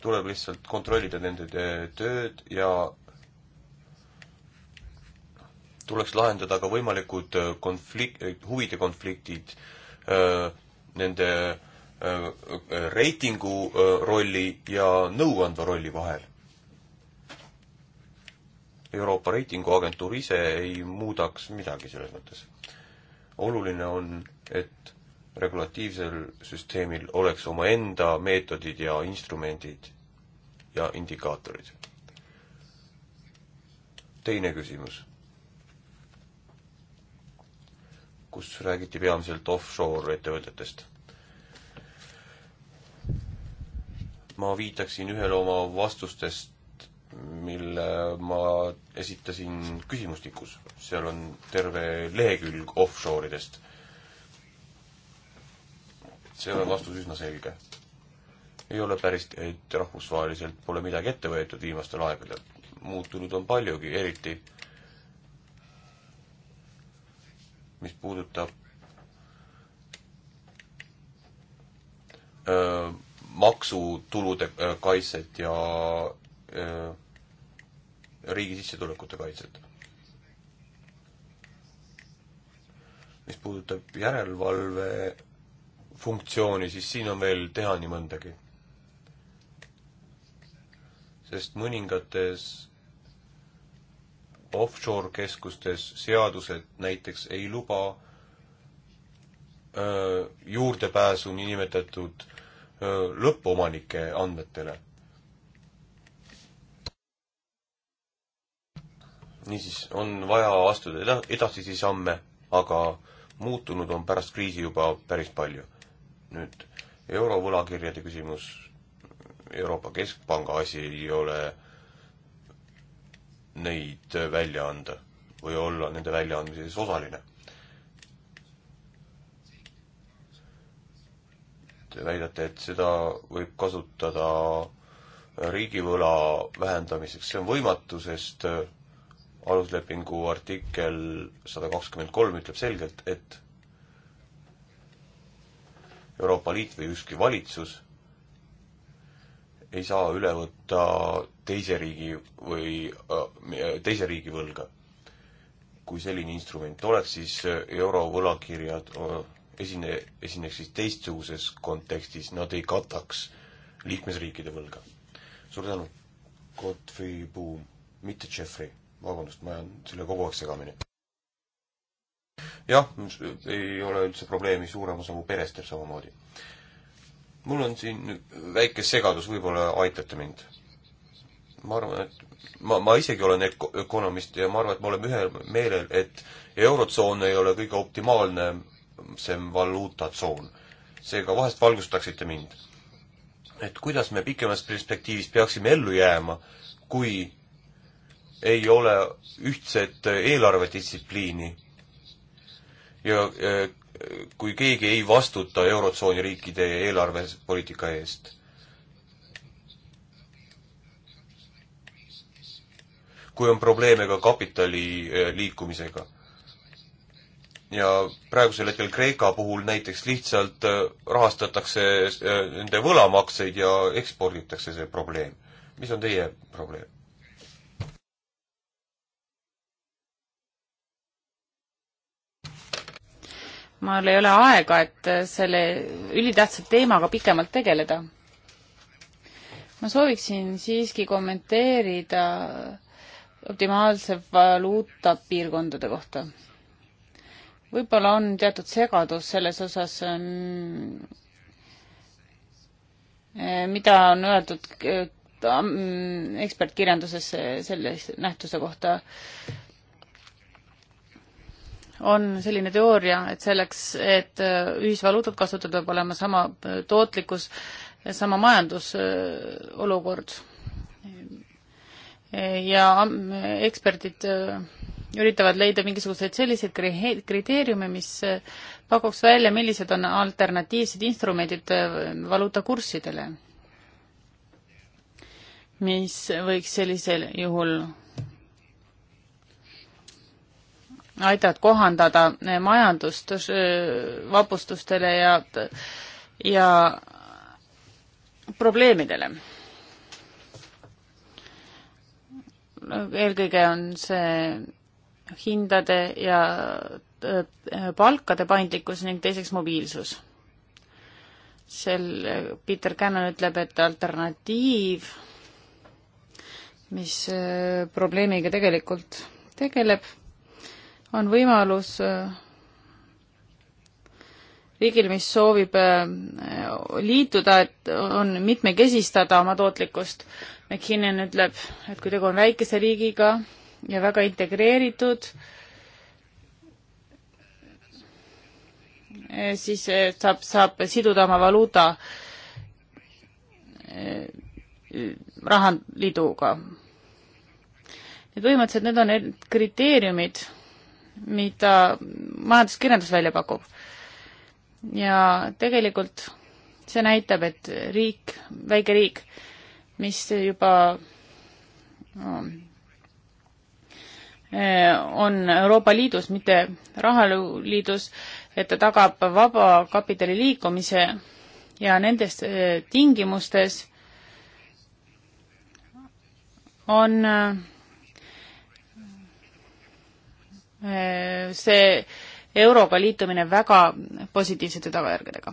tuleb lihtsalt kontrollida nende tööd ja tuleks lahendada ka võimalikud äh, konflikt, äh, huvide konfliktid, äh, nende reitingu rolli ja nõuandva rolli vahel. Euroopa reitinguagentuur ise ei muudaks midagi selles mõttes. oluline on, et regulatiivsel süsteemil oleks omaenda meetodid ja instrumendid ja indikaatorid. teine küsimus, kus räägiti peamiselt offshore ettevõtetest. ma viitaksin ühele oma vastustest, mille ma esitasin küsimustikus, seal on terve lehekülg offshore idest seega on vastus üsna selge. ei ole päris, et rahvusvaheliselt pole midagi ette võetud viimastel aegadel. muutunud on paljugi, eriti mis puudutab öö, maksutulude öö, kaitset ja öö, riigi sissetulekute kaitset. mis puudutab järelevalve funktsiooni, siis siin on veel teha nii mõndagi. sest mõningates offshore-keskustes seadused näiteks ei luba öö, juurdepääsu niinimetatud lõppomanike andmetele niisiis, on vaja astuda edasisi samme, aga muutunud on pärast kriisi juba päris palju nüüd eurovõlakirjade küsimus, Euroopa Keskpanga asi ei ole neid välja anda või olla nende väljaandmises osaline. Te väidate, et seda võib kasutada riigivõla vähendamiseks, see on võimatu, sest aluslepingu artikkel sada kakskümmend kolm ütleb selgelt, et Euroopa Liit või ükski valitsus ei saa üle võtta teise riigi või äh, teise riigi võlga. kui selline instrument oleks, siis eurovõlakirjad äh, esine, esineks siis teistsuguses kontekstis, nad ei kataks liikmesriikide võlga. suur tänu, Godfrey Boom, mitte Jeffrey, vabandust, ma ajan selle kogu aeg segamini jah, ei ole üldse probleemi, suurem osa mu nagu perest teeb samamoodi. mul on siin väike segadus, võib-olla aitate mind? ma arvan, et ma, ma isegi olen ökonomist ja ma arvan, et me oleme ühel meelel, et Eurotsoon ei ole kõige optimaalne see valuutatsoon. seega vahest valgustaksite mind, et kuidas me pikemas perspektiivis peaksime ellu jääma, kui ei ole ühtset eelarvedistsipliini ja kui keegi ei vastuta Eurotsooni riikide eelarvepoliitika eest. kui on probleeme ka kapitali eh, liikumisega. ja praegusel hetkel Kreeka puhul näiteks lihtsalt eh, rahastatakse eh, nende võlamakseid ja eksporditakse see probleem. mis on teie probleem? mul ei ole aega, et selle ülitähtsa teemaga pikemalt tegeleda. ma sooviksin siiski kommenteerida optimaalse valuuta piirkondade kohta. võib-olla on teatud segadus selles osas, ähm, äh, mida on öeldud äh, ekspertkirjanduses selle nähtuse kohta on selline teooria, et selleks, et äh, ühisvaluutat kasutada, peab olema sama äh, tootlikkus ja sama majandusolukord. ja äh, eksperdid üritavad leida mingisuguseid selliseid kriteeriume, mis pakuks välja, millised on alternatiivsed instrumendid valuutakurssidele, mis võiks sellisel juhul aitavad kohandada majandust äh, vapustustele ja, ja probleemidele. eelkõige on see hindade ja äh, palkade paindlikkus ning teiseks mobiilsus. sel, Peter Cannon ütleb, et alternatiiv, mis äh, probleemiga tegelikult tegeleb on võimalus äh, riigil, mis soovib äh, liituda, et on mitmekesistada oma tootlikkust. McKinnon ütleb, et kui tegu on väikese riigiga ja väga integreeritud, äh, siis saab, saab siduda oma valuuta rahaliiduga. Need põhimõtteliselt, need on need kriteeriumid mida majanduskirjandus välja pakub. ja tegelikult see näitab, et riik, väike riik, mis juba no, ähm, on Euroopa Liidus, mitte rahaliidus, et ta tagab vaba kapitali liikumise ja nendes äh, tingimustes on äh, Äh, see euroga liitumine väga positiivsete tagajärgedega.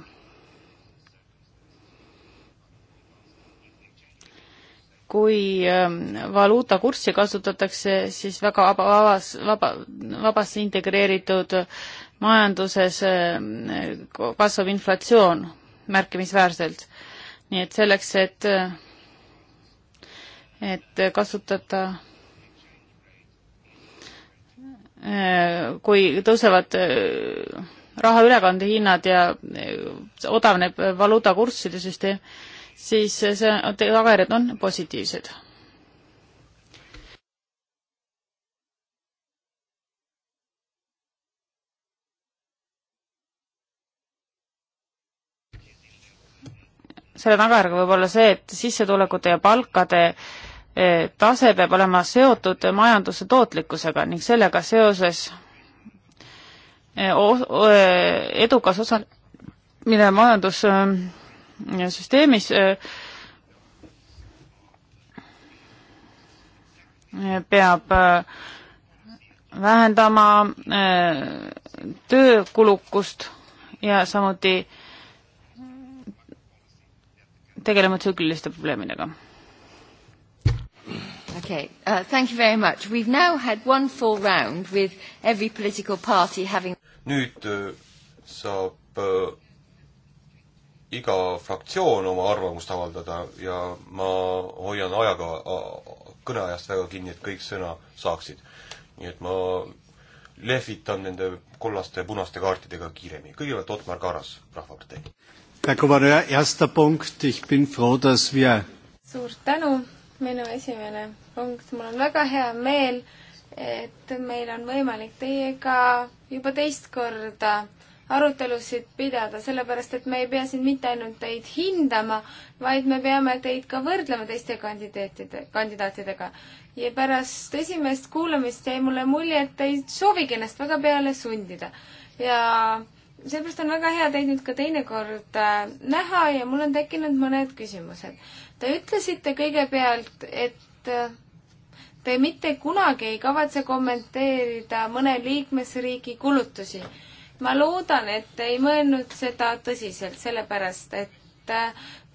kui ähm, valuutakurssi kasutatakse, siis väga vabas, vaba, vabasse integreeritud majanduses äh, kasvab inflatsioon märkimisväärselt. nii et selleks, et, et kasutada Äh, kui tõusevad äh, raha ülekande hinnad ja äh, odavneb valuutakursside süsteem, siis see, tagajärjed on positiivsed. selle tagajärg võib olla see, et sissetulekute ja palkade äh, tase peab olema seotud majanduse tootlikkusega ning sellega seoses eh, eh, edukas osa, mille majandussüsteemis eh, peab vähendama töökulukust ja samuti tegelema tsükliliste probleemidega Okay, uh, thank you very much. We've now had one full round with every political party having nüüd uh, saab äh, iga fraktsioon oma arvamust avaldada ja ma hoian ajaga, kõneajast väga kinni, et kõik sõna saaksid. nii et ma lehvitan nende kollaste ja punaste kaartidega kiiremini. kõigepealt Otmar Karas, Rahvapartei. suur tänu minu esimene punkt. mul on väga hea meel, et meil on võimalik teiega juba teist korda arutelusid pidada, sellepärast et me ei pea siin mitte ainult teid hindama, vaid me peame teid ka võrdlema teiste kandidaatide, kandidaatidega. ja pärast esimest kuulamist jäi mulle mulje, et te ei soovigi ennast väga peale sundida. ja seepärast on väga hea teid nüüd ka teinekord äh, näha ja mul on tekkinud mõned küsimused. Te ütlesite kõigepealt, et te mitte kunagi ei kavatse kommenteerida mõne liikmesriigi kulutusi. ma loodan, et te ei mõelnud seda tõsiselt, sellepärast et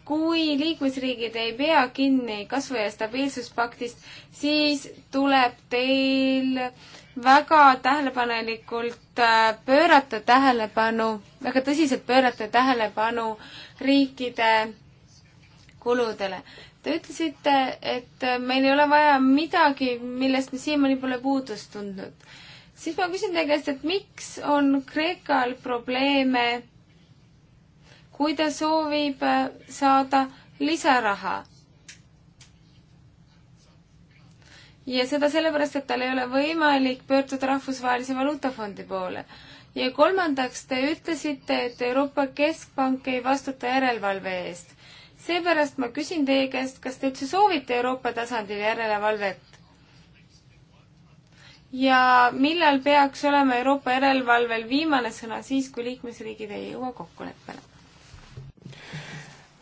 kui liikmesriigid ei pea kinni kasvu- ja stabiilsuspaktist, siis tuleb teil väga tähelepanelikult äh, pöörata tähelepanu, väga tõsiselt pöörata tähelepanu riikide kuludele. Te ütlesite, et meil ei ole vaja midagi, millest me siiamaani pole puudust tundnud. siis ma küsin teie käest, et miks on Kreekal probleeme, kui ta soovib äh, saada lisaraha? ja seda sellepärast, et tal ei ole võimalik pöörduda Rahvusvahelise Valuutafondi poole ja kolmandaks, te ütlesite, et Euroopa Keskpank ei vastuta järelevalve eest seepärast ma küsin teie käest, kas te üldse soovite Euroopa tasandil järelevalvet? ja millal peaks olema Euroopa järelevalvel viimane sõna siis, kui liikmesriigid ei jõua kokkuleppele?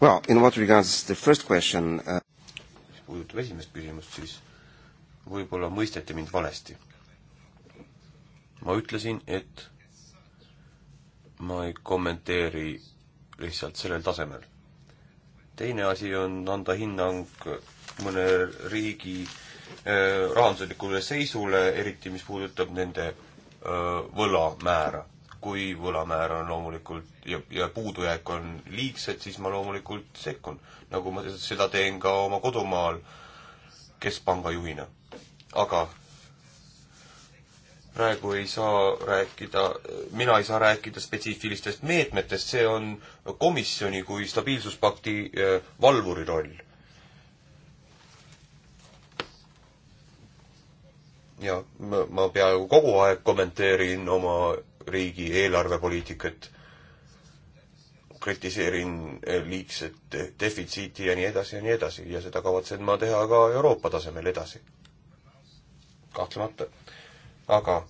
Well, in what regards the first question uh... mis puudutab esimest küsimust, siis võib-olla mõisteti mind valesti. ma ütlesin, et ma ei kommenteeri lihtsalt sellel tasemel teine asi on anda hinnang mõne riigi äh, rahanduslikule seisule, eriti mis puudutab nende äh, võlamäära. kui võlamäär on loomulikult ja, ja puudujääk on liigsed, siis ma loomulikult sekkun, nagu ma seda teen ka oma kodumaal keskpanga juhina. aga praegu ei saa rääkida, mina ei saa rääkida spetsiifilistest meetmetest, see on komisjoni kui stabiilsuspakti e, valvuri roll. ja ma, ma peaaegu kogu aeg kommenteerin oma riigi eelarvepoliitikat, kritiseerin e, liigset defitsiiti ja nii edasi ja nii edasi ja seda kavatsen ma teha ka Euroopa tasemel edasi. kahtlemata aga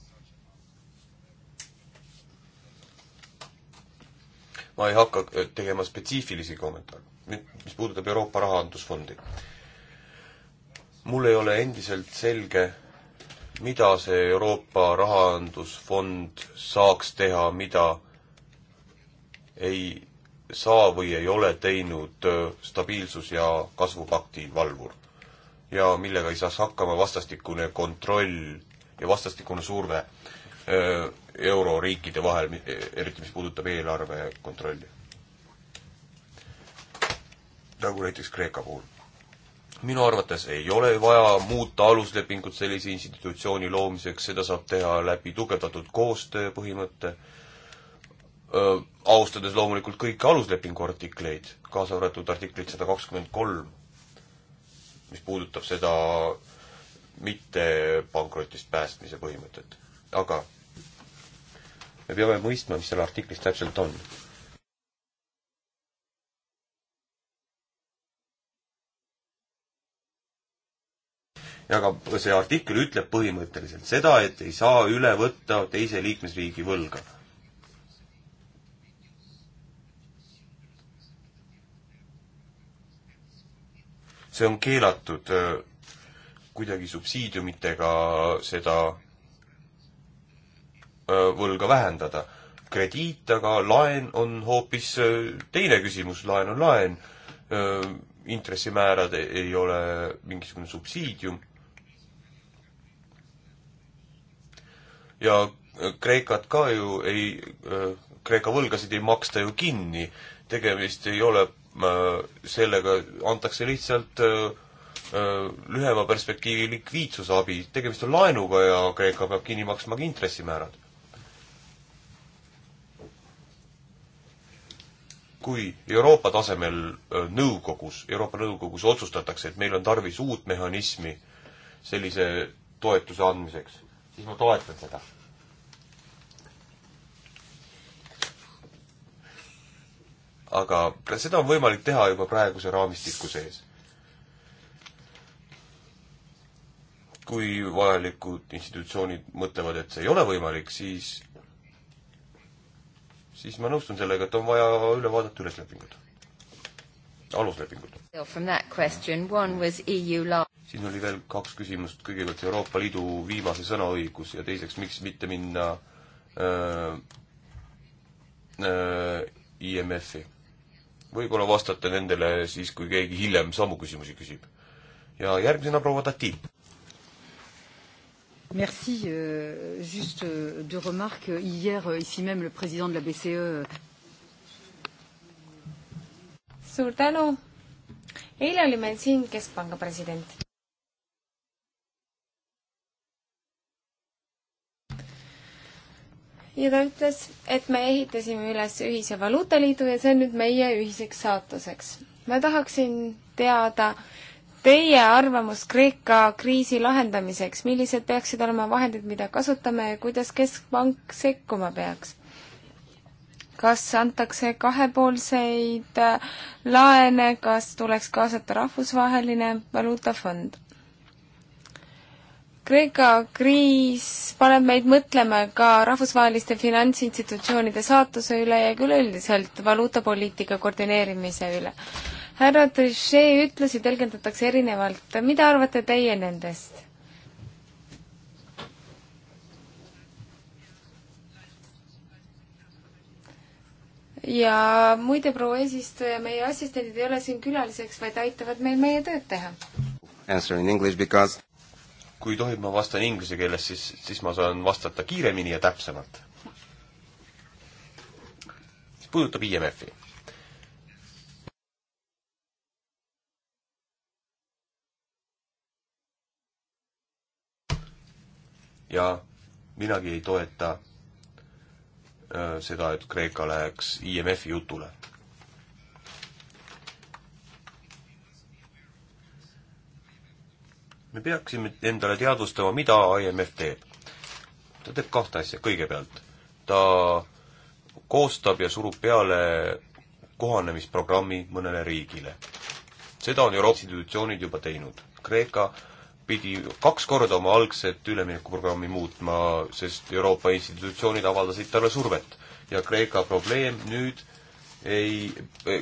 ma ei hakka äh, tegema spetsiifilisi kommentaare, nüüd mis puudutab Euroopa Rahandusfondi. mul ei ole endiselt selge, mida see Euroopa Rahandusfond saaks teha, mida ei saa või ei ole teinud äh, stabiilsus- ja kasvupakti valvur. ja millega ei saaks hakkama vastastikune kontroll ja vastastikune surve euroriikide vahel, eriti mis puudutab eelarve kontrolli. nagu näiteks Kreeka puhul. minu arvates ei ole vaja muuta aluslepingut sellise institutsiooni loomiseks, seda saab teha läbi tugevdatud koostöö põhimõtte, austades loomulikult kõiki aluslepingu artikleid, kaasa arvatud artiklit sada kakskümmend kolm, mis puudutab seda mitte pankrotist päästmise põhimõtet. aga me peame mõistma, mis seal artiklis täpselt on. ja ka see artikkel ütleb põhimõtteliselt seda, et ei saa üle võtta teise liikmesriigi võlga see on keelatud äh, kuidagi subsiidiumitega seda võlga vähendada. krediit aga, laen on hoopis teine küsimus, laen on laen, intressimäärad e-, ei ole mingisugune subsiidium. ja Kreekat ka ju ei, Kreeka võlgasid ei maksta ju kinni, tegemist ei ole sellega, antakse lihtsalt äh, lühema perspektiivi likviidsusabi, tegemist on laenuga ja Kreeka peab kinni maksma ka intressimäärad. kui Euroopa tasemel nõukogus, Euroopa Nõukogus otsustatakse, et meil on tarvis uut mehhanismi sellise toetuse andmiseks, siis ma toetan seda. aga seda on võimalik teha juba praeguse raamistiku sees kui vajalikud institutsioonid mõtlevad, et see ei ole võimalik, siis, siis ma nõustun sellega, et on vaja üle vaadata üleslepingud, aluslepingud. E siin oli veel kaks küsimust, kõigepealt Euroopa Liidu viimase sõnaõigus ja teiseks, miks mitte minna öö, äh, öö, äh, IMF-i. võib-olla vastate nendele siis, kui keegi hiljem samu küsimusi küsib. ja järgmisena proua Tati Merci. Euh, juste euh, deux remarques. Hier, euh, ici même, le président de la BCE. Euh, suur tänu. eile oli meil siin Keskpanga president. ja ta ütles, et me ehitasime üles ühise valuutaliidu ja see on nüüd meie ühiseks saatuseks. ma tahaksin teada, teie arvamus Kreeka kriisi lahendamiseks, millised peaksid olema vahendid, mida kasutame ja kuidas Keskpank sekkuma peaks? kas antakse kahepoolseid äh, laene, kas tuleks kaasata rahvusvaheline valuutafond? Kreeka kriis paneb meid mõtlema ka rahvusvaheliste finantsinstitutsioonide saatuse üle ja ka üleüldiselt valuutapoliitika koordineerimise üle härra Trichet ütlusi tõlgendatakse erinevalt. mida arvate teie nendest? ja muide, proua eesistuja, meie assistendid ei ole siin külaliseks, vaid aitavad meil meie tööd teha. Answer in english because kui tohib, ma vastan inglise keeles, siis, siis ma saan vastata kiiremini ja täpsemalt. mis puudutab IMF-i. ja minagi ei toeta äh, seda, et Kreeka läheks IMF-i jutule. me peaksime endale teadvustama, mida IMF teeb. ta teeb kahte asja, kõigepealt ta koostab ja surub peale kohanemisprogrammi mõnele riigile. seda on Euroopa institutsioonid juba teinud. Kreeka pidi kaks korda oma algset üleminekuprogrammi muutma, sest Euroopa institutsioonid avaldasid talle survet. ja Kreeka probleem nüüd ei,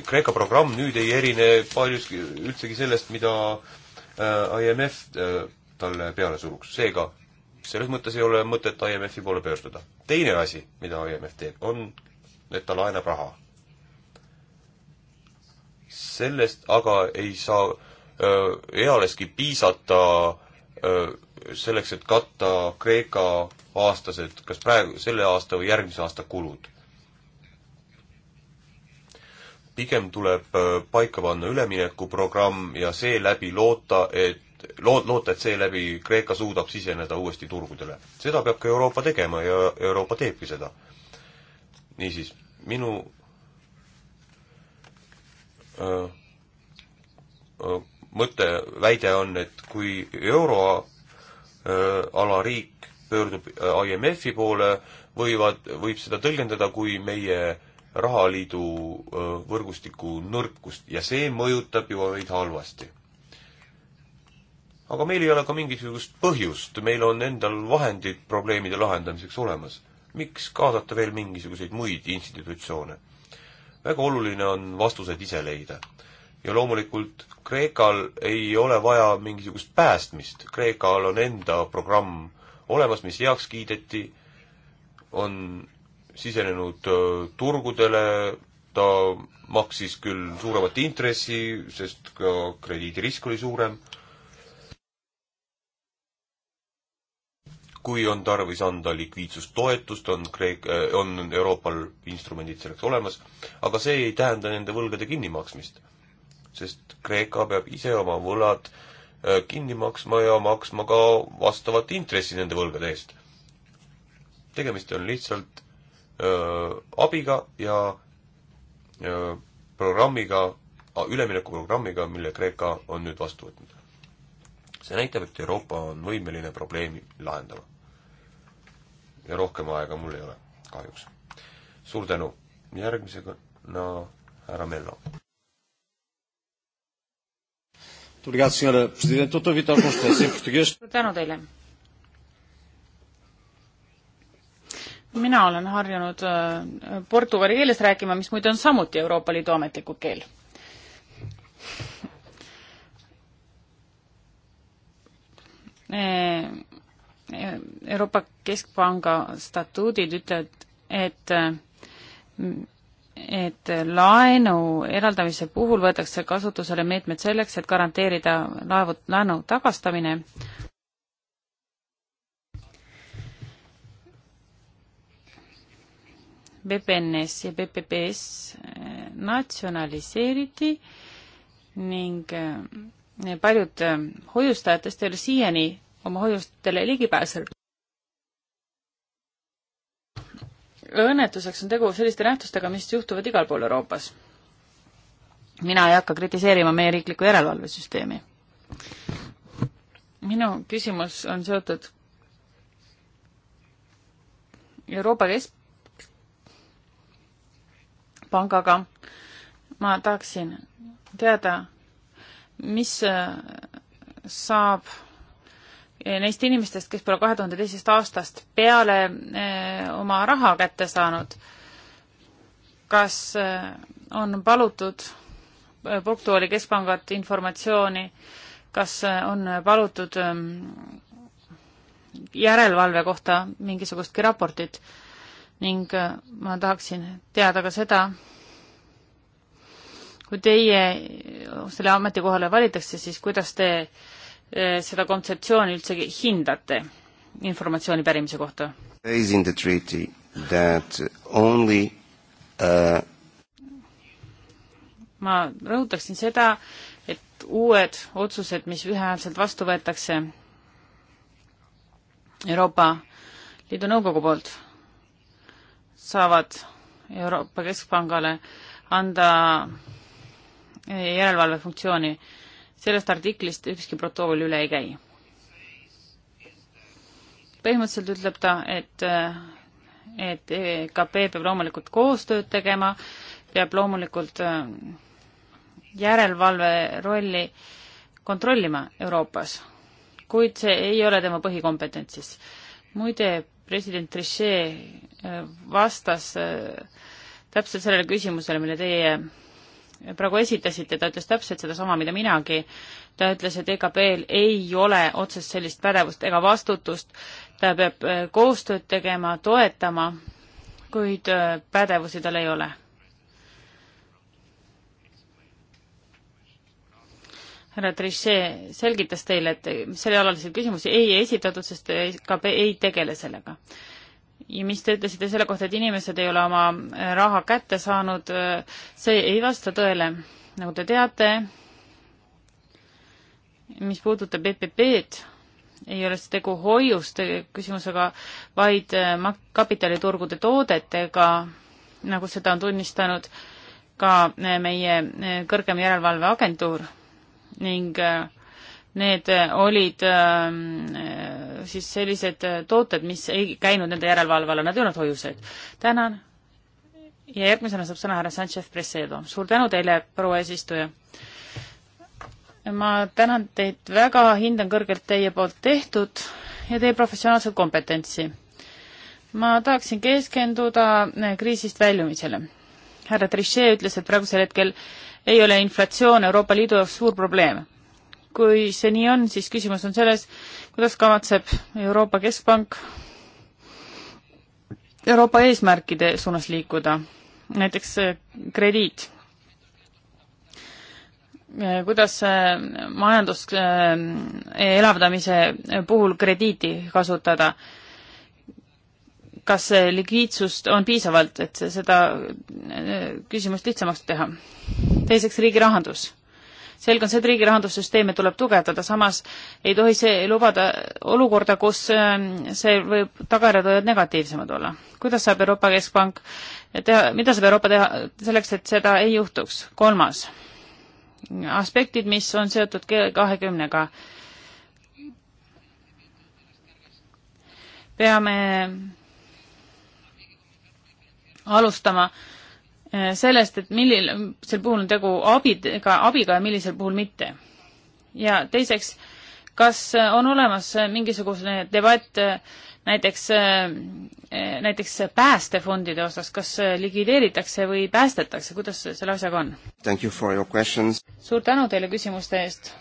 Kreeka programm nüüd ei erine paljuski üldsegi sellest, mida äh, IMF äh, talle peale suruks, seega selles mõttes ei ole mõtet IMF-i poole pöörduda. teine asi, mida IMF teeb, on, et ta laenab raha sellest aga ei saa Äh, ealeski piisata äh, selleks, et katta Kreeka aastased, kas praegu, selle aasta või järgmise aasta kulud. pigem tuleb äh, paika panna üleminekuprogramm ja seeläbi loota, et lood, loota, et seeläbi Kreeka suudab siseneda uuesti turgudele. seda peab ka Euroopa tegema ja Euroopa teebki seda. niisiis, minu öö, öö, mõte, väide on, et kui euroala riik pöördub IMF-i poole, võivad, võib seda tõlgendada kui meie rahaliidu võrgustiku nõrkust ja see mõjutab ju meid halvasti. aga meil ei ole ka mingisugust põhjust, meil on endal vahendid probleemide lahendamiseks olemas. miks kaasata veel mingisuguseid muid institutsioone? väga oluline on vastused ise leida ja loomulikult Kreekal ei ole vaja mingisugust päästmist, Kreekal on enda programm olemas, mis heaks kiideti, on sisenenud äh, turgudele, ta maksis küll suuremat intressi, sest ka krediidirisk oli suurem. kui on tarvis anda likviidsustoetust, on Kreek-, äh, on Euroopal instrumendid selleks olemas, aga see ei tähenda nende võlgade kinnimaksmist sest Kreeka peab ise oma võlad äh, kinni maksma ja maksma ka vastavat intressi nende võlgade eest. tegemist on lihtsalt öö, äh, abiga ja öö, äh, programmiga, üleminekuprogrammiga, mille Kreeka on nüüd vastu võtnud. see näitab, et Euroopa on võimeline probleemi lahendama. ja rohkem aega mul ei ole, kahjuks. suur tänu, järgmisega no, härra Mello. Muito obrigado, Sra. Presidente. Dr. Vitor Constância, em português. suur tänu teile. mina olen harjunud äh, portugali keeles rääkima, mis muide on samuti Euroopa Liidu ametlikud keel. Äh, Euroopa Keskpanga statuudid ütlevad, et äh, et laenu eraldamise puhul võetakse kasutusele meetmed selleks, et garanteerida laevu, laenu tagastamine. BPNS ja BPPS eh, natsionaliseeriti ning eh, paljud eh, hoiustajatest ei ole siiani oma hoiustele ligi pääsenud. õnnetuseks on tegu selliste nähtustega, mis juhtuvad igal pool Euroopas. mina ei hakka kritiseerima meie riiklikku järelevalvesüsteemi. minu küsimus on seotud Euroopa Keskpangaga. ma tahaksin teada, mis äh, saab Eh, neist inimestest, kes pole kahe tuhande teisest aastast peale eh, oma raha kätte saanud. kas eh, on palutud Portugali keskpangalt informatsiooni, kas on palutud järelevalve kohta mingisugustki raportit ning ma tahaksin teada ka seda, kui teie selle ametikohale valitakse, siis kuidas te äh, Äh, seda kontseptsiooni üldsegi hindate informatsiooni pärimise kohta? Uh... ma rõhutaksin seda, et uued otsused, mis ühehäälselt vastu võetakse Euroopa Liidu Nõukogu poolt, saavad Euroopa Keskpangale anda järelevalvefunktsiooni äh, sellest artiklist ükski protokoll üle ei käi. põhimõtteliselt ütleb ta, et, et EKP peab loomulikult koostööd tegema, peab loomulikult äh, järelevalve rolli kontrollima Euroopas, kuid see ei ole tema põhikompetentsis. muide, president Trichet äh, vastas äh, täpselt sellele küsimusele, mille teie praegu esitasite, ta ütles täpselt sedasama, mida minagi. ta ütles, et EKP-l ei ole otsest sellist pädevust ega vastutust, ta peab äh, koostööd tegema, toetama, kuid äh, pädevusi tal ei ole. härra Trichet selgitas teile, et sellealaliseid küsimusi ei esitatud, sest EKP ei tegele sellega ja mis te ütlesite selle kohta, et inimesed ei ole oma äh, raha kätte saanud, äh, see ei vasta tõele. nagu te teate, mis puudutab EPP-d, ei ole see tegu hoiuste küsimusega, vaid äh, kapitaliturgude toodetega, nagu seda on tunnistanud ka meie kõrgem järelevalveagentuur ning äh, need äh, olid ähm, äh, siis sellised äh, tooted, mis ei käinud nende järelevalve alla, nad ei olnud hoiused. tänan. ja järgmisena saab sõna härra Sanchez Presedo. suur tänu teile, proua eesistuja. ma tänan teid väga, hindan kõrgelt teie poolt tehtud ja teie professionaalset kompetentsi. ma tahaksin keskenduda kriisist väljumisele. härra Trichet ütles, et praegusel hetkel ei ole inflatsioon Euroopa Liidu jaoks suur probleem kui see nii on, siis küsimus on selles, kuidas kavatseb Euroopa Keskpank Euroopa eesmärkide suunas liikuda, näiteks eh, krediit. Eh, kuidas eh, majandus elavdamise puhul krediiti kasutada? kas likviidsust on piisavalt, et seda küsimust lihtsamaks teha? teiseks, riigi rahandus selge on see, et riigi rahandussüsteeme tuleb tugevdada, samas ei tohi see lubada olukorda, kus ähm, see võib, tagajärjed võivad negatiivsemad olla. kuidas saab Euroopa Keskpank teha, mida saab Euroopa teha selleks, et seda ei juhtuks? kolmas, aspektid, mis on seotud G kahekümnega. peame alustama äh, Äh, sellest, et millisel puhul on tegu abidega, abiga ja millisel puhul mitte. ja teiseks, kas äh, on olemas äh, mingisugune debatt näiteks, näiteks päästefondide osas, kas likvideeritakse või päästetakse, kuidas selle asjaga on? You suur tänu teile küsimuste eest.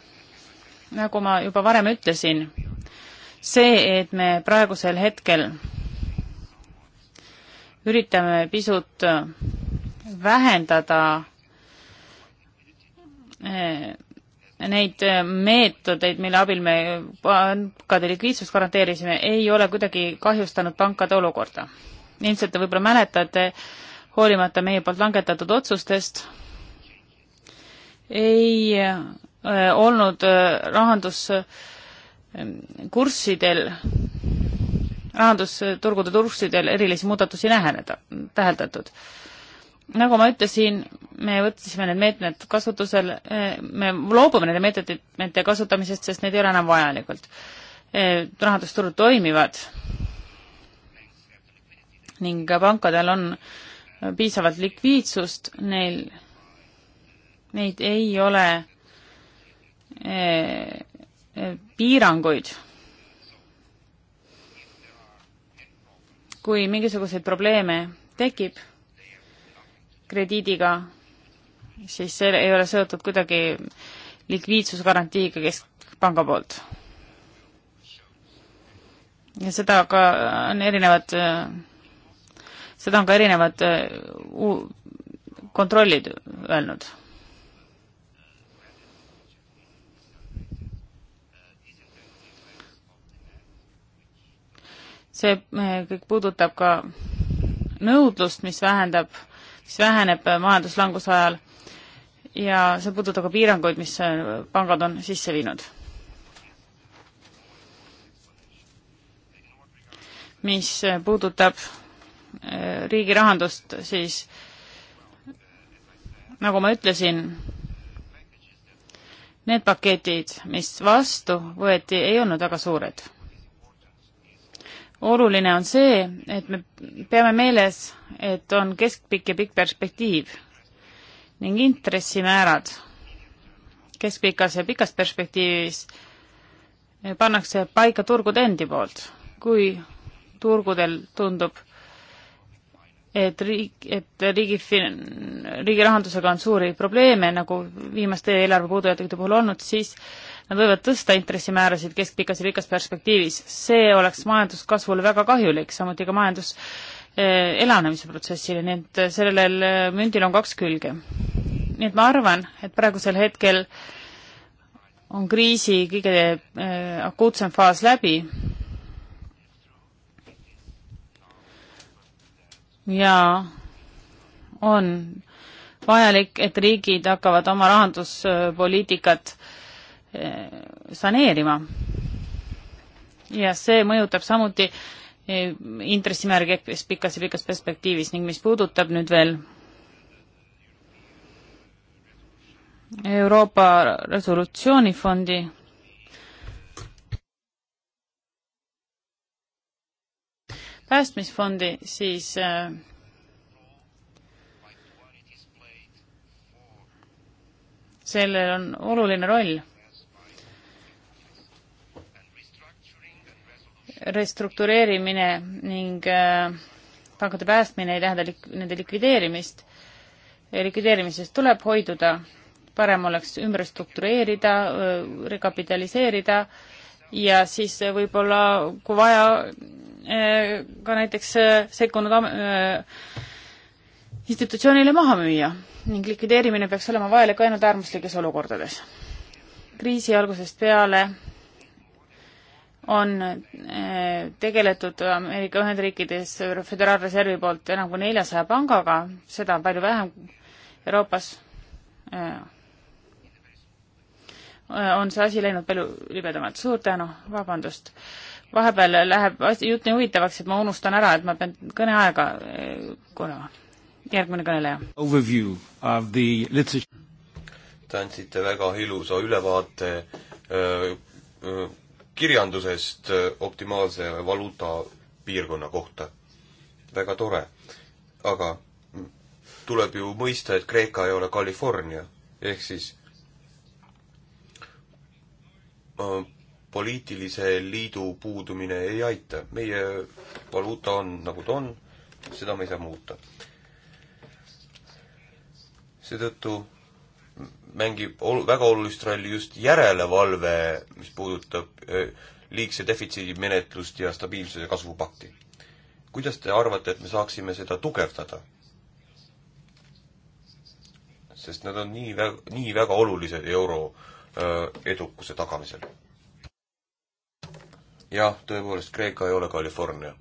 nagu ma juba varem ütlesin, see, et me praegusel hetkel üritame pisut vähendada eh, neid meetodeid, mille abil me pankade likviidsust garanteerisime, ei ole kuidagi kahjustanud pankade olukorda. ilmselt te võib-olla mäletate, hoolimata meie poolt langetatud otsustest, ei eh, olnud eh, rahanduskurssidel, rahandusturgude kurssidel erilisi muudatusi läheneda, täheldatud nagu ma ütlesin, me võtsime need meetmed kasutusele, eh, me loobume nende meetmete kasutamisest, sest need ei ole enam vajalikud. Eh, rahandusturud toimivad ning pankadel on piisavalt likviidsust, neil, neid ei ole eh, piiranguid. kui mingisuguseid probleeme tekib krediidiga, siis see ei ole seotud kuidagi likviidsusgarantiiga keskpanga poolt. ja seda ka on erinevad, seda on ka erinevad äh, kontrollid öelnud see äh, kõik puudutab ka nõudlust, mis vähendab mis väheneb majanduslanguse ajal ja see puudutab ka piiranguid, mis pangad on sisse viinud. mis puudutab äh, riigi rahandust, siis nagu ma ütlesin, need paketid, mis vastu võeti, ei olnud väga suured oluline on see, et me peame meeles, et on keskpikk ja pikk perspektiiv ning intressimäärad keskpikas ja pikas perspektiivis pannakse paika turgude endi poolt. kui turgudel tundub, et riik, et riigi, riigi rahandusega on suuri probleeme, nagu viimaste eelarve puudujääkide puhul olnud, siis nad võivad tõsta intressimäärasid keskpikas ja pikas perspektiivis. see oleks majanduskasvule väga kahjulik, samuti ka majandus eh, elavnemise protsessile, nii et sellel eh, mündil on kaks külge. nii et ma arvan, et praegusel hetkel on kriisi kõige eh, akuutsem faas läbi ja on vajalik, et riigid hakkavad oma rahanduspoliitikat äh, Eh, saneerima. ja see mõjutab samuti eh, intressimärgi pikas ja pikas perspektiivis ning mis puudutab nüüd veel Euroopa Resolutsioonifondi, päästmisfondi, siis äh, sellel on oluline roll restruktureerimine ning äh, pankade päästmine ei tähenda lik-, nende likvideerimist. likvideerimisest tuleb hoiduda, parem oleks ümber struktureerida, äh, rekapitaliseerida ja siis võib-olla, kui vaja, äh, ka näiteks sekkunud institutsioonile maha müüa ning likvideerimine peaks olema vajalik ainult äärmuslikes olukordades. kriisi algusest peale on eh, tegeletud Ameerika Ühendriikides Föderaalreservi poolt enam kui neljasaja pangaga, seda on palju vähem Euroopas eh, on see asi läinud palju libedamalt. suur tänu, vabandust. vahepeal läheb asi, jutt nii huvitavaks, et ma unustan ära, et ma pean kõneaega eh, korrama. järgmine kõneleja. Overview of the literature. Te andsite väga ilusa ülevaate öö, öö, kirjandusest äh, optimaalse valuuta piirkonna kohta. väga tore. aga tuleb ju mõista, et Kreeka ei ole California, ehk siis äh, poliitilise liidu puudumine ei aita. meie valuuta on, nagu ta on, seda me ei saa muuta. seetõttu mängib olu-, väga olulist rolli just järelevalve, mis puudutab liigse defitsiidi menetlust ja stabiilsuse kasvupakti. kuidas te arvate, et me saaksime seda tugevdada? sest nad on nii väga, nii väga olulised euro edukuse tagamisel. jah, tõepoolest, Kreeka ei ole California.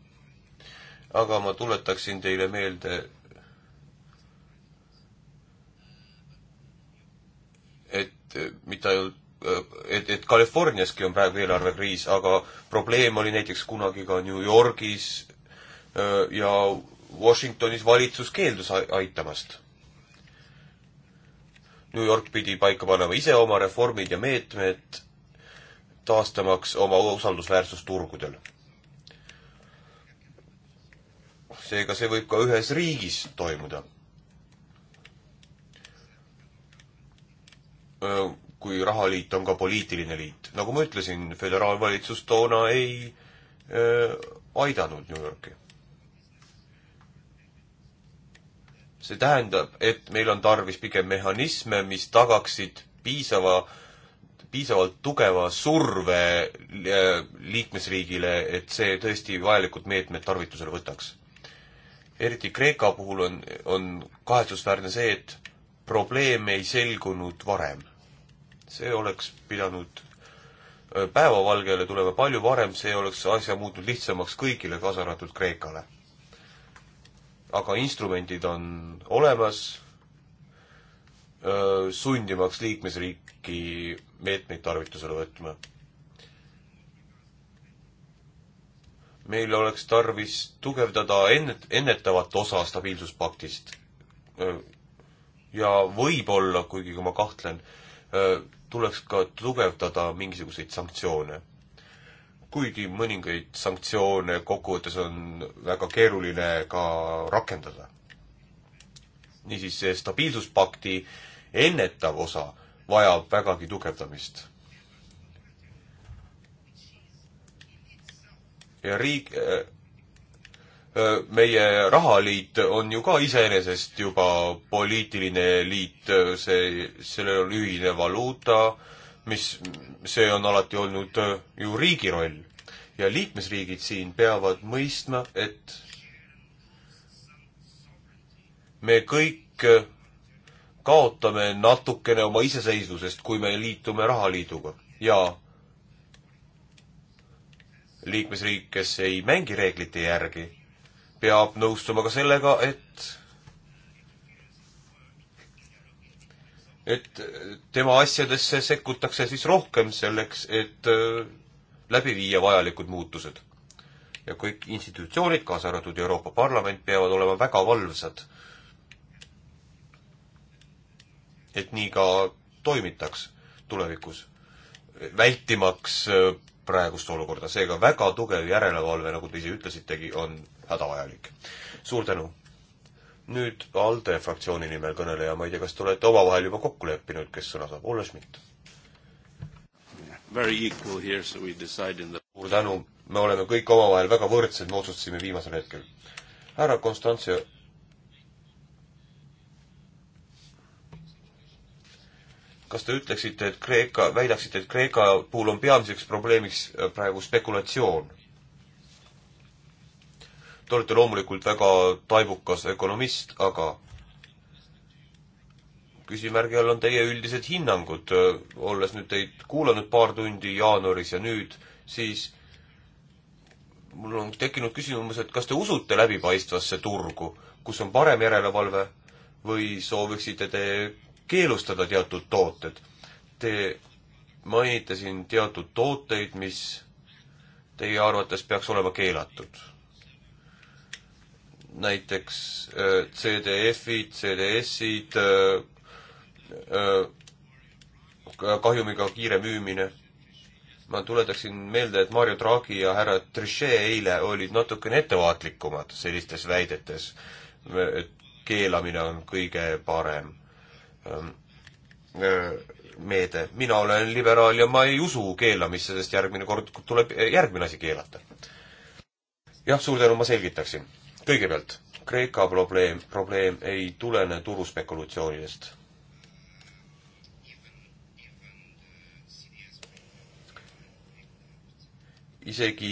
aga ma tuletaksin teile meelde et mitte ainult et, et Californiaski on praegu eelarvekriis, aga probleem oli näiteks kunagi ka New Yorgis äh, ja Washingtonis valitsus keeldus aitamast. New York pidi paika panema ise oma reformid ja meetmed, taastamaks oma usaldusväärsust turgudel. seega see võib ka ühes riigis toimuda kui rahaliit on ka poliitiline liit. nagu ma ütlesin, föderaalvalitsus toona ei aidanud New Yorki. see tähendab, et meil on tarvis pigem mehhanisme, mis tagaksid piisava, piisavalt tugeva surve liikmesriigile, et see tõesti vajalikud meetmed tarvitusele võtaks eriti Kreeka puhul on, on kahetsusväärne see, et probleem ei selgunud varem. see oleks pidanud päevavalgele tulema palju varem, see oleks asja muutnud lihtsamaks kõigile, kaasa arvatud Kreekale. aga instrumendid on olemas, sundimaks liikmesriiki meetmeid tarvitusele võtma. meil oleks tarvis tugevdada ennet-, ennetavat osa stabiilsuspaktist, ja võib-olla, kuigi ma kahtlen, tuleks ka tugevdada mingisuguseid sanktsioone. kuigi mõningaid sanktsioone kokkuvõttes on väga keeruline ka rakendada. niisiis, see stabiilsuspakti ennetav osa vajab vägagi tugevdamist. ja riik äh,, Äh, meie rahaliit on ju ka iseenesest juba poliitiline liit, äh, see, sellel on ühine valuuta, mis, see on alati olnud äh, ju riigi roll. ja liikmesriigid siin peavad mõistma, et me kõik kaotame natukene oma iseseisvusest, kui me liitume rahaliiduga ja liikmesriik, kes ei mängi reeglite järgi, peab nõustuma ka sellega, et et tema asjadesse sekkutakse siis rohkem selleks, et äh, läbi viia vajalikud muutused. ja kõik institutsioonid, kaasa arvatud Euroopa Parlament, peavad olema väga valvsad. et nii ka toimitaks tulevikus, vältimaks äh, praegust olukorda, seega väga tugev järelevalve, nagu te ise ütlesitegi, on hädavajalik. suur tänu! nüüd ALDE fraktsiooni nimel kõneleja, ma ei tea, kas te olete omavahel juba kokku leppinud, kes sõna saab, Olle Schmidt. suur tänu, me oleme kõik omavahel väga võrdsed, me otsustasime viimasel hetkel. härra Konstantse. kas te ütleksite, et Kreeka, väidaksite, et Kreeka puhul on peamiseks probleemiks äh, praegu spekulatsioon? Te olete loomulikult väga taibukas ökonomist, aga küsimärgi all on teie üldised hinnangud, olles nüüd teid kuulanud paar tundi jaanuaris ja nüüd, siis mul on tekkinud küsimus, et kas te usute läbipaistvasse turgu, kus on parem järelevalve või sooviksite te keelustada teatud tooted? Te mainite siin teatud tooteid, mis teie arvates peaks olema keelatud näiteks äh, CDF-id, CDS-id, äh, äh, kahjumiga kiire müümine. ma tuletaksin meelde, et Mario Draghi ja härra Trichet eile olid natukene ettevaatlikumad sellistes väidetes, et keelamine on kõige parem ähm, meede. mina olen liberaal ja ma ei usu keelamisse, sest järgmine kord tuleb järgmine asi keelata. jah, suur tänu, ma selgitaksin kõigepealt, Kreeka probleem, probleem ei tulene turuspekulatsioonidest. isegi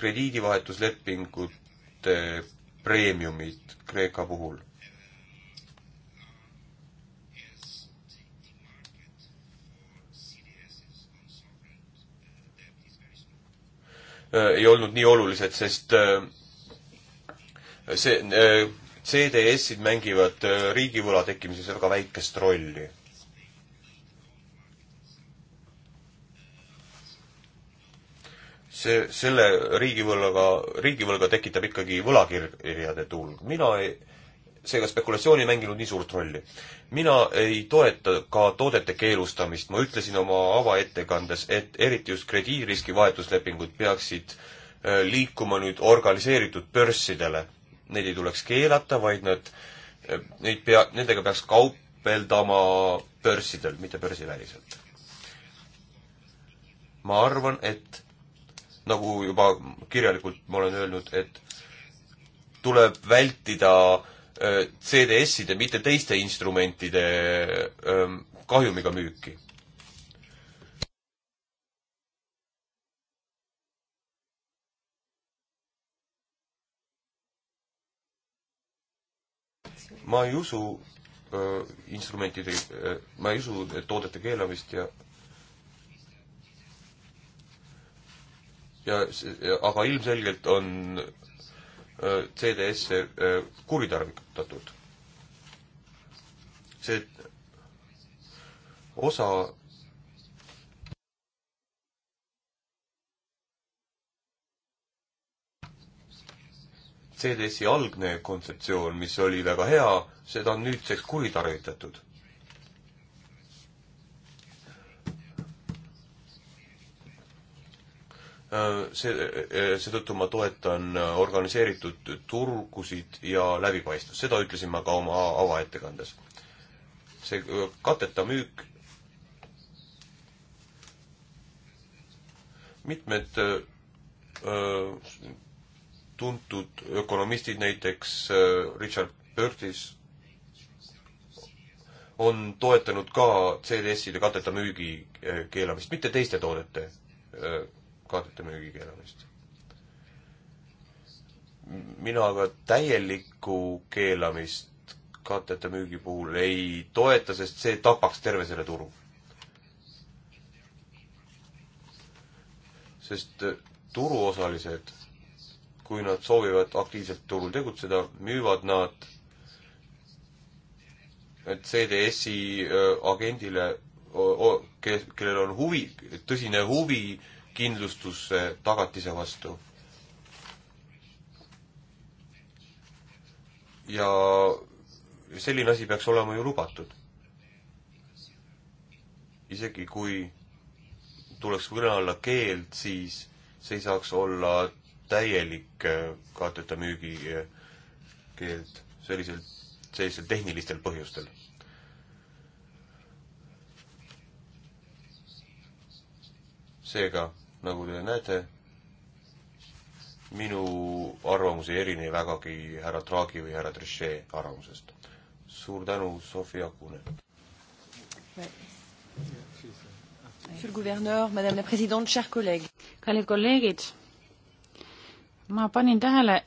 krediidivahetuslepingute preemiumid Kreeka puhul äh, ei olnud nii olulised, sest äh, see, äh, CDS-id mängivad äh, riigivõla tekkimises väga väikest rolli. see, selle riigivõlga, riigivõlga tekitab ikkagi võlakirjade tulg. mina ei, seega spekulatsioon ei mänginud nii suurt rolli. mina ei toeta ka toodete keelustamist, ma ütlesin oma avaettekandes, et eriti just krediidiriski vahetuslepingud peaksid äh, liikuma nüüd organiseeritud börssidele neid ei tuleks keelata, vaid nad, eh, neid pea, nendega peaks kaupeldama börsidel, mitte börsiväliselt. ma arvan, et nagu juba kirjalikult ma olen öelnud, et tuleb vältida eh, CDS-ide, mitte teiste instrumentide eh, kahjumiga müüki. ma ei usu äh, instrumentide äh,, ma ei usu toodete keelamist ja ja, ja aga ilmselgelt on äh, CDS-e äh, kuritarvitatud. see osa CDS-i algne kontseptsioon, mis oli väga hea, seda on nüüdseks kuritarvitatud. Äh, see, äh, seetõttu ma toetan äh, organiseeritud turgusid ja läbipaistvust, seda ütlesin ma ka oma avaettekandes. see kateta müük mitmed öö, tuntud ökonomistid, näiteks äh, Richard Burtis, on toetanud ka CDS-ide kateta müügi äh, keelamist, mitte teiste toodete äh, kateta müügi keelamist. mina aga täielikku keelamist kateta müügi puhul ei toeta, sest see tapaks terve selle turu. sest turuosalised kui nad soovivad aktiivselt turul tegutseda, müüvad nad CDS-i äh, agendile, kes, kellel on huvi, tõsine huvi kindlustusse tagatise vastu. ja selline asi peaks olema ju lubatud. isegi kui tuleks kõne alla keeld, siis see ei saaks olla täielik äh, katteta müügi äh, keeld sellisel, sellistel tehnilistel põhjustel. seega, nagu te näete, minu arvamus ei erine vägagi härra Draghi või härra Trichet arvamusest. suur tänu, Sofia Kune. Monsieur le gouverneur, madame la présidente, chers collègues. kallid kolleegid ma panin tähele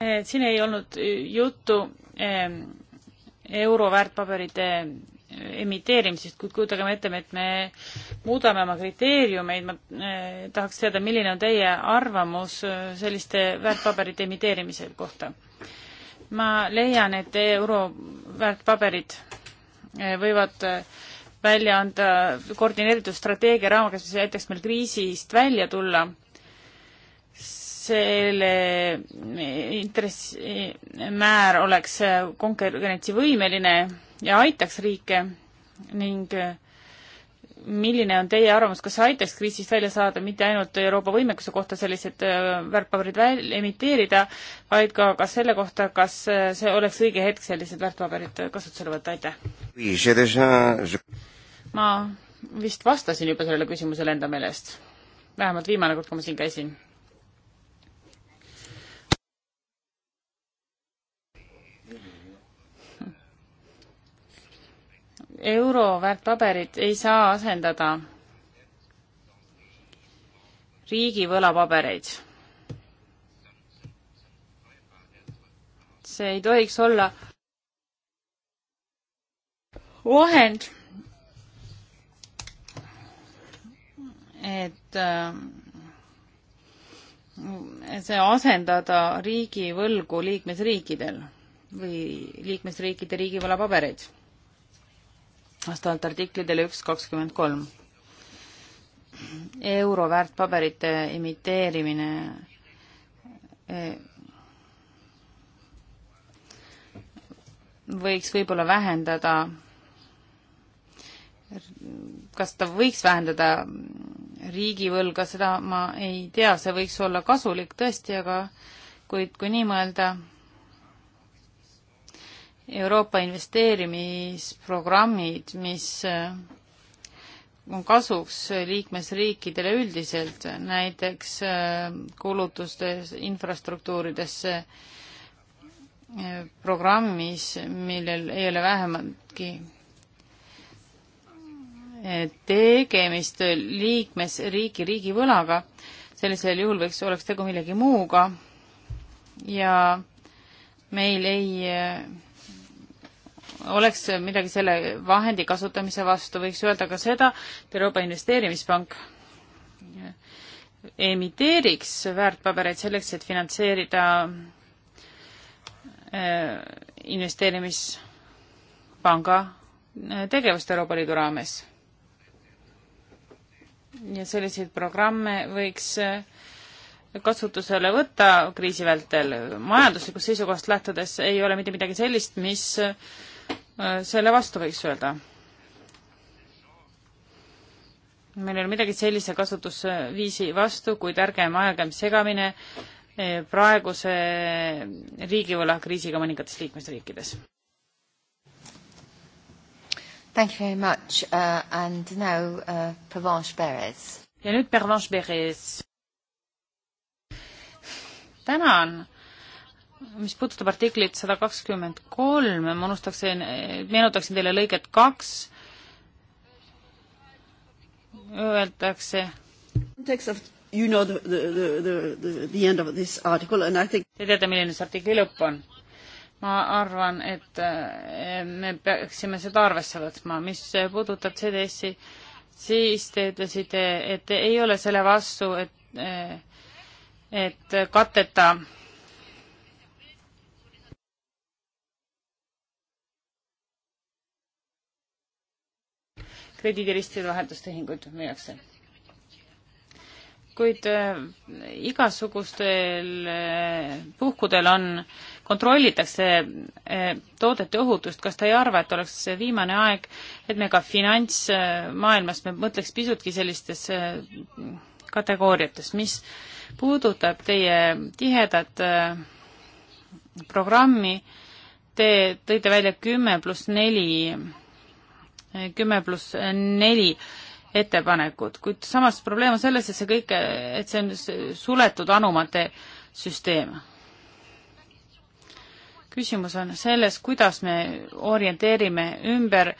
eh, siin ei olnud eh, juttu eh, euro väärtpaberite emiteerimisest, kuid kujutagem ette, et me muudame oma kriteeriumeid, ma tahaks teada, milline on teie arvamus selliste väärtpaberite emiteerimise kohta? ma leian, et euro väärtpaberid võivad äh, välja anda äh, koordineeritud strateegia raames, mis aitaks meil kriisist välja tulla. selle intressimäär oleks konkurentsivõimeline ja aitaks riike ning äh, milline on teie arvamus, kas see aitaks kriisist välja saada mitte ainult Euroopa võimekuse kohta sellised äh, väärtpaberid väl-, emiteerida, vaid ka, ka selle kohta, kas äh, see oleks õige hetk sellised väärtpaberid äh, kasutusele võtta, aitäh! ma vist vastasin juba sellele küsimusele enda meelest. vähemalt viimane kord, kui ma siin käisin euro väärtpaberit ei saa asendada riigi võlapabereid. see ei tohiks olla vahend, et äh, see asendada riigivõlgu liikmesriikidel või liikmesriikide riigivõlapabereid vastavalt artiklidele üks kakskümmend kolm. euro väärtpaberite imiteerimine eh, võiks võib-olla vähendada, kas ta võiks vähendada riigivõlga, seda ma ei tea, see võiks olla kasulik tõesti, aga kuid kui nii mõelda, Euroopa investeerimisprogrammid, mis äh, on kasuks liikmesriikidele üldiselt, näiteks äh, kulutustes infrastruktuuridesse äh, programmis, millel ei ole vähematki tegemist liikmesriigi riigivõlaga, sellisel juhul võiks, oleks tegu millegi muuga ja meil ei oleks midagi selle vahendi kasutamise vastu, võiks öelda ka seda, et Euroopa Investeerimispank emiteeriks väärtpabereid selleks, et finantseerida äh, investeerimispanga äh, tegevust Euroopa Liidu raames. ja selliseid programme võiks äh, kasutusele võtta kriisi vältel. majanduslikust seisukohast lähtudes ei ole mitte midagi sellist, mis Äh, selle vastu, võiks öelda. meil ei ole midagi sellise kasutusviisi vastu, kuid ärgem ajagem segamine äh, praeguse riigivõlakriisiga mõningates liikmesriikides. Thank you very much uh, and now uh, Pervanche Perez. ja nüüd Pervanche Perez. tänan mis puudutab artiklit sada kakskümmend kolm, ma unustaksin, meenutaksin teile lõiget kaks, öeldakse You know the, the, the, the, the end of this article and I think Te teate, milline see artikli lõpp on? ma arvan, et eh, me peaksime seda arvesse võtma, mis puudutab CDS-i, siis te ütlesite, et ei ole selle vastu, et eh, et katteta krediidiristide vahetustehingud müüakse. kuid äh, igasugustel äh, puhkudel on, kontrollitakse äh, toodete ohutust, kas te ei arva, et oleks viimane aeg, et me ka finantsmaailmas, me mõtleks pisutki sellistes kategooriates, mis puudutab teie tihedat programmi, te tõite välja kümme pluss neli kümme pluss neli ettepanekut, kuid samas probleem on selles, et see kõik, et see on suletud anumate süsteem. küsimus on selles, kuidas me orienteerime ümber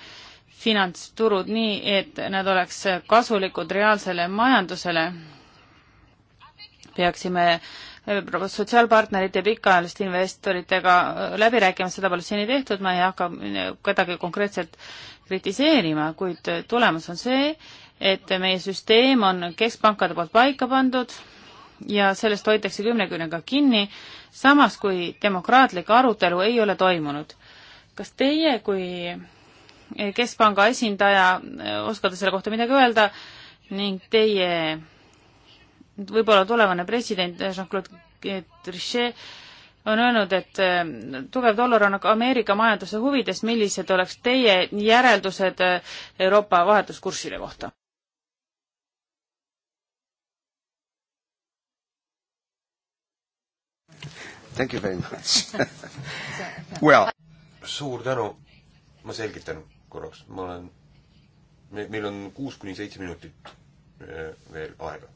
finantsturud nii, et nad oleks kasulikud reaalsele majandusele. peaksime eh, sotsiaalpartnerite ja pikaajaliste investoritega läbi rääkima, seda pole seni tehtud, ma ei hakka eh, kedagi konkreetselt kritiseerima, kuid tulemus on see, et meie süsteem on keskpankade poolt paika pandud ja sellest hoitakse kümnekümnega kinni, samas kui demokraatlik arutelu ei ole toimunud. kas teie kui keskpanga esindaja oskate selle kohta midagi öelda ning teie võib-olla tulevane president Jean-Claude Trichet on öelnud, et eh, tugev dollar on Ameerika majanduse huvides, millised oleks teie järeldused eh, Euroopa vahetuskursside kohta? Thank you very much [LAUGHS] well. suur tänu, ma selgitan korraks, ma olen, meil on kuus kuni seitse minutit eh, veel aega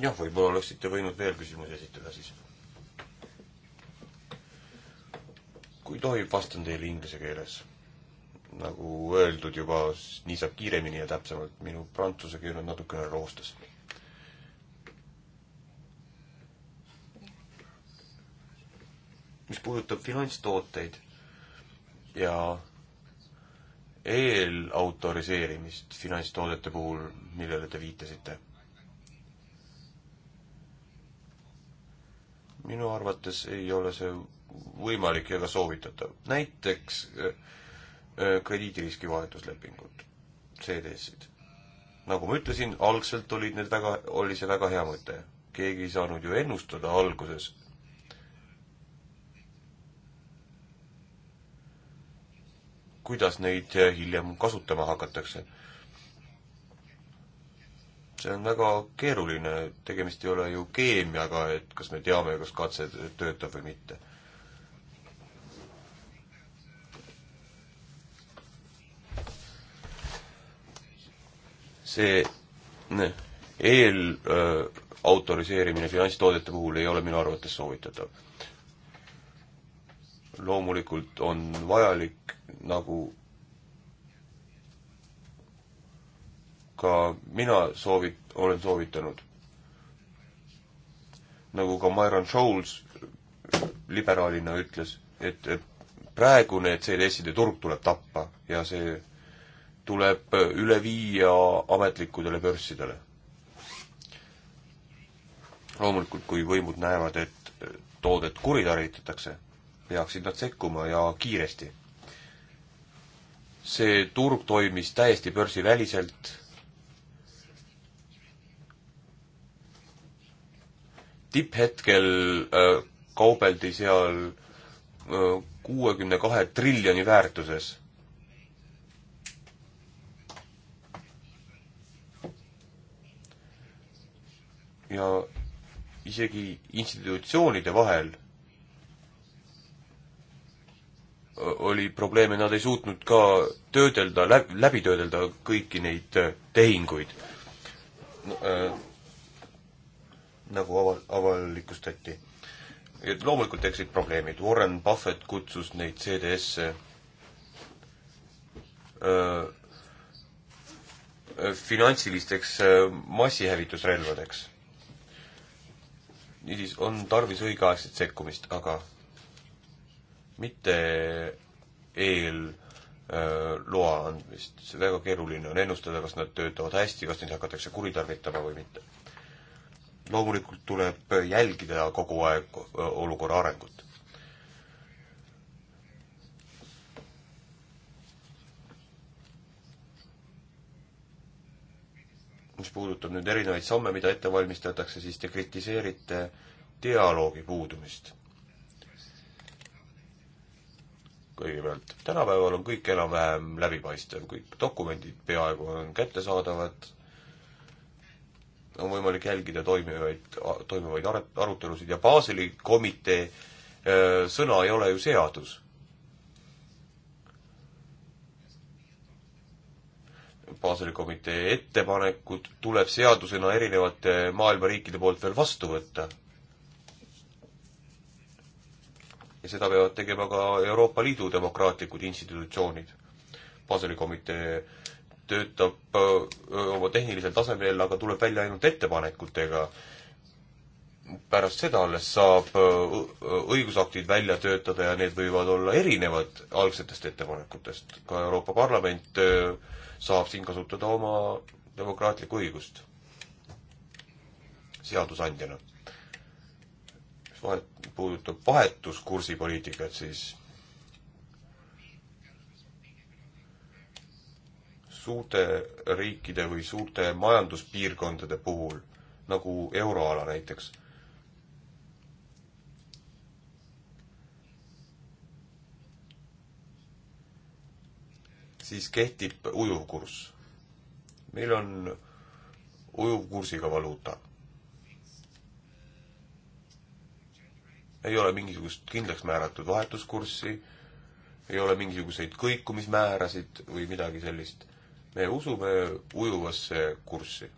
jah, võib-olla oleksite võinud veel küsimusi esitada siis. kui tohib, vastan teile inglise keeles. nagu öeldud juba, nii saab kiiremini ja täpsemalt, minu prantsuse keel on natukene roostes. mis puudutab finantstooteid ja eelautoriseerimist finantstoodete puhul, millele te viitasite minu arvates ei ole see võimalik ega soovitatav. näiteks äh, äh, krediidiriski vahetuslepingud, CD-sid. nagu ma ütlesin, algselt olid need väga, oli see väga hea mõte. keegi ei saanud ju ennustada alguses, kuidas neid hiljem kasutama hakatakse see on väga keeruline, tegemist ei ole ju keemiaga, et kas me teame, kas katse töötab või mitte. see eelautoriseerimine finantstoodete puhul ei ole minu arvates soovitatav. loomulikult on vajalik nagu ka mina soovit-, olen soovitanud. nagu ka Myron Scholes liberaalina ütles, et praegune CDS-ide turg tuleb tappa ja see tuleb üle viia ametlikudele börssidele. loomulikult, kui võimud näevad, et toodet kuritarvitatakse, peaksid nad sekkuma ja kiiresti. see turg toimis täiesti börsiväliselt tipphetkel äh, kaubeldi seal äh, kuuekümne kahe triljoni väärtuses. ja isegi institutsioonide vahel äh, oli probleeme, nad ei suutnud ka töödelda, läbi töödelda kõiki neid tehinguid nagu ava-, avalikustati. et loomulikult tekkisid probleemid, Warren Buffett kutsus neid CDS-e finantsilisteks massihävitusrelvadeks. niisiis, on tarvis õigeaegset sekkumist, aga mitte eel öö, loa andmist, see väga keeruline on ennustada, kas nad töötavad hästi, kas neid hakatakse kuritarvitama või mitte loomulikult tuleb jälgida kogu aeg olukorra arengut. mis puudutab nüüd erinevaid samme, mida ette valmistatakse, siis te kritiseerite dialoogi puudumist. kõigepealt, tänapäeval on kõik enam-vähem läbipaistev, kõik dokumendid peaaegu on kättesaadavad on võimalik jälgida toimivaid, toimuvaid arutelusid ja Baseli komitee äh, sõna ei ole ju seadus. Baseli komitee ettepanekud tuleb seadusena erinevate maailma riikide poolt veel vastu võtta. ja seda peavad tegema ka Euroopa Liidu demokraatlikud institutsioonid. Baseli komitee töötab oma tehnilisel tasemel, aga tuleb välja ainult ettepanekutega. pärast seda alles saab õigusaktid välja töötada ja need võivad olla erinevad algsetest ettepanekutest. ka Euroopa Parlament saab siin kasutada oma demokraatlikku õigust seadusandjana. mis vahet, puudutab vahetuskursi poliitikat, siis suurte riikide või suurte majanduspiirkondade puhul, nagu euroala näiteks. siis kehtib ujuvkurss. meil on ujuvkursiga valuuta. ei ole mingisugust kindlaks määratud vahetuskurssi, ei ole mingisuguseid kõikumismäärasid või midagi sellist me usume ujuvasse kurssi.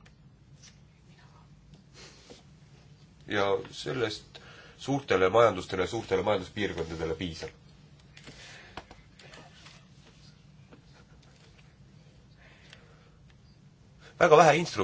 ja sellest suurtele majandustele, suurtele majanduspiirkondadele piisab. väga vähe instrum-.